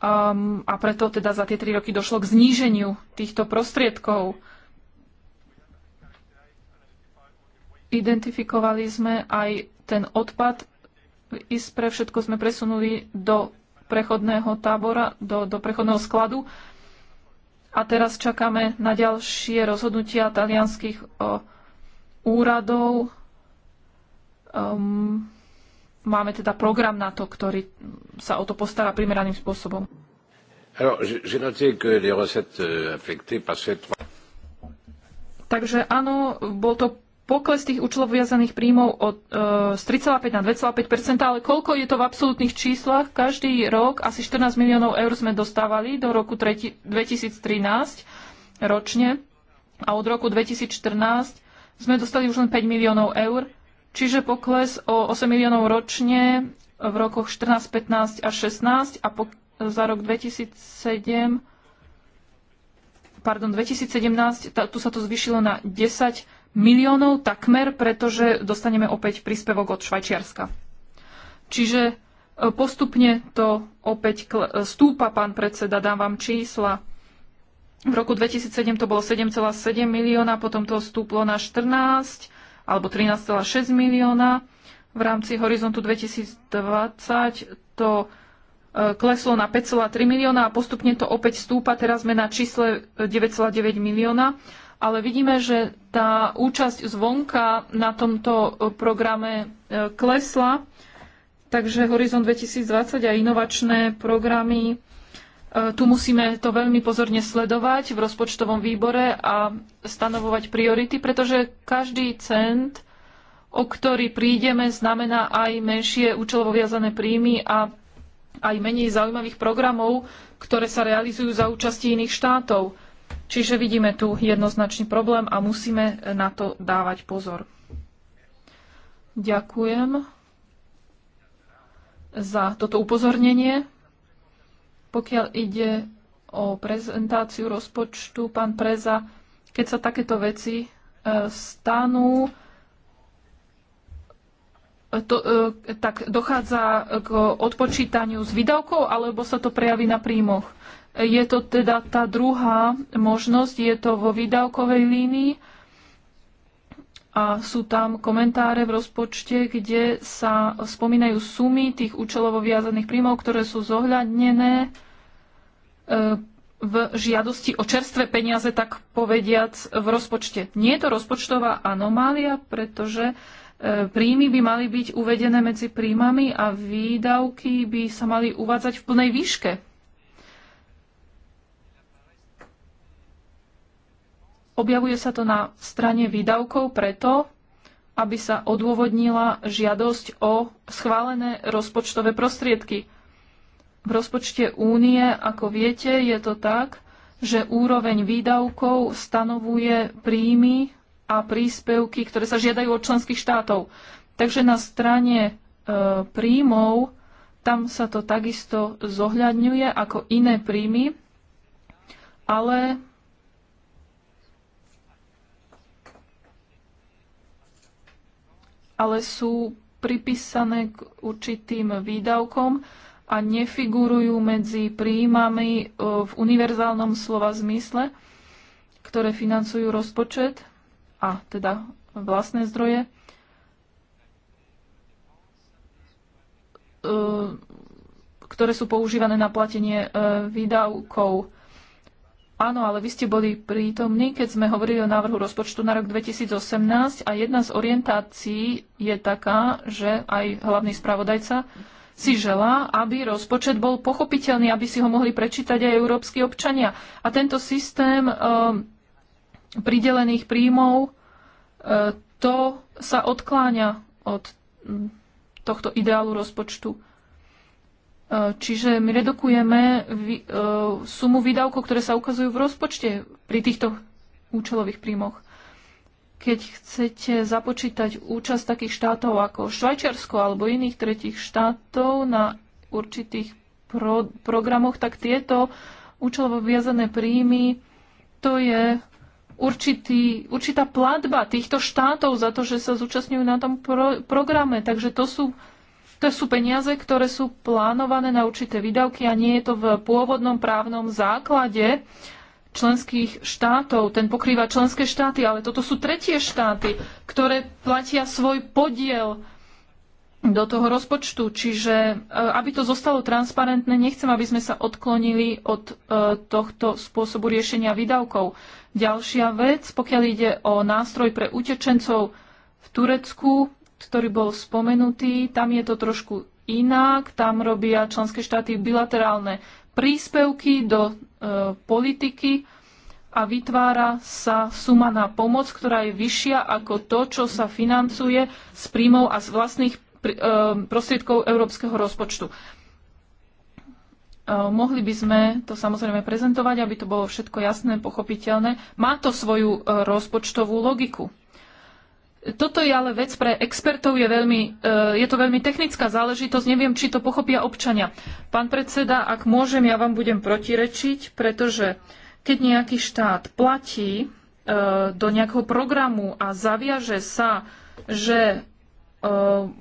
um, a preto teda za tie tri roky došlo k zníženiu týchto prostriedkov. Identifikovali sme aj ten odpad. Ispre všetko sme presunuli do prechodného tábora, do, do prechodného skladu. A teraz čakáme na ďalšie rozhodnutia talianských o, úradov. Um, máme teda program na to, ktorý sa o to postará primeraným spôsobom. Euh, Takže áno, bol to pokles tých účelov viazaných príjmov od, e, z 3,5 na 2,5 ale koľko je to v absolútnych číslach? Každý rok asi 14 miliónov eur sme dostávali do roku 2013 ročne a od roku 2014 sme dostali už len 5 miliónov eur čiže pokles o 8 miliónov ročne v rokoch 14, 15 a 16 a po, za rok 2007 pardon, 2017, ta, tu sa to zvyšilo na 10 miliónov takmer, pretože dostaneme opäť príspevok od Švajčiarska. Čiže e, postupne to opäť e, stúpa, pán predseda, dám vám čísla. V roku 2007 to bolo 7,7 milióna, potom to stúplo na 14 alebo 13,6 milióna. V rámci horizontu 2020 to e, kleslo na 5,3 milióna a postupne to opäť stúpa. Teraz sme na čísle 9,9 e, milióna, ale vidíme, že tá účasť zvonka na tomto e, programe klesla, takže Horizon 2020 a inovačné programy E, tu musíme to veľmi pozorne sledovať v rozpočtovom výbore a stanovovať priority, pretože každý cent, o ktorý prídeme, znamená aj menšie účelovo viazané príjmy a aj menej zaujímavých programov, ktoré sa realizujú za účasti iných štátov. Čiže vidíme tu jednoznačný problém a musíme na to dávať pozor. Ďakujem za toto upozornenie. Pokiaľ ide o prezentáciu rozpočtu, pán Preza, keď sa takéto veci e, stanú, to, e, tak dochádza k odpočítaniu z výdavkov, alebo sa to prejaví na príjmoch. Je to teda tá druhá možnosť, je to vo výdavkovej línii, a sú tam komentáre v rozpočte, kde sa spomínajú sumy tých účelovo viazaných príjmov, ktoré sú zohľadnené e, v žiadosti o čerstvé peniaze, tak povediac, v rozpočte. Nie je to rozpočtová anomália, pretože e, príjmy by mali byť uvedené medzi príjmami a výdavky by sa mali uvádzať v plnej výške. Objavuje sa to na strane výdavkov preto, aby sa odôvodnila žiadosť o schválené rozpočtové prostriedky. V rozpočte únie, ako viete, je to tak, že úroveň výdavkov stanovuje príjmy a príspevky, ktoré sa žiadajú od členských štátov. Takže na strane e, príjmov tam sa to takisto zohľadňuje ako iné príjmy, ale ale sú pripísané k určitým výdavkom a nefigurujú medzi príjmami e, v univerzálnom slova zmysle, ktoré financujú rozpočet a teda vlastné zdroje. E, ktoré sú používané na platenie e, výdavkov. Áno, ale vy ste boli prítomní, keď sme hovorili o návrhu rozpočtu na rok 2018 a jedna z orientácií je taká, že aj hlavný spravodajca si želá, aby rozpočet bol pochopiteľný, aby si ho mohli prečítať aj európsky občania. A tento systém e, pridelených príjmov, e, to sa odkláňa od mm, tohto ideálu rozpočtu. Eh, čiže my redukujeme eh, sumu výdavkov, ktoré sa ukazujú v rozpočte pri týchto účelových príjmoch. Keď chcete započítať účasť takých štátov ako Švajčiarsko alebo iných tretich štátov na určitých pro- programoch, tak tieto účelovo viazané príjmy to je určitý, určitá platba týchto štátov za to, že sa zúčastňujú na tom pro- programe. Takže to sú to sú peniaze, ktoré sú plánované na určité výdavky a nie je to v pôvodnom právnom základe členských štátov. Ten pokrýva členské štáty, ale toto sú tretie štáty, ktoré platia svoj podiel do toho rozpočtu. Čiže e, aby to zostalo transparentné, nechcem, aby sme sa odklonili od e, tohto spôsobu riešenia výdavkov. Ďalšia vec, pokiaľ ide o nástroj pre utečencov v Turecku, ktorý bol spomenutý, tam je to trošku inak, tam robia členské štáty bilaterálne príspevky do e, politiky a vytvára sa suma na pomoc, ktorá je vyššia ako to, čo sa financuje z príjmov a z vlastných pr- e, prostriedkov európskeho rozpočtu. E, mohli by sme to samozrejme prezentovať, aby to bolo všetko jasné, pochopiteľné. Má to svoju e, rozpočtovú logiku toto je ale vec pre expertov, je, veľmi, eh, je to veľmi technická záležitosť, neviem, či to pochopia občania. Pán predseda, ak môžem, ja vám budem protirečiť, pretože keď nejaký štát platí eh, do nejakého programu a zaviaže sa, že eh,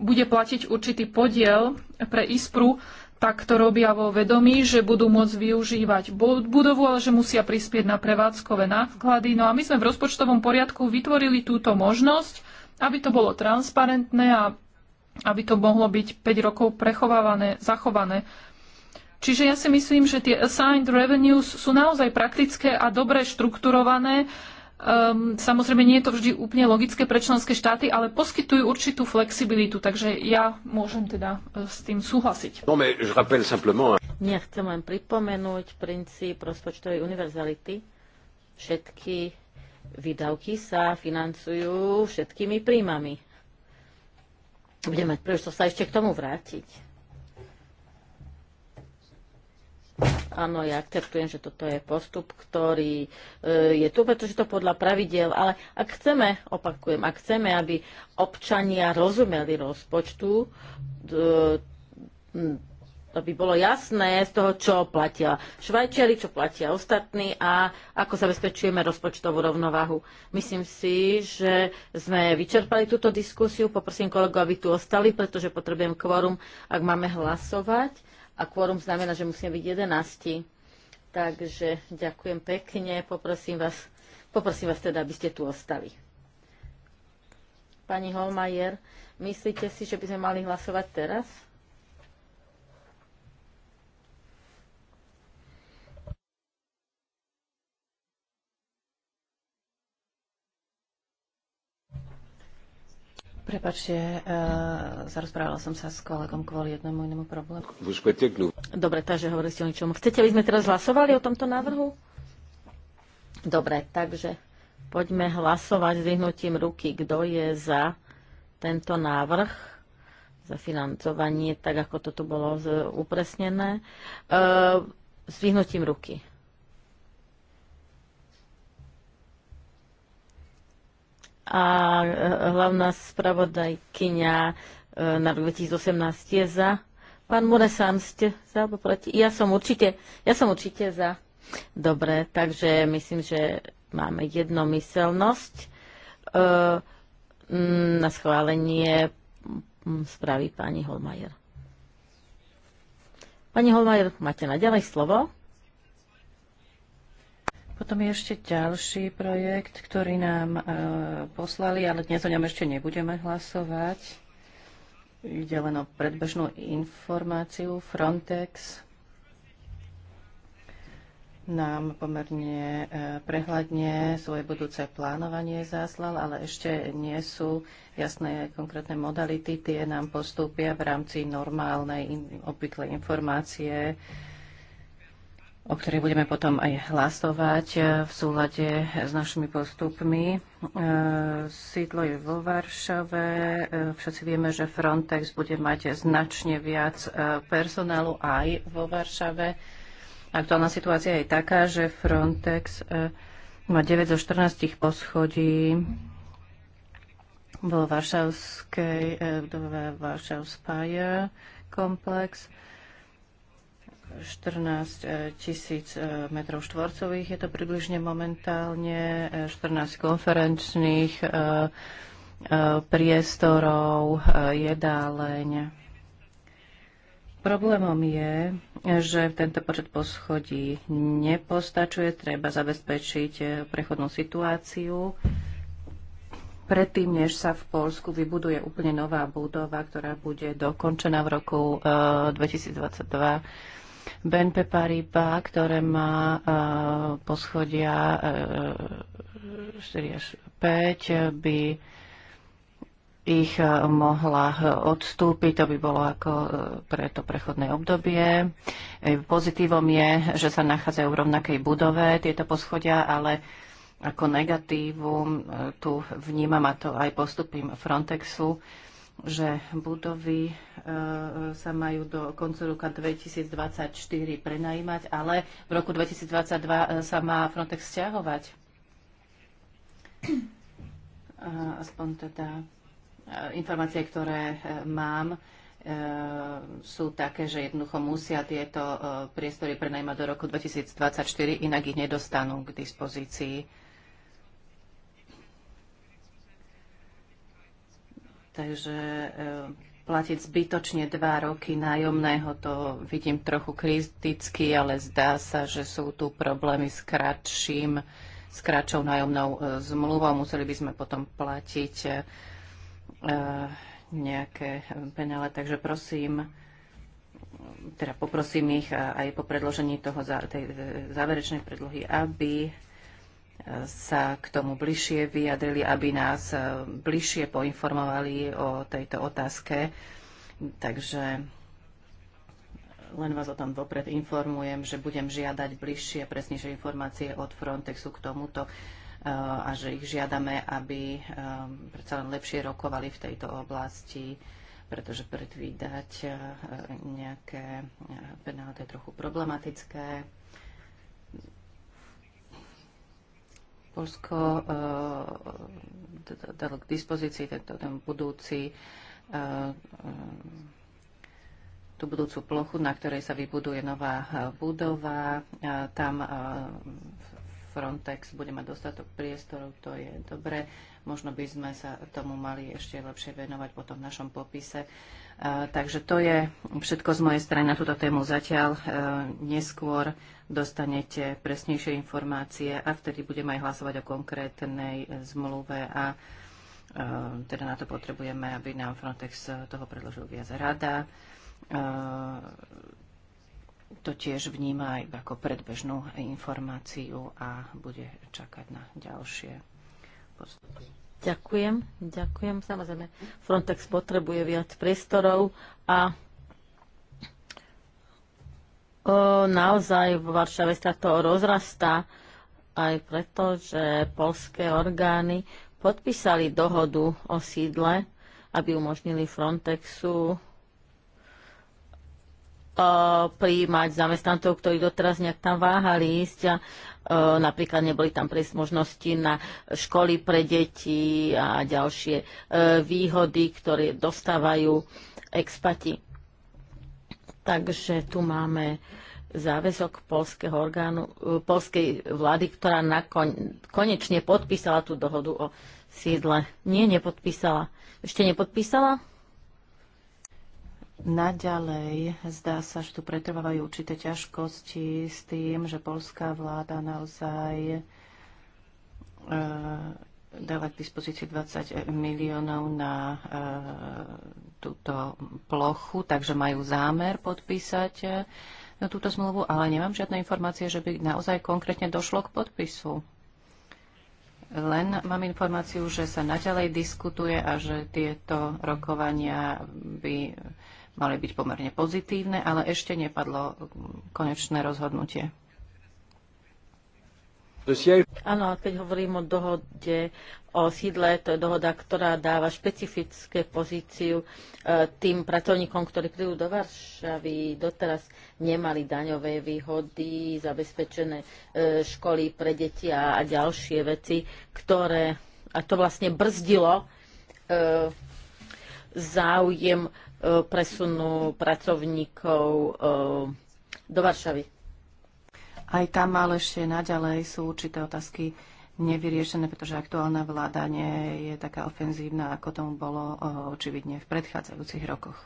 bude platiť určitý podiel pre ISPRU, tak to robia vo vedomí, že budú môcť využívať budovu, ale že musia prispieť na prevádzkové náklady. No a my sme v rozpočtovom poriadku vytvorili túto možnosť aby to bolo transparentné a aby to mohlo byť 5 rokov prechovávané, zachované. Čiže ja si myslím, že tie assigned revenues sú naozaj praktické a dobre štrukturované. Um, samozrejme, nie je to vždy úplne logické pre členské štáty, ale poskytujú určitú flexibilitu, takže ja môžem teda e, s tým súhlasiť. No, Ja chcem len pripomenúť princíp rozpočtovej univerzality. Všetky výdavky sa financujú všetkými príjmami. Budeme mať príležitosť sa ešte k tomu vrátiť. Áno, ja akceptujem, že toto je postup, ktorý e, je tu, pretože to podľa pravidel, ale ak chceme, opakujem, ak chceme, aby občania rozumeli rozpočtu, aby bolo jasné z toho, čo platia Švajčiari, čo platia ostatní a ako zabezpečujeme rozpočtovú rovnovahu. Myslím si, že sme vyčerpali túto diskusiu. Poprosím kolegov, aby tu ostali, pretože potrebujem kvorum, ak máme hlasovať. A kvorum znamená, že musíme byť 11. Takže ďakujem pekne. Poprosím vás, poprosím vás teda, aby ste tu ostali. Pani Holmajer, myslíte si, že by sme mali hlasovať teraz? Prepačte, uh, zarozprávala som sa s kolegom kvôli jednému inému problému. Dobre, takže hovorili ste o ničom. Chcete, aby sme teraz hlasovali o tomto návrhu? Dobre, takže poďme hlasovať s vyhnutím ruky. Kto je za tento návrh? Za financovanie, tak ako to tu bolo upresnené. Uh, s vyhnutím ruky. a e, hlavná spravodajkyňa e, na rok 2018 je za. Pán Mure, sám ste za alebo proti? Ja som určite, ja som určite za. Dobre, takže myslím, že máme jednomyselnosť e, na schválenie spraví pani Holmajer. Pani Holmajer, máte na ďalej slovo. Potom je ešte ďalší projekt, ktorý nám e, poslali, ale dnes o ňom ešte nebudeme hlasovať. Ide len o predbežnú informáciu. Frontex nám pomerne e, prehľadne svoje budúce plánovanie záslal, ale ešte nie sú jasné konkrétne modality. Tie nám postúpia v rámci normálnej obvyklej informácie o ktorej budeme potom aj hlasovať e, v súlade s našimi postupmi. E, sídlo je vo Varšave. E, všetci vieme, že Frontex bude mať značne viac personálu aj vo Varšave. Aktuálna situácia je taká, že Frontex má 9 zo 14 poschodí vo Varšavskej, budove Varšav Spire komplex 14 eh, tisíc eh, metrov štvorcových je to približne momentálne, 14 eh, konferenčných priestorov, jedáleň. Problémom je, že tento počet poschodí nepostačuje, treba zabezpečiť prechodnú situáciu. Predtým, než sa v Polsku vybuduje úplne nová budova, ktorá bude dokončená v roku 2022, BNP Paribas, ktoré má e, poschodia 4 e, až 5, by ich e, mohla odstúpiť. To by bolo ako pre to prechodné obdobie. Pozitívom je, že sa nachádzajú v rovnakej budove tieto poschodia, ale ako negatívum tu vnímam a to aj postupím Frontexu, že budovy e, sa majú do konca roka 2024 prenajímať, ale v roku 2022 e, sa má Frontex stiahovať. E, aspoň teda informácie, ktoré mám, sú také, že jednoducho musia tieto priestory prenajímať do roku 2024, inak ich nedostanú k dispozícii. Takže e, platiť zbytočne dva roky nájomného, to vidím trochu kriticky, ale zdá sa, že sú tu problémy s kratším, s kratšou nájomnou e, zmluvou. Museli by sme potom platiť e, nejaké penále. Takže prosím, teda poprosím ich aj po predložení toho, tej záverečnej predlohy, aby sa k tomu bližšie vyjadrili, aby nás e, bližšie poinformovali o tejto otázke. Takže len vás o tom vopred informujem, že budem žiadať bližšie presnejšie informácie od Frontexu k tomuto e, a že ich žiadame, aby e, predsa len lepšie rokovali v tejto oblasti, pretože predvídať nejaké penále je trochu problematické. Polsko eh, dalo k dispozícii tento ten budúci eh, tú budúcu plochu, na ktorej sa vybuduje nová eh, budova. Tam Frontex bude mať dostatok priestorov, to je dobre. Možno by sme sa tomu mali ešte lepšie venovať potom v našom popise. Takže to je všetko z mojej strany na túto tému zatiaľ. Neskôr dostanete presnejšie informácie a vtedy budeme aj hlasovať o konkrétnej zmluve a e, teda na to potrebujeme, aby nám Frontex toho predložil viac rada. E, to tiež vníma aj ako predbežnú informáciu a bude čakať na ďalšie postupy. Ďakujem, ďakujem. Samozrejme, Frontex potrebuje viac priestorov a naozaj v Varšave sa to rozrastá aj preto, že polské orgány podpísali dohodu o sídle, aby umožnili Frontexu prijímať zamestnancov, ktorí doteraz nejak tam váhali ísť a napríklad neboli tam prísť možnosti na školy pre deti a ďalšie e, výhody, ktoré dostávajú expati. Takže tu máme záväzok polského orgánu, e, polskej vlády, ktorá nakon, konečne podpísala tú dohodu o sídle. Nie, nepodpísala. Ešte nepodpísala? Naďalej zdá sa, že tu pretrvávajú určité ťažkosti s tým, že polská vláda naozaj e, dávať k dispozícii 20 miliónov na e, túto plochu, takže majú zámer podpísať e, túto zmluvu, ale nemám žiadne informácie, že by naozaj konkrétne došlo k podpisu. Len mám informáciu, že sa naďalej diskutuje a že tieto rokovania by mali byť pomerne pozitívne, ale ešte nepadlo konečné rozhodnutie. Áno, a keď hovorím o dohode o sídle, to je dohoda, ktorá dáva špecifické pozíciu e, tým pracovníkom, ktorí prídu do Varšavy. Doteraz nemali daňové výhody, zabezpečené e, školy pre deti a, a ďalšie veci, ktoré, a to vlastne brzdilo e, záujem presunu pracovníkov do Varšavy aj tam ale ešte naďalej sú určité otázky nevyriešené, pretože aktuálna vláda nie je taká ofenzívna, ako tomu bolo eh, očividne v predchádzajúcich rokoch.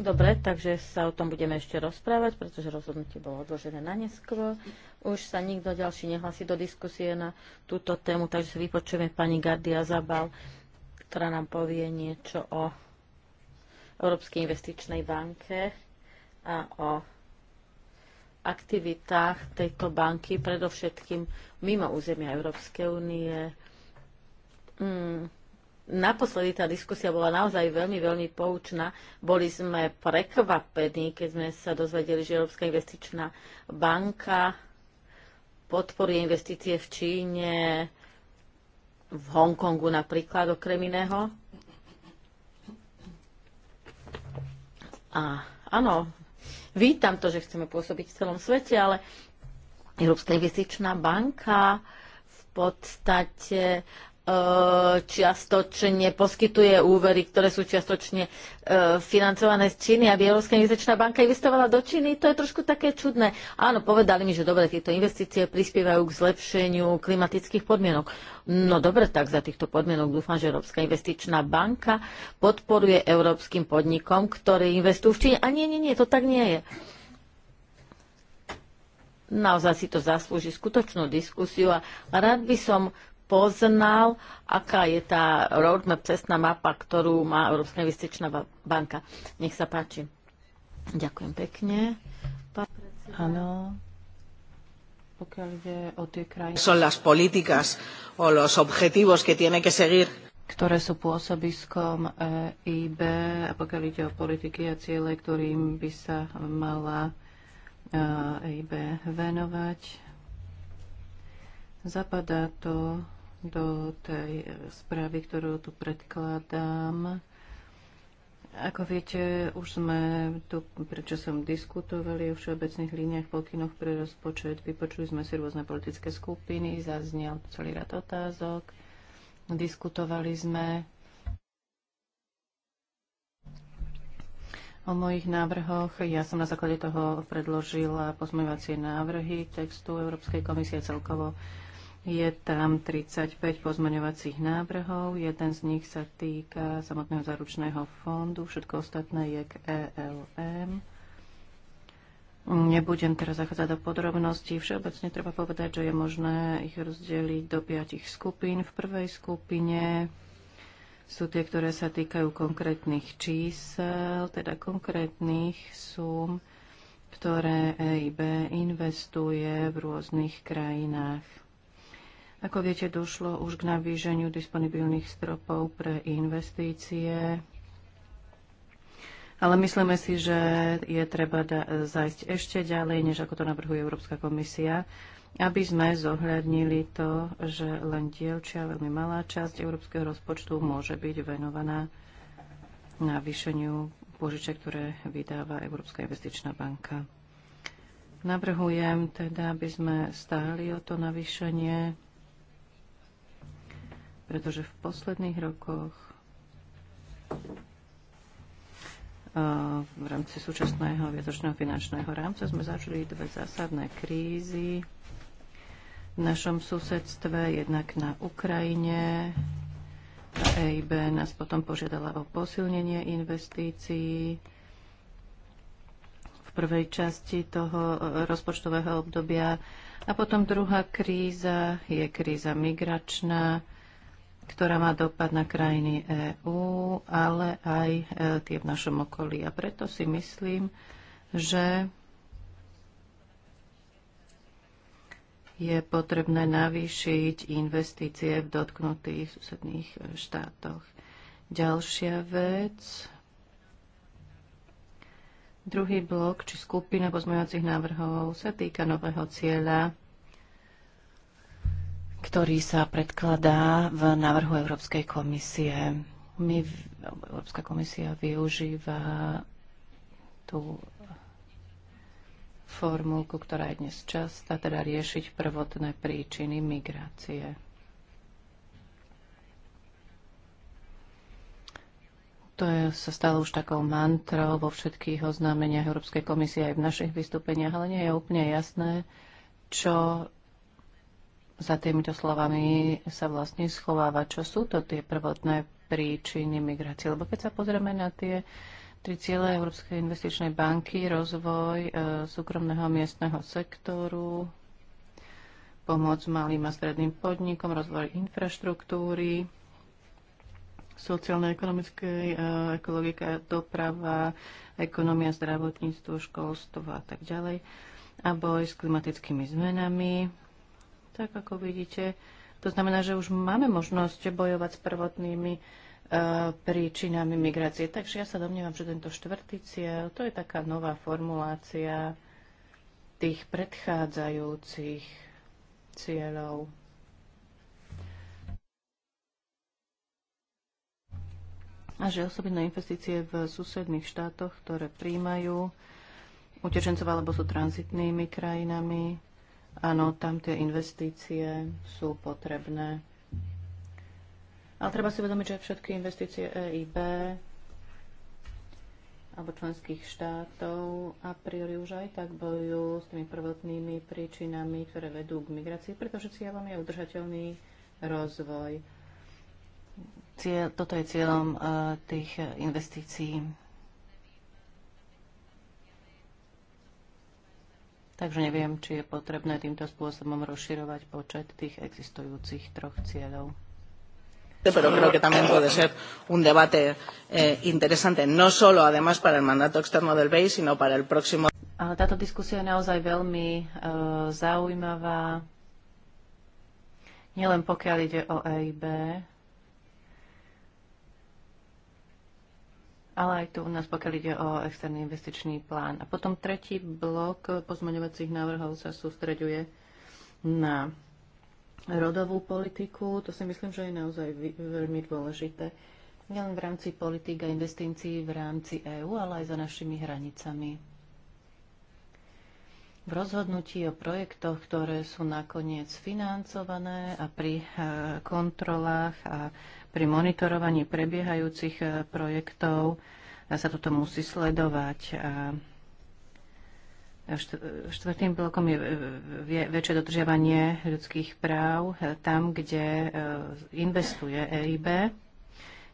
Dobre, takže sa o tom budeme ešte rozprávať, pretože rozhodnutie bolo odložené na neskôr. Už sa nikto ďalší nehlasí do diskusie na túto tému, takže si vypočujeme pani Gardia Zabal, ktorá nám povie niečo o Európskej investičnej banke a o aktivitách tejto banky, predovšetkým mimo územia Európskej únie. Mm. Naposledy tá diskusia bola naozaj veľmi, veľmi poučná. Boli sme prekvapení, keď sme sa dozvedeli, že Európska investičná banka podporuje investície v Číne, v Hongkongu napríklad, okrem iného. A áno, vítam to, že chceme pôsobiť v celom svete, ale Európska investičná banka v podstate E, čiastočne poskytuje úvery, ktoré sú čiastočne e, financované z Číny, aby Európska investičná banka investovala do Číny, to je trošku také čudné. Áno, povedali mi, že dobre, tieto investície prispievajú k zlepšeniu klimatických podmienok. No dobre, tak za týchto podmienok dúfam, že Európska investičná banka podporuje európskym podnikom, ktorí investujú v Číne. A nie, nie, nie, to tak nie je naozaj si to zaslúži skutočnú diskusiu a rád by som poznal, aká je tá roadmap, cestná mapa, ktorú má Európska investičná banka. Nech sa páči. Ďakujem pekne. Pán Áno. Pokiaľ ide o tie krajiny. Sú las políticas o los objetivos que tiene que seguir ktoré sú pôsobiskom EIB eh, a pokiaľ ide o politiky a ciele, ktorým by sa mala EIB eh, venovať. Zapadá to do tej správy, ktorú tu predkladám. Ako viete, už sme tu pred diskutovali o všeobecných líniách pokynoch pre rozpočet. Vypočuli sme si rôzne politické skupiny, zaznel celý rad otázok. Diskutovali sme o mojich návrhoch. Ja som na základe toho predložila pozmeňovacie návrhy textu Európskej komisie celkovo je tam 35 pozmeňovacích návrhov, jeden z nich sa týka samotného zaručného fondu, všetko ostatné je k ELM. Nebudem teraz zachádzať do podrobností. Všeobecne treba povedať, že je možné ich rozdeliť do piatich skupín. V prvej skupine sú tie, ktoré sa týkajú konkrétnych čísel, teda konkrétnych súm, ktoré EIB investuje v rôznych krajinách. Ako viete, došlo už k navýženiu disponibilných stropov pre investície. Ale myslíme si, že je treba zajsť ešte ďalej, než ako to navrhuje Európska komisia, aby sme zohľadnili to, že len dielčia, veľmi malá časť európskeho rozpočtu môže byť venovaná navýšeniu požiček, ktoré vydáva Európska investičná banka. Navrhujem teda, aby sme stáli o to navýšenie pretože v posledných rokoch v rámci súčasného viatočného finančného rámca sme zažili dve zásadné krízy v našom susedstve, jednak na Ukrajine. EIB nás potom požiadala o posilnenie investícií. V prvej časti toho e, rozpočtového obdobia a potom druhá kríza je kríza migračná, ktorá má dopad na krajiny EÚ, ale aj e, tie v našom okolí. A preto si myslím, že je potrebné navýšiť investície v dotknutých susedných e, štátoch. Ďalšia vec, Druhý blok či skupina pozmeňovacích návrhov sa týka nového cieľa ktorý sa predkladá v návrhu Európskej komisie. My, Európska komisia využíva tú formulku, ktorá je dnes častá, teda riešiť prvotné príčiny migrácie. To je, sa stalo už takou mantrou vo všetkých oznámeniach Európskej komisie aj v našich vystúpeniach, ale nie je úplne jasné, čo za týmito slovami sa vlastne schováva, čo sú to tie prvotné príčiny migrácie. Lebo keď sa pozrieme na tie tri ciele Európskej investičnej banky, rozvoj e, súkromného miestneho sektoru, pomoc malým a stredným podnikom, rozvoj infraštruktúry, sociálno-ekonomickej, e, ekologika, doprava, ekonomia, zdravotníctvo, školstvo a tak ďalej a boj s klimatickými zmenami, tak ako vidíte, to znamená, že už máme možnosť bojovať s prvotnými e, príčinami migrácie. Takže ja sa domnievam, že tento štvrtý cieľ, to je taká nová formulácia tých predchádzajúcich cieľov. A že osobitné investície v susedných štátoch, ktoré príjmajú utečencov alebo sú tranzitnými krajinami, Áno, tam tie investície sú potrebné. Ale treba si uvedomiť, že všetky investície EIB alebo členských štátov a priori už aj tak bojujú s tými prvotnými príčinami, ktoré vedú k migrácii, pretože cieľom je udržateľný rozvoj. Cieľ, toto je cieľom uh, tých investícií. Takže neviem, či je potrebné týmto spôsobom rozširovať počet tých existujúcich troch cieľov. Pero creo que también puede ser un debate eh, interesante, no solo además para el mandato externo del BEI, sino para el próximo. Ale táto diskusia je naozaj veľmi e, zaujímavá, nielen pokiaľ ide o EIB, ale aj tu u nás, pokiaľ ide o externý investičný plán. A potom tretí blok pozmeňovacích návrhov sa sústreďuje na rodovú politiku. To si myslím, že je naozaj veľmi dôležité. Nielen v rámci politik a investícií v rámci EÚ, ale aj za našimi hranicami. V rozhodnutí o projektoch, ktoré sú nakoniec financované a pri eh, kontrolách a pri monitorovaní prebiehajúcich e, projektov sa toto musí sledovať. A Štvrtým blokom je väčšie dodržiavanie ľudských práv e, tam, kde e, investuje EIB.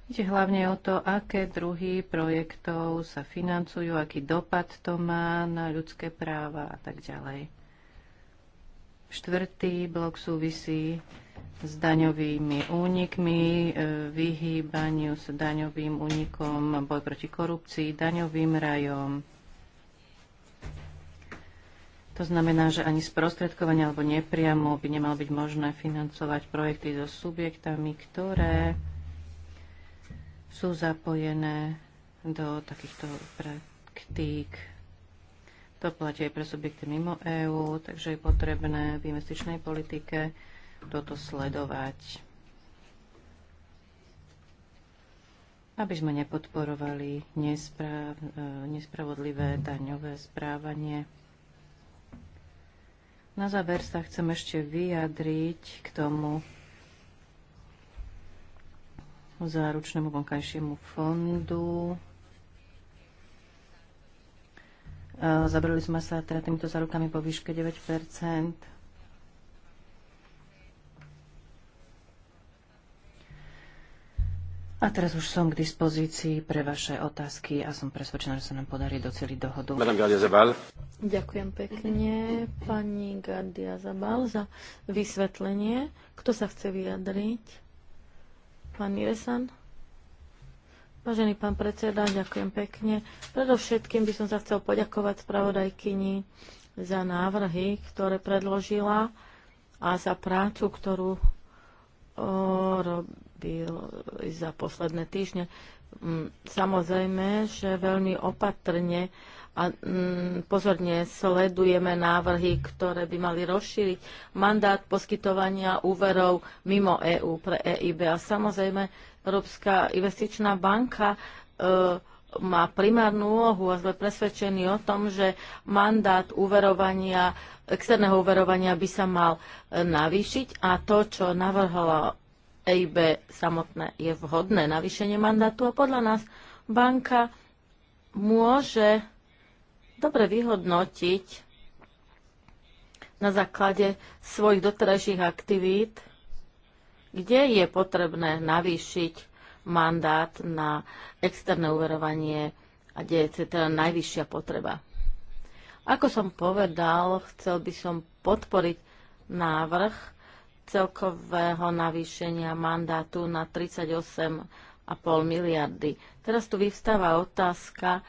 Ide hlavne o to, aké druhy projektov sa financujú, aký dopad to má na ľudské práva a tak ďalej. Štvrtý blok súvisí s daňovými únikmi, e, vyhýbaniu s daňovým únikom, boj proti korupcii, daňovým rajom. To znamená, že ani sprostredkovanie alebo nepriamo by nemalo byť možné financovať projekty so subjektami, ktoré sú zapojené do takýchto praktík. To platí aj pre subjekty mimo EÚ, takže je potrebné v investičnej politike toto sledovať, aby sme nepodporovali nespráv, e, nespravodlivé daňové správanie. Na záver sa chcem ešte vyjadriť k tomu záručnému vonkajšiemu fondu. E, zabrali sme sa teda týmito zárukami po výške 9 A teraz už som k dispozícii pre vaše otázky a som presvedčená, že sa nám podarí doceliť dohodu. Ďakujem pekne pani Gardia Zabal za vysvetlenie. Kto sa chce vyjadriť? Pán Iresan? Vážený pán predseda, ďakujem pekne. Predovšetkým by som sa chcel poďakovať spravodajkyni za návrhy, ktoré predložila a za prácu, ktorú robil za posledné týždne. Mm, samozrejme, že veľmi opatrne a mm, pozorne sledujeme návrhy, ktoré by mali rozšíriť mandát poskytovania úverov mimo EÚ pre EIB. A samozrejme, Európska investičná banka e, má primárnu úlohu a sme presvedčení o tom, že mandát uverovania, externého uverovania by sa mal e, navýšiť a to, čo navrhla EIB samotné, je vhodné navýšenie mandátu a podľa nás banka môže dobre vyhodnotiť na základe svojich doterajších aktivít, kde je potrebné navýšiť mandát na externé uverovanie a kde je teda najvyššia potreba. Ako som povedal, chcel by som podporiť návrh celkového navýšenia mandátu na 38,5 miliardy. Teraz tu vyvstáva otázka,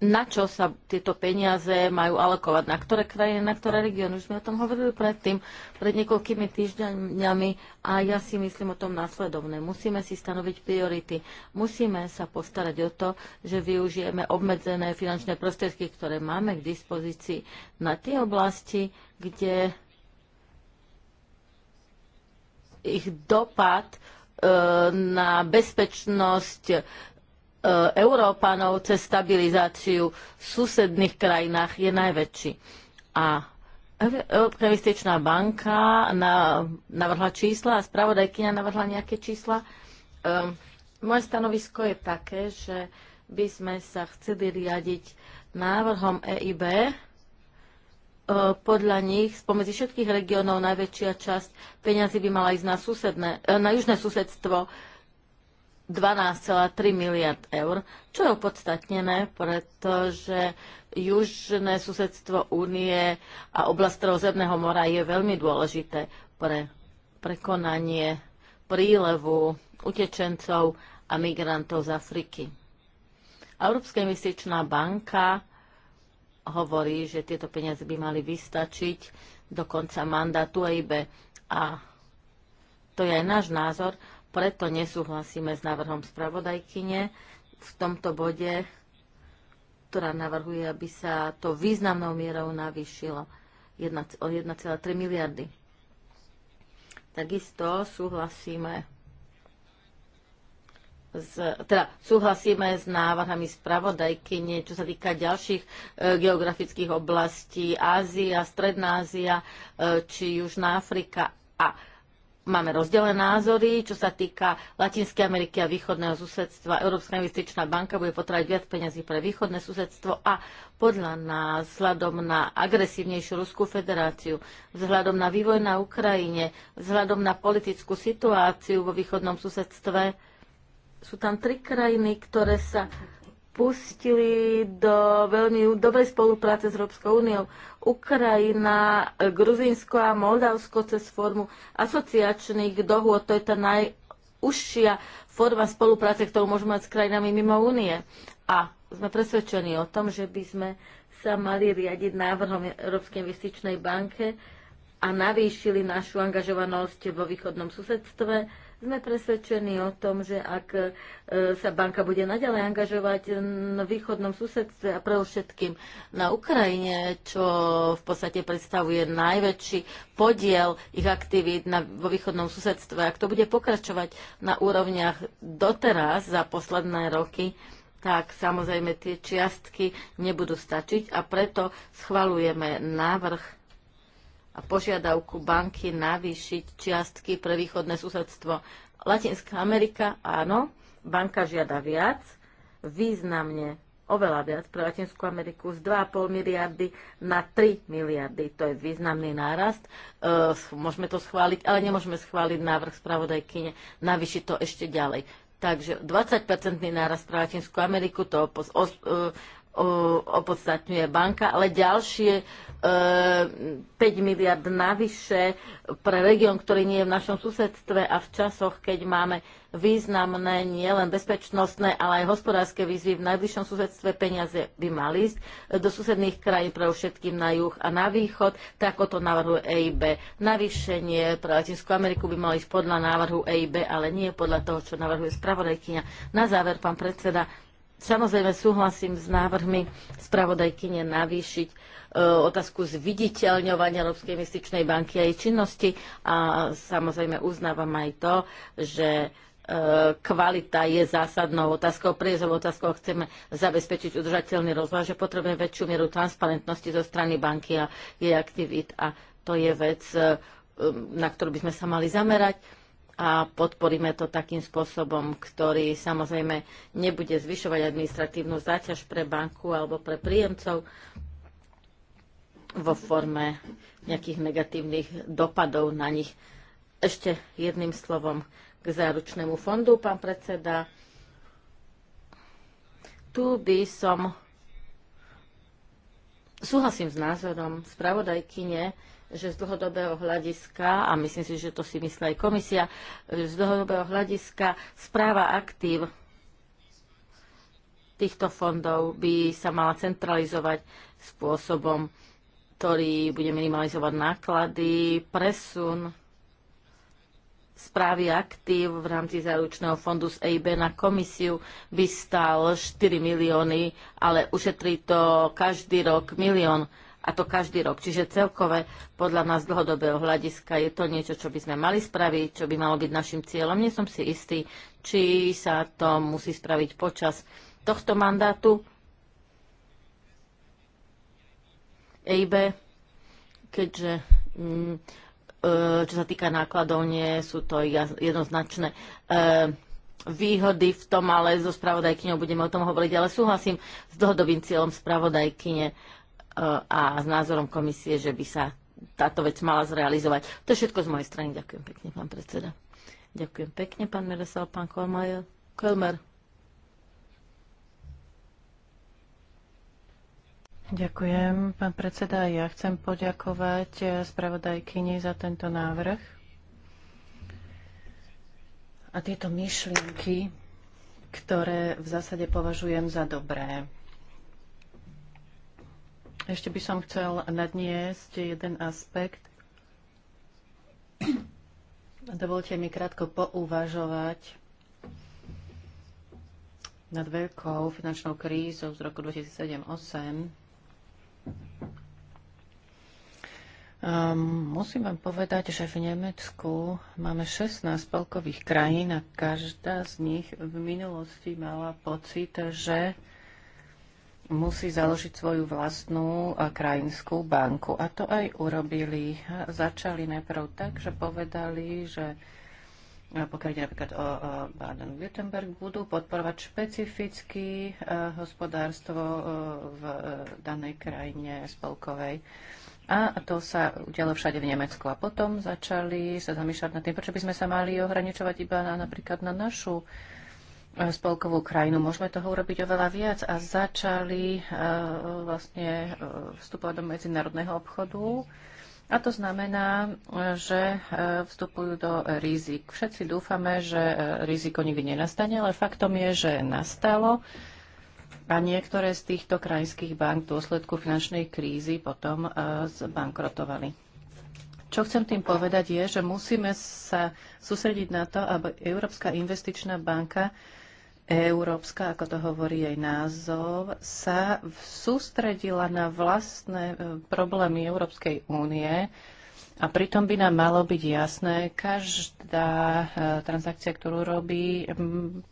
na čo sa tieto peniaze majú alokovať, na ktoré krajiny, na ktoré regióny. Už sme o tom hovorili predtým, pred niekoľkými týždňami a ja si myslím o tom následovné. Musíme si stanoviť priority. Musíme sa postarať o to, že využijeme obmedzené finančné prostriedky, ktoré máme k dispozícii na tie oblasti, kde ich dopad e, na bezpečnosť E, Európanov cez stabilizáciu v susedných krajinách je najväčší. A Európska investičná banka navrhla čísla a spravodajkyňa navrhla nejaké čísla. E, moje stanovisko je také, že by sme sa chceli riadiť návrhom EIB. E, podľa nich spomedzi všetkých regiónov najväčšia časť peňazí by mala ísť na, na južné susedstvo 12,3 miliard eur, čo je opodstatnené, pretože južné susedstvo únie a oblast Stredozemného mora je veľmi dôležité pre prekonanie prílevu utečencov a migrantov z Afriky. Európska investičná banka hovorí, že tieto peniaze by mali vystačiť do konca mandátu EIB a to je aj náš názor, preto nesúhlasíme s návrhom spravodajkyne v tomto bode, ktorá navrhuje, aby sa to významnou mierou navýšilo o 1,3 miliardy. Takisto súhlasíme s, teda súhlasíme s návrhami spravodajky, čo sa týka ďalších e, geografických oblastí Ázia, Stredná Ázia e, či Južná Afrika. A máme rozdelené názory, čo sa týka Latinskej Ameriky a východného susedstva. Európska investičná banka bude potrebovať viac peniazy pre východné susedstvo a podľa nás vzhľadom na agresívnejšiu Ruskú federáciu, vzhľadom na vývoj na Ukrajine, vzhľadom na politickú situáciu vo východnom susedstve, sú tam tri krajiny, ktoré sa pustili do veľmi dobrej spolupráce s Európskou úniou. Ukrajina, Gruzinsko a Moldavsko cez formu asociačných dohôd. To je tá najúžšia forma spolupráce, ktorú môžeme mať s krajinami mimo únie. A sme presvedčení o tom, že by sme sa mali riadiť návrhom Európskej investičnej banke a navýšili našu angažovanosť vo východnom susedstve sme presvedčení o tom, že ak e, sa banka bude naďalej angažovať na východnom susedstve a pre všetkým na Ukrajine, čo v podstate predstavuje najväčší podiel ich aktivít na, vo východnom susedstve, ak to bude pokračovať na úrovniach doteraz za posledné roky, tak samozrejme tie čiastky nebudú stačiť a preto schvalujeme návrh a požiadavku banky navýšiť čiastky pre východné susedstvo. Latinská Amerika, áno, banka žiada viac, významne oveľa viac pre Latinskú Ameriku z 2,5 miliardy na 3 miliardy. To je významný nárast. E, môžeme to schváliť, ale nemôžeme schváliť návrh spravodajkyne navyšiť to ešte ďalej. Takže 20-percentný nárast pre Latinskú Ameriku, to e, opodstatňuje banka, ale ďalšie 5 e, miliard navyše pre región, ktorý nie je v našom susedstve a v časoch, keď máme významné nielen bezpečnostné, ale aj hospodárske výzvy v najbližšom susedstve, peniaze by mali ísť do susedných krajín, pre všetkým na juh a na východ, tak ako to navrhuje EIB. Navýšenie pre Latinskú Ameriku by mali ísť podľa návrhu EIB, ale nie podľa toho, čo navrhuje spravodajkyňa. Na záver, pán predseda, Samozrejme súhlasím s návrhmi spravodajkyne navýšiť e, otázku zviditeľňovania Európskej investičnej banky a jej činnosti a samozrejme uznávam aj to, že e, kvalita je zásadnou otázkou, priezovou otázkou, chceme zabezpečiť udržateľný rozvoj, že potrebujeme väčšiu mieru transparentnosti zo strany banky a jej aktivít a to je vec, e, na ktorú by sme sa mali zamerať a podporíme to takým spôsobom, ktorý samozrejme nebude zvyšovať administratívnu záťaž pre banku alebo pre príjemcov vo forme nejakých negatívnych dopadov na nich. Ešte jedným slovom k záručnému fondu, pán predseda. Tu by som súhlasím s názorom spravodajkyne, že z dlhodobého hľadiska, a myslím si, že to si myslí aj komisia, že z dlhodobého hľadiska správa aktív týchto fondov by sa mala centralizovať spôsobom, ktorý bude minimalizovať náklady, presun správy aktív v rámci záručného fondu z EIB na komisiu by stal 4 milióny, ale ušetrí to každý rok milión a to každý rok. Čiže celkové podľa nás dlhodobého hľadiska je to niečo, čo by sme mali spraviť, čo by malo byť našim cieľom. Nie som si istý, či sa to musí spraviť počas tohto mandátu EIB, keďže mm, e, čo sa týka nákladov, nie sú to jednoznačné e, výhody v tom, ale so spravodajkyňou budeme o tom hovoriť, ale súhlasím s dlhodobým cieľom spravodajkyne E, a s názorom komisie, že by sa táto vec mala zrealizovať. To je všetko z mojej strany. Ďakujem pekne, pán predseda. Ďakujem pekne, pán Meresal, pán Kolmer. Kolmer. Ďakujem, pán predseda. Ja chcem poďakovať spravodajkyni za tento návrh. A tieto myšlienky, ktoré v zásade považujem za dobré. Ešte by som chcel nadniesť jeden aspekt. Dovolte mi krátko pouvažovať nad veľkou finančnou krízou z roku 2007-2008. Um, ehm, musím vám povedať, že v Nemecku máme 16 spolkových krajín a každá z nich v minulosti mala pocit, že musí založiť svoju vlastnú krajinskú banku. A to aj urobili. Začali najprv tak, že povedali, že pokiaľ ide napríklad o Baden-Württemberg, budú podporovať špecificky hospodárstvo e, v e, danej krajine spolkovej. A to sa udialo všade v Nemecku. A potom začali sa zamýšľať nad tým, prečo by sme sa mali ohraničovať iba na, napríklad na našu spolkovú krajinu. Môžeme toho urobiť oveľa viac a začali eh, vlastne eh, vstupovať do medzinárodného obchodu. A to znamená, eh, že vstupujú do rizik. Všetci dúfame, že riziko nikdy nenastane, ale faktom je, že nastalo a niektoré z týchto krajských bank v dôsledku finančnej krízy potom zbankrotovali. Čo chcem tým povedať je, že musíme sa susediť na to, aby Európska investičná banka Európska, ako to hovorí jej názov, sa sústredila na vlastné e, problémy Európskej únie a pritom by nám malo byť jasné, každá e, transakcia, ktorú robí,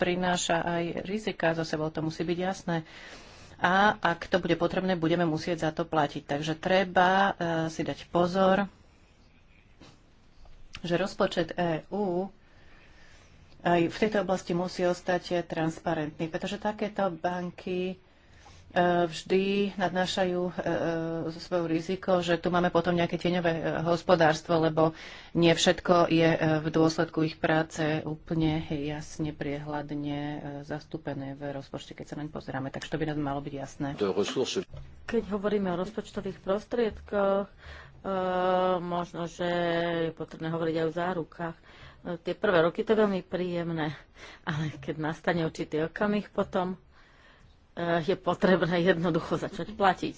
prináša aj rizika zo sebou, to musí byť jasné a ak to bude potrebné, budeme musieť za to platiť. Takže treba e, si dať pozor, že rozpočet EÚ aj v tejto oblasti musí ostať transparentný, pretože takéto banky e, vždy nadnášajú e, e, svoju riziko, že tu máme potom nejaké tieňové hospodárstvo, lebo nie všetko je v dôsledku ich práce úplne jasne, priehľadne zastúpené v rozpočte, keď sa naň pozeráme. Takže to by nám malo byť jasné. Keď hovoríme o rozpočtových prostriedkoch, možno, že je potrebné hovoriť aj o zárukách tie prvé roky to je veľmi príjemné, ale keď nastane určitý okamih potom, e, je potrebné jednoducho začať platiť.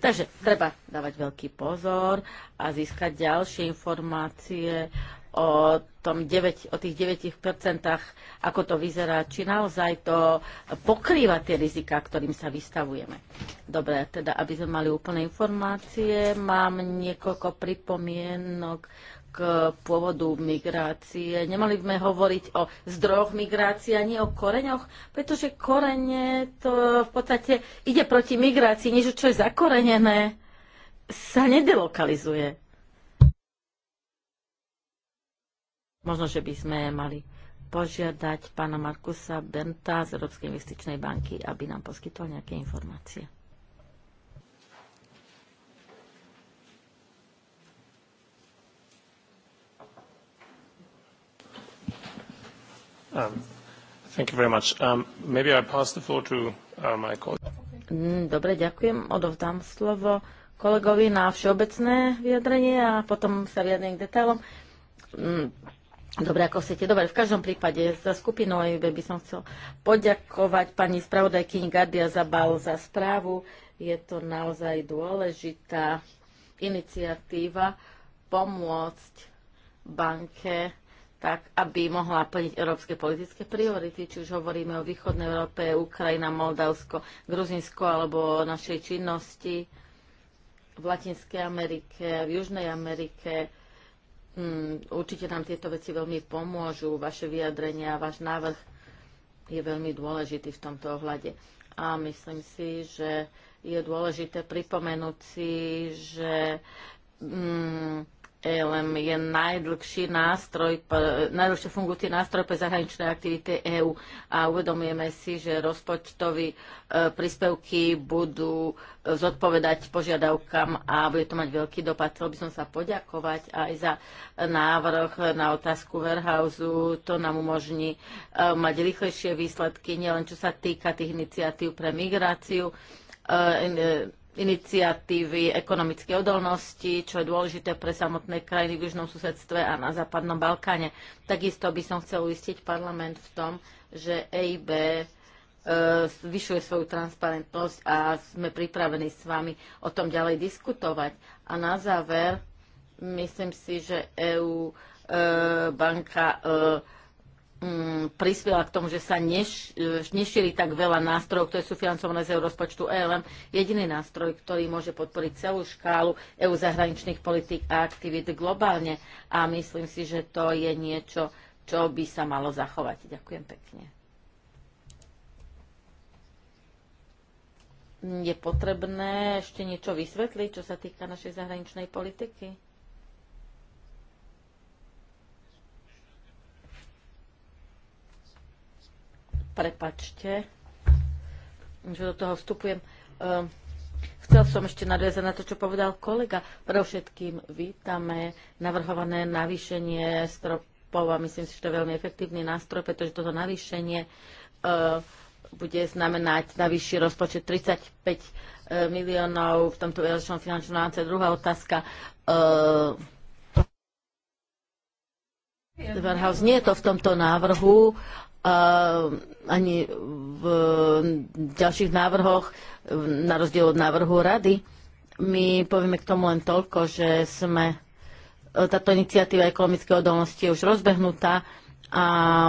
Takže treba dávať veľký pozor a získať ďalšie informácie o, tom 9, o tých 9%, ako to vyzerá, či naozaj to pokrýva tie rizika, ktorým sa vystavujeme. Dobre, teda aby sme mali úplné informácie, mám niekoľko pripomienok k pôvodu migrácie. Nemali by sme hovoriť o zdrojoch migrácie a nie o koreňoch, pretože korene to v podstate ide proti migrácii. Niečo, čo je zakorenené, sa nedelokalizuje. Možno, že by sme mali požiadať pána Markusa Benta z Európskej investičnej banky, aby nám poskytol nejaké informácie. Um, um, uh, mm, dobre, ďakujem. Odovzdám slovo kolegovi na všeobecné vyjadrenie a potom sa vyjadrím k detailom. Mm, dobre, ako chcete. Dobre, v každom prípade za skupinu OIB by som chcel poďakovať pani spravodajkyni Gardia Zabal za správu. Je to naozaj dôležitá iniciatíva pomôcť banke tak aby mohla plniť európske politické priority, či už hovoríme o východnej Európe, Ukrajina, Moldavsko, Gruzinsko alebo o našej činnosti v Latinskej Amerike, v Južnej Amerike. Mm, určite nám tieto veci veľmi pomôžu, vaše vyjadrenia, váš návrh je veľmi dôležitý v tomto ohľade. A myslím si, že je dôležité pripomenúť si, že mm, ELM je najdlhší nástroj, najdlhšie fungujúci nástroj pre zahraničné aktivity EÚ a uvedomujeme si, že rozpočtové e, príspevky budú e, zodpovedať požiadavkám a bude to mať veľký dopad. Chcel by som sa poďakovať aj za návrh na otázku Warehouse. To nám umožní e, mať rýchlejšie výsledky, nielen čo sa týka tých iniciatív pre migráciu, iniciatívy ekonomickej odolnosti, čo je dôležité pre samotné krajiny v južnom susedstve a na západnom Balkáne. Takisto by som chcel uistiť parlament v tom, že EIB e, zvyšuje svoju transparentnosť a sme pripravení s vami o tom ďalej diskutovať. A na záver, myslím si, že EU e, banka e, Mm, prispiela k tomu, že sa neš, e, nešili tak veľa nástrojov, ktoré sú financované z rozpočtu ELM. Jediný nástroj, ktorý môže podporiť celú škálu EU zahraničných politík a aktivít globálne. A myslím si, že to je niečo, čo by sa malo zachovať. Ďakujem pekne. Je potrebné ešte niečo vysvetliť, čo sa týka našej zahraničnej politiky? Prepačte, že do toho vstupujem. Ehm, chcel som ešte nadviazať na to, čo povedal kolega. Pre všetkým vítame navrhované navýšenie stropov a myslím si, že to je veľmi efektívny nástroj, pretože toto navýšenie ehm, bude znamenať na vyšší rozpočet 35 ehm, miliónov v tomto veľačnom finančnom rámci. Druhá otázka. Verhaus, nie je to v tomto návrhu, ani v ďalších návrhoch, na rozdiel od návrhu rady. My povieme k tomu len toľko, že sme, táto iniciatíva ekonomickej odolnosti je už rozbehnutá a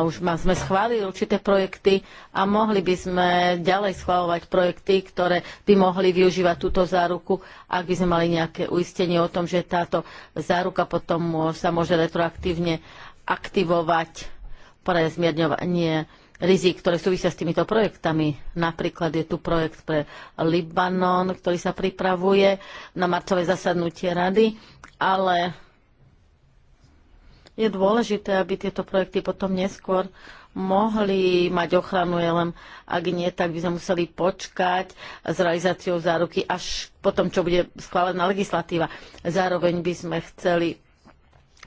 už ma, sme schválili určité projekty a mohli by sme ďalej schváľovať projekty, ktoré by mohli využívať túto záruku, ak by sme mali nejaké uistenie o tom, že táto záruka potom sa môže retroaktívne uh, aktivovať pre zmierňovanie rizik, ktoré súvisia s týmito projektami. Napríklad je tu projekt pre Libanon, ktorý sa pripravuje na marcové zasadnutie rady, ale je dôležité, aby tieto projekty potom neskôr mohli mať ochranu, je len ak nie, tak by sme museli počkať s realizáciou záruky až potom, čo bude schválená legislatíva. Zároveň by sme chceli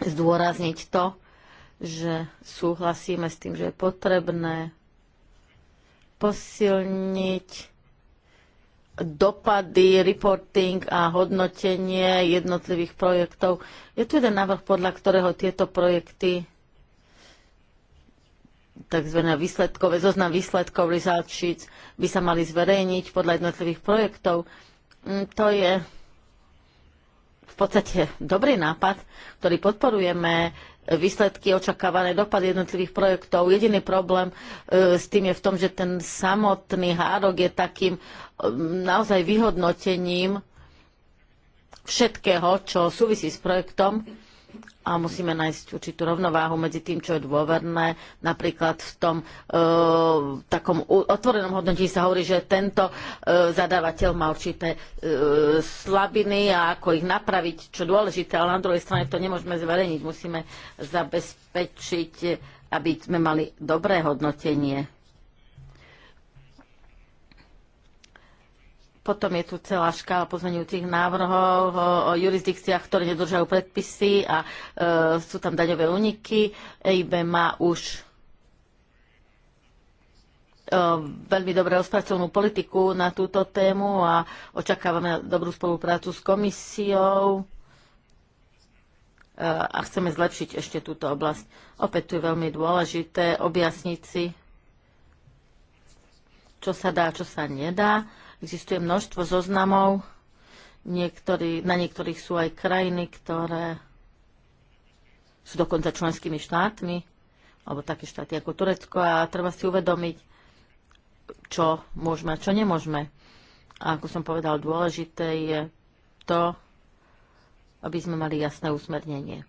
zdôrazniť to, že súhlasíme s tým, že je potrebné posilniť dopady, reporting a hodnotenie jednotlivých projektov. Je tu jeden návrh, podľa ktorého tieto projekty tzv. výsledkové, zoznam výsledkov result sheets by sa mali zverejniť podľa jednotlivých projektov. Mm, to je v podstate dobrý nápad, ktorý podporujeme výsledky, očakávané dopady jednotlivých projektov. Jediný problém e, s tým je v tom, že ten samotný hárok je takým e, naozaj vyhodnotením všetkého, čo súvisí s projektom a musíme nájsť určitú rovnováhu medzi tým, čo je dôverné. Napríklad v tom e, takom otvorenom hodnotení sa hovorí, že tento e, zadávateľ má určité e, slabiny a ako ich napraviť, čo dôležité, ale na druhej strane to nemôžeme zverejniť. Musíme zabezpečiť, aby sme mali dobré hodnotenie Potom je tu celá škála pozmeňujúcich návrhov o, o jurisdikciách, ktoré nedržajú predpisy a e, sú tam daňové úniky. EIB má už e, veľmi dobre rozpracovanú politiku na túto tému a očakávame dobrú spoluprácu s komisiou e, a chceme zlepšiť ešte túto oblasť. Opäť tu je veľmi dôležité objasniť si, čo sa dá, čo sa nedá Existuje množstvo zoznamov, Niektorý, na niektorých sú aj krajiny, ktoré sú dokonca členskými štátmi, alebo také štáty ako Turecko a treba si uvedomiť, čo môžeme a čo nemôžeme. A ako som povedal, dôležité je to, aby sme mali jasné usmernenie.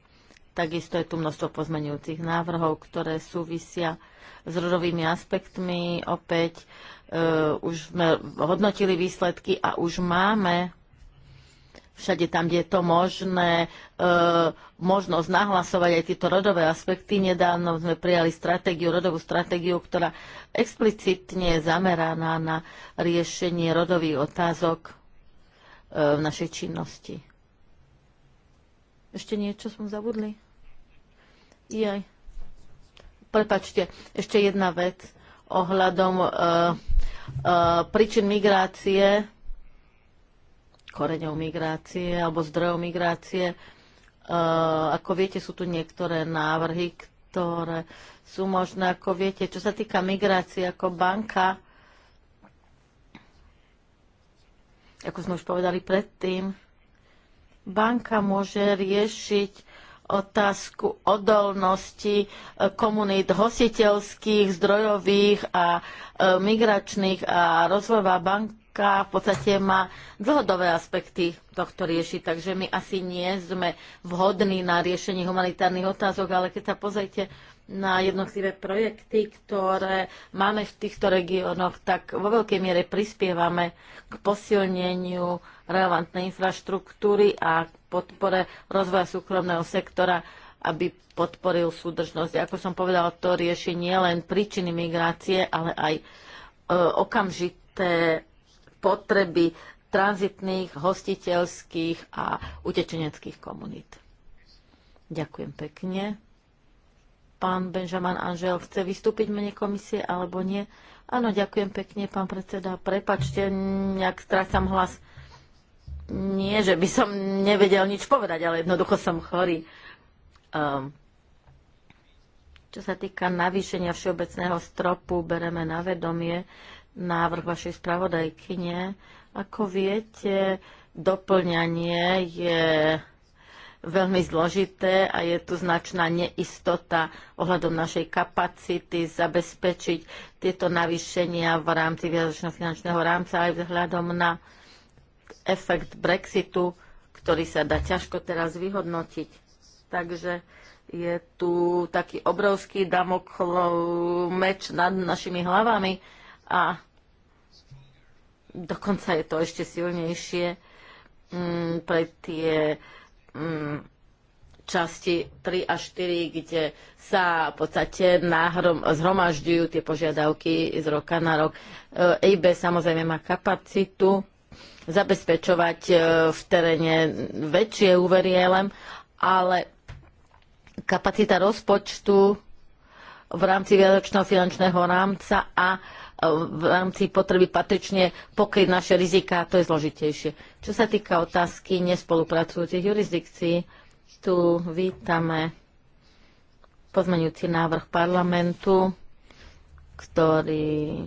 Takisto je tu množstvo pozmenujúcich návrhov, ktoré súvisia s rodovými aspektmi. Opäť uh, už sme hodnotili výsledky a už máme všade tam, kde je to možné, e, možnosť nahlasovať aj tieto rodové aspekty. Nedávno sme prijali stratégiu, rodovú stratégiu, ktorá explicitne je zameraná na riešenie rodových otázok e, v našej činnosti. Ešte niečo sme zabudli? Jaj. Prepačte, ešte jedna vec ohľadom uh, uh, príčin migrácie, koreňov migrácie alebo zdrojov migrácie. Uh, ako viete, sú tu niektoré návrhy, ktoré sú možné, ako viete, čo sa týka migrácie ako banka, ako sme už povedali predtým, banka môže riešiť otázku odolnosti e, komunít hostiteľských, zdrojových a e, migračných a rozvojová banka v podstate má dlhodobé aspekty tohto rieši, takže my asi nie sme vhodní na riešenie humanitárnych otázok, ale keď sa pozrite na jednotlivé projekty, ktoré máme v týchto regiónoch, tak vo veľkej miere prispievame k posilneniu relevantnej infraštruktúry a k podpore rozvoja súkromného sektora, aby podporil súdržnosť. Ako som povedala, to rieši nielen príčiny migrácie, ale aj e, okamžité potreby tranzitných, hostiteľských a utečeneckých komunít. Ďakujem pekne. Pán Benjamin Anžel chce vystúpiť mene komisie alebo nie? Áno, ďakujem pekne, pán predseda. Prepačte, nejak strácam hlas nie, že by som nevedel nič povedať, ale jednoducho som chorý. Um, čo sa týka navýšenia všeobecného stropu, bereme na vedomie návrh vašej spravodajkyne. Ako viete, doplňanie je veľmi zložité a je tu značná neistota ohľadom našej kapacity zabezpečiť tieto navýšenia v rámci viazočno-finančného rámca aj vzhľadom na uh, efekt Brexitu, ktorý sa dá ťažko teraz vyhodnotiť. Takže je tu taký obrovský damoklov meč nad našimi hlavami a dokonca je to ešte silnejšie mm, pre tie mm, časti 3 a 4, kde sa v podstate nahrom, zhromažďujú tie požiadavky z roka na rok. EIB samozrejme má kapacitu zabezpečovať e, v teréne väčšie úvery ELM, ale kapacita rozpočtu v rámci viadočného finančného rámca a e, v rámci potreby patrične pokryť naše riziká, to je zložitejšie. Čo sa týka otázky nespolupracujúcich jurisdikcií, tu vítame pozmeňujúci návrh parlamentu, ktorý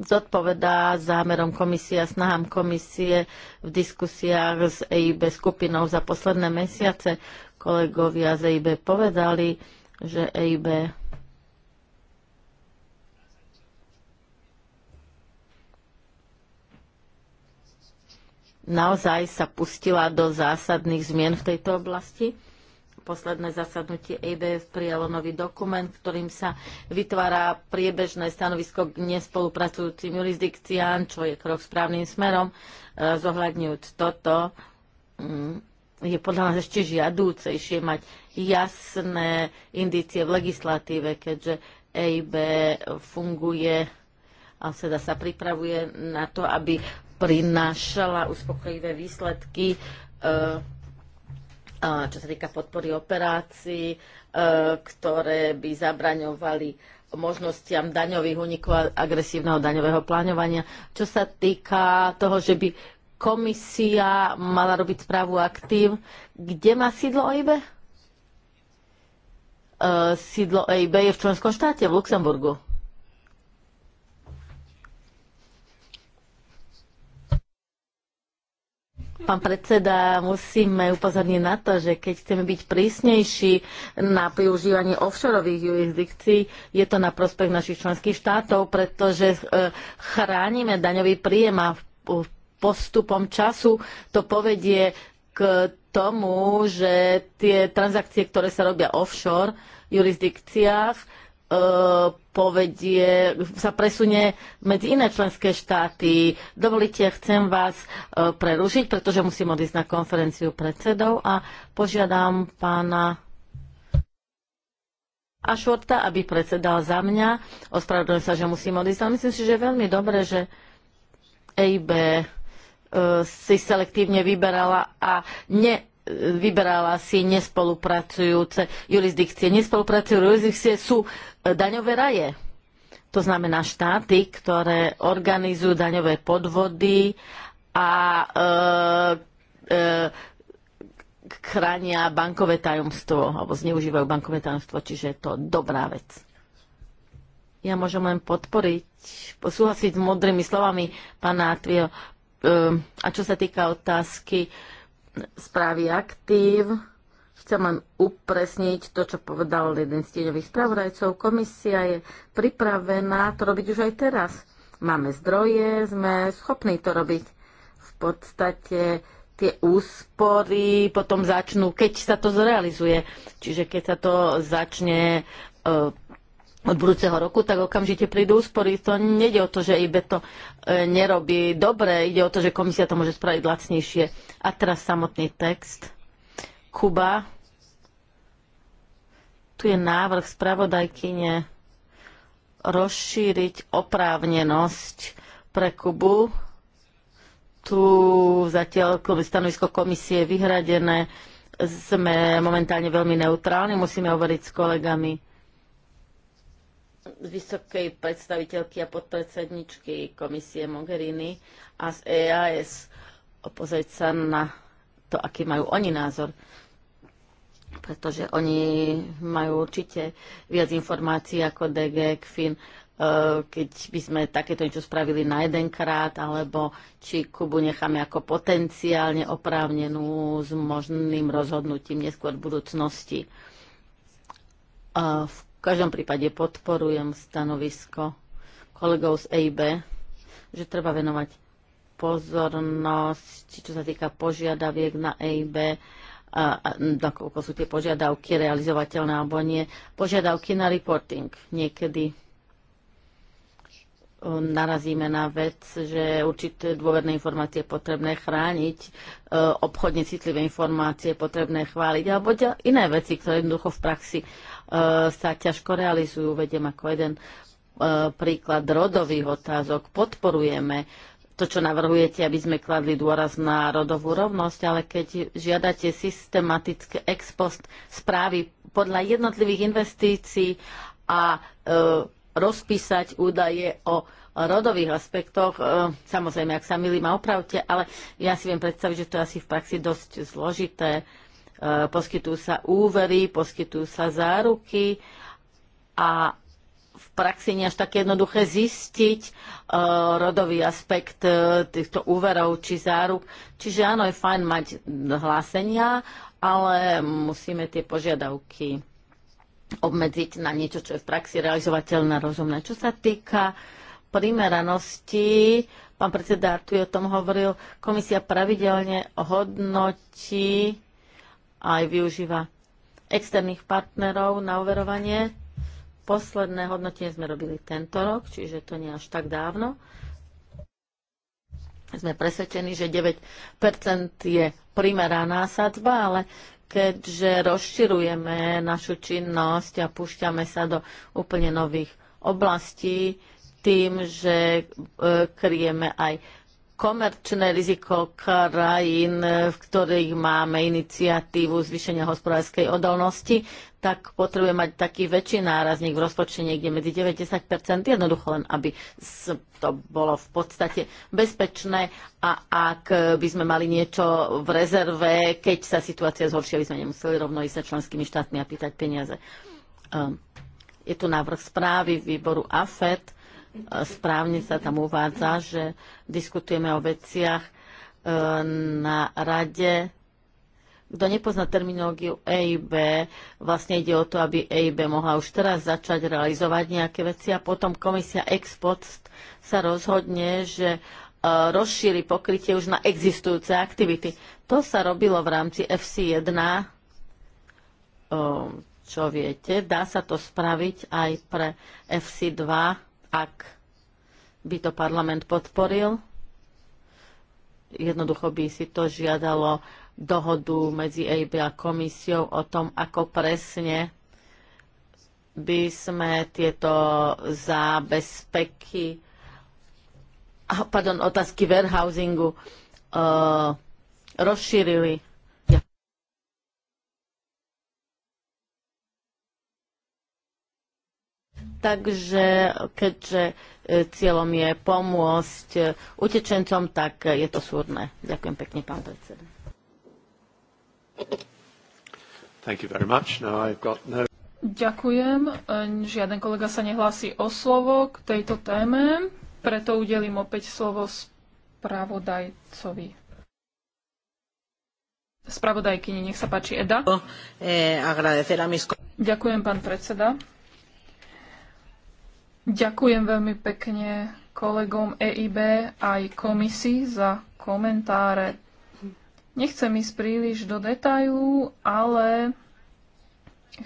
zodpovedá zámerom komisie a snahám komisie v diskusiách s EIB skupinou za posledné mesiace. Kolegovia z EIB povedali, že EIB naozaj sa pustila do zásadných zmien v tejto oblasti posledné zasadnutie EBF prijalo nový dokument, ktorým sa vytvára priebežné stanovisko k nespolupracujúcim jurisdikciám, čo je krok správnym smerom. E, zohľadňujúc toto, mm, je podľa nás ešte žiadúcejšie mať jasné indície v legislatíve, keďže EIB funguje a teda sa pripravuje na to, aby prinášala uspokojivé výsledky e, čo sa týka podpory operácií, e, ktoré by zabraňovali možnostiam daňových únikov a agresívneho daňového plánovania. Čo sa týka toho, že by komisia mala robiť správu aktív, kde má sídlo OIB? E, sídlo EIB je v členskom štáte, v Luxemburgu. Pán predseda, musíme upozorniť na to, že keď chceme byť prísnejší na využívanie offshoreových jurisdikcií, je to na prospech našich členských štátov, pretože e, chránime daňový príjem a postupom času to povedie k tomu, že tie transakcie, ktoré sa robia offshore v jurisdikciách, E, povedie, sa presunie medzi iné členské štáty. Dovolite, chcem vás e, prerušiť, pretože musím odísť na konferenciu predsedov a požiadam pána Ašorta, aby predsedal za mňa. Ospravedlňujem sa, že musím odísť, ale myslím si, že je veľmi dobré, že EIB e, si selektívne vyberala a ne vyberala si nespolupracujúce jurisdikcie. Nespolupracujúce jurisdikcie sú e, daňové raje. To znamená štáty, ktoré organizujú daňové podvody a e, e, chránia bankové tajomstvo alebo zneužívajú bankové tajomstvo, čiže je to dobrá vec. Ja môžem len podporiť, súhlasiť s modrými slovami pána Atvio. E, a čo sa týka otázky správy aktív. Chcem len upresniť to, čo povedal jeden z tieňových spravodajcov. Komisia je pripravená to robiť už aj teraz. Máme zdroje, sme schopní to robiť. V podstate tie úspory potom začnú, keď sa to zrealizuje. Čiže keď sa to začne e, od budúceho roku, tak okamžite prídu úspory. To nejde o to, že IBE to e, nerobí dobre, ide o to, že komisia to môže spraviť lacnejšie. A teraz samotný text. Kuba. Tu je návrh spravodajkyne rozšíriť oprávnenosť pre Kubu. Tu zatiaľ stanovisko komisie je vyhradené. Sme momentálne veľmi neutrálni, musíme hovoriť s kolegami vysokej predstaviteľky a podpredsedničky komisie Mogherini a z EAS pozrieť sa na to, aký majú oni názor pretože oni majú určite viac informácií ako DG, KFIN, e, keď by sme takéto niečo spravili na jedenkrát, alebo či Kubu necháme ako potenciálne oprávnenú s možným rozhodnutím neskôr v budúcnosti. E, v v každom prípade podporujem stanovisko kolegov z EIB, že treba venovať pozornosť, čo sa týka požiadaviek na EIB, a, a, sú tie požiadavky realizovateľné alebo nie. Požiadavky na reporting. Niekedy um, narazíme na vec, že určité dôverné informácie je potrebné chrániť, uh, obchodne citlivé informácie je potrebné chváliť, alebo iné veci, ktoré jednoducho v praxi E, sa ťažko realizujú. Vediem ako jeden e, príklad rodových otázok. Podporujeme to, čo navrhujete, aby sme kladli dôraz na rodovú rovnosť, ale keď žiadate systematické ex post správy podľa jednotlivých investícií a e, rozpísať údaje o rodových aspektoch, e, samozrejme, ak sa milím, opravte, ale ja si viem predstaviť, že to je asi v praxi dosť zložité. E, E, poskytujú sa úvery, poskytujú sa záruky a v praxi nie až tak jednoduché zistiť uh, rodový aspekt uh, týchto úverov či záruk. Čiže áno, je fajn mať hlásenia, ale musíme tie požiadavky obmedziť na niečo, čo je v praxi realizovateľné, rozumné. Čo sa týka primeranosti, pán predseda tu o tom hovoril, komisia pravidelne hodnotí aj využíva externých partnerov na overovanie. Posledné hodnotenie sme robili tento rok, čiže to nie až tak dávno. Sme presvedčení, že 9% je primeraná sadzba, ale keďže rozširujeme našu činnosť a púšťame sa do úplne nových oblastí tým, že e, kryjeme aj komerčné riziko krajín, v ktorých máme iniciatívu zvýšenia hospodárskej odolnosti, tak potrebuje mať taký väčší nárazník v rozpočte niekde medzi 90 jednoducho len, aby to bolo v podstate bezpečné a ak by sme mali niečo v rezerve, keď sa situácia zhorší, aby sme nemuseli rovno ísť sa členskými štátmi a pýtať peniaze. Ehm, je tu návrh správy výboru AFET, správne sa tam uvádza, že diskutujeme o veciach e, na rade. Kto nepozná terminológiu EIB, vlastne ide o to, aby EIB mohla už teraz začať realizovať nejaké veci a potom komisia ex post sa rozhodne, že e, rozšíri pokrytie už na existujúce aktivity. To sa robilo v rámci FC1, e, čo viete, dá sa to spraviť aj pre FC2, ak by to parlament podporil, jednoducho by si to žiadalo dohodu medzi EIB a komisiou o tom, ako presne by sme tieto zábezpeky, pardon, otázky warehousingu uh, rozšírili Takže keďže e, cieľom je pomôcť e, utečencom, tak e, je to súrne. Ďakujem pekne, pán predseda. Thank you very much. No, I've got no... Ďakujem. Žiaden kolega sa nehlási o slovo k tejto téme, preto udelím opäť slovo spravodajcovi. Spravodajkyni, nech sa páči, Eda. Eh, Ďakujem, pán predseda. Ďakujem veľmi pekne kolegom EIB aj komisii za komentáre. Nechcem ísť príliš do detajů, ale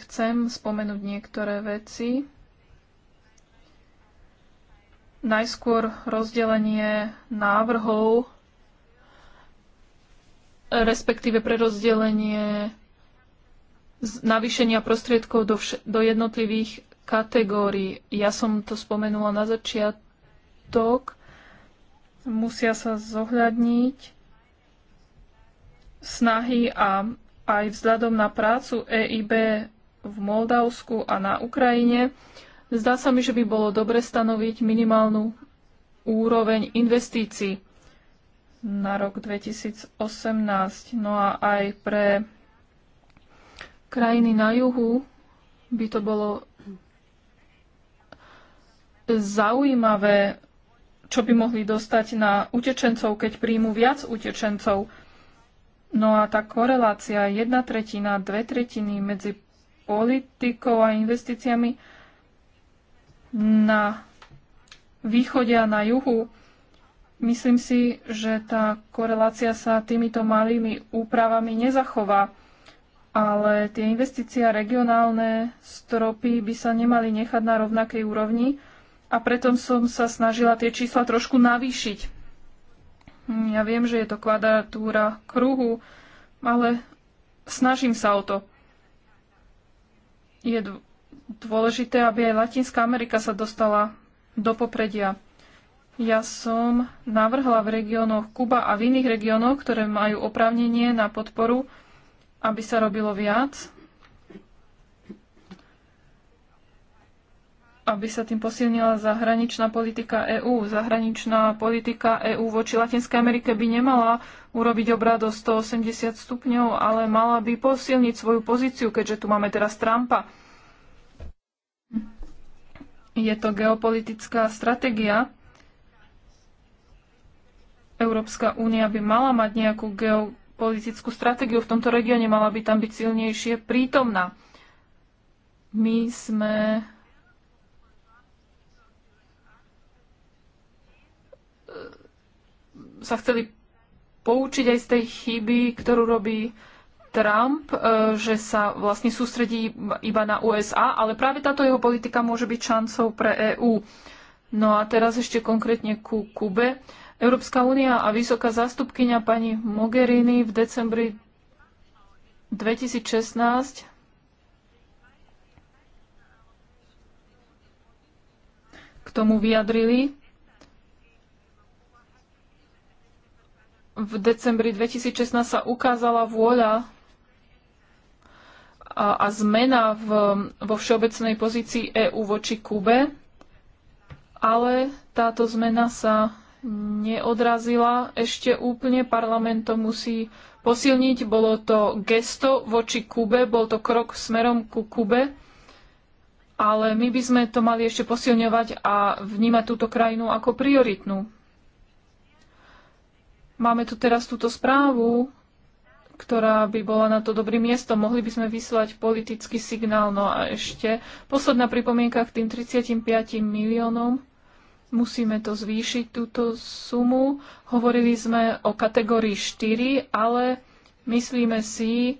chcem spomenúť niektoré veci. Najskôr rozdelenie návrhov, respektíve prerozdelenie navýšenia prostriedkov do, do jednotlivých kategórií. Ja som to spomenula na začiatok. Musia sa zohľadniť snahy a aj vzhľadom na prácu EIB v Moldavsku a na Ukrajine, zdá sa mi, že by bolo dobre stanoviť minimálnu úroveň investícií na rok 2018. No a aj pre krajiny na juhu by to bolo zaujímavé, čo by mohli dostať na utečencov, keď príjmu viac utečencov. No a tá korelácia jedna tretina, dve tretiny medzi politikou a investíciami na východe a na juhu, myslím si, že tá korelácia sa týmito malými úpravami nezachová ale tie investície a regionálne stropy by sa nemali nechať na rovnakej úrovni, a preto som sa snažila tie čísla trošku navýšiť. Ja viem, že je to kvadratúra kruhu, ale snažím sa o to. Je dôležité, aby aj Latinská Amerika sa dostala do popredia. Ja som navrhla v regiónoch Kuba a v iných regiónoch, ktoré majú oprávnenie na podporu, aby sa robilo viac aby sa tým posilnila zahraničná politika EÚ. Zahraničná politika EÚ voči Latinskej Amerike by nemala urobiť obrad o 180 stupňov, ale mala by posilniť svoju pozíciu, keďže tu máme teraz Trumpa. Je to geopolitická stratégia. Európska únia by mala mať nejakú geopolitickú stratégiu v tomto regióne, mala by tam byť silnejšie prítomná. My sme sa chceli poučiť aj z tej chyby, ktorú robí Trump, e, že sa vlastne sústredí iba na USA, ale práve táto jeho politika môže byť šancou pre EÚ. No a teraz ešte konkrétne ku Kube. Európska únia a vysoká zástupkynia pani Mogherini v decembri 2016 k tomu vyjadrili, v decembri 2016 sa ukázala vôľa a, a zmena v, vo všeobecnej pozícii EÚ voči Kube, ale táto zmena sa neodrazila ešte úplne. Parlament to musí posilniť. Bolo to gesto voči Kube, bol to krok smerom ku Kube, ale my by sme to mali ešte posilňovať a vnímať túto krajinu ako prioritnú. Máme tu teraz túto správu, ktorá by bola na to dobrým miestom. Mohli by sme vyslať politický signál. No a ešte posledná pripomienka k tým 35 miliónom. Musíme to zvýšiť, túto sumu. Hovorili sme o kategórii 4, ale myslíme si,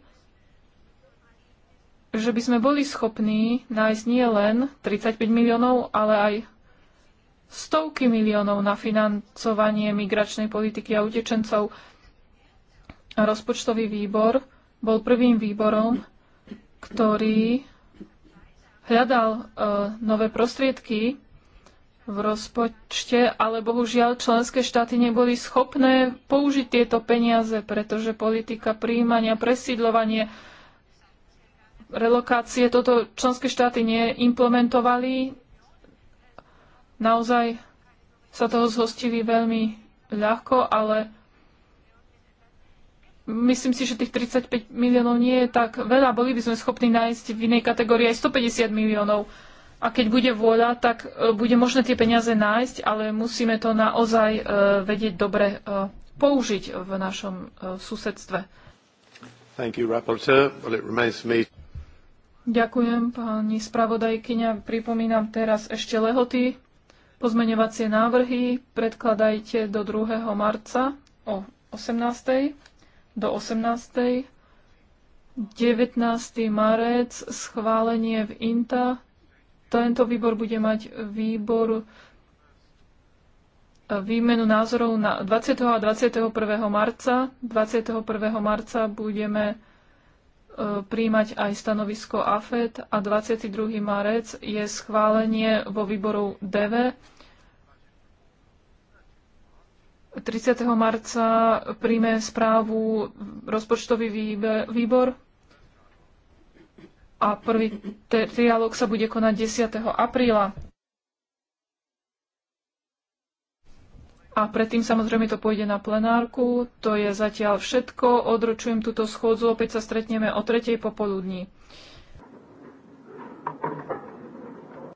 že by sme boli schopní nájsť nie len 35 miliónov, ale aj stovky miliónov na financovanie migračnej politiky a utečencov. rozpočtový výbor bol prvým výborom, ktorý hľadal uh, nové prostriedky v rozpočte, ale bohužiaľ členské štáty neboli schopné použiť tieto peniaze, pretože politika príjmania, presídlovanie, relokácie, toto členské štáty neimplementovali, naozaj sa toho zhostili veľmi ľahko, ale myslím si, že tých 35 miliónov nie je tak veľa. Boli by sme schopní nájsť v inej kategórii aj 150 miliónov. A keď bude vôľa, tak e, bude možné tie peniaze nájsť, ale musíme to naozaj e, vedieť dobre e, použiť v našom susedstve. You, well, Ďakujem, pani spravodajkyňa. Pripomínam teraz ešte lehoty Pozmeňovacie návrhy predkladajte do 2. marca o 18. do 18. 19. marec schválenie v INTA. Tento výbor bude mať výbor e, výmenu názorov na 20. a 21. marca. 21. marca budeme E, príjmať aj stanovisko AFED a 22. marec je schválenie vo výboru DV. 30. marca príjme správu rozpočtový výbor a prvý trialog sa bude konať 10. apríla. A predtým samozrejme to pôjde na plenárku. To je zatiaľ všetko. Odročujem túto schôdzu. Opäť sa stretneme o tretej popoludní.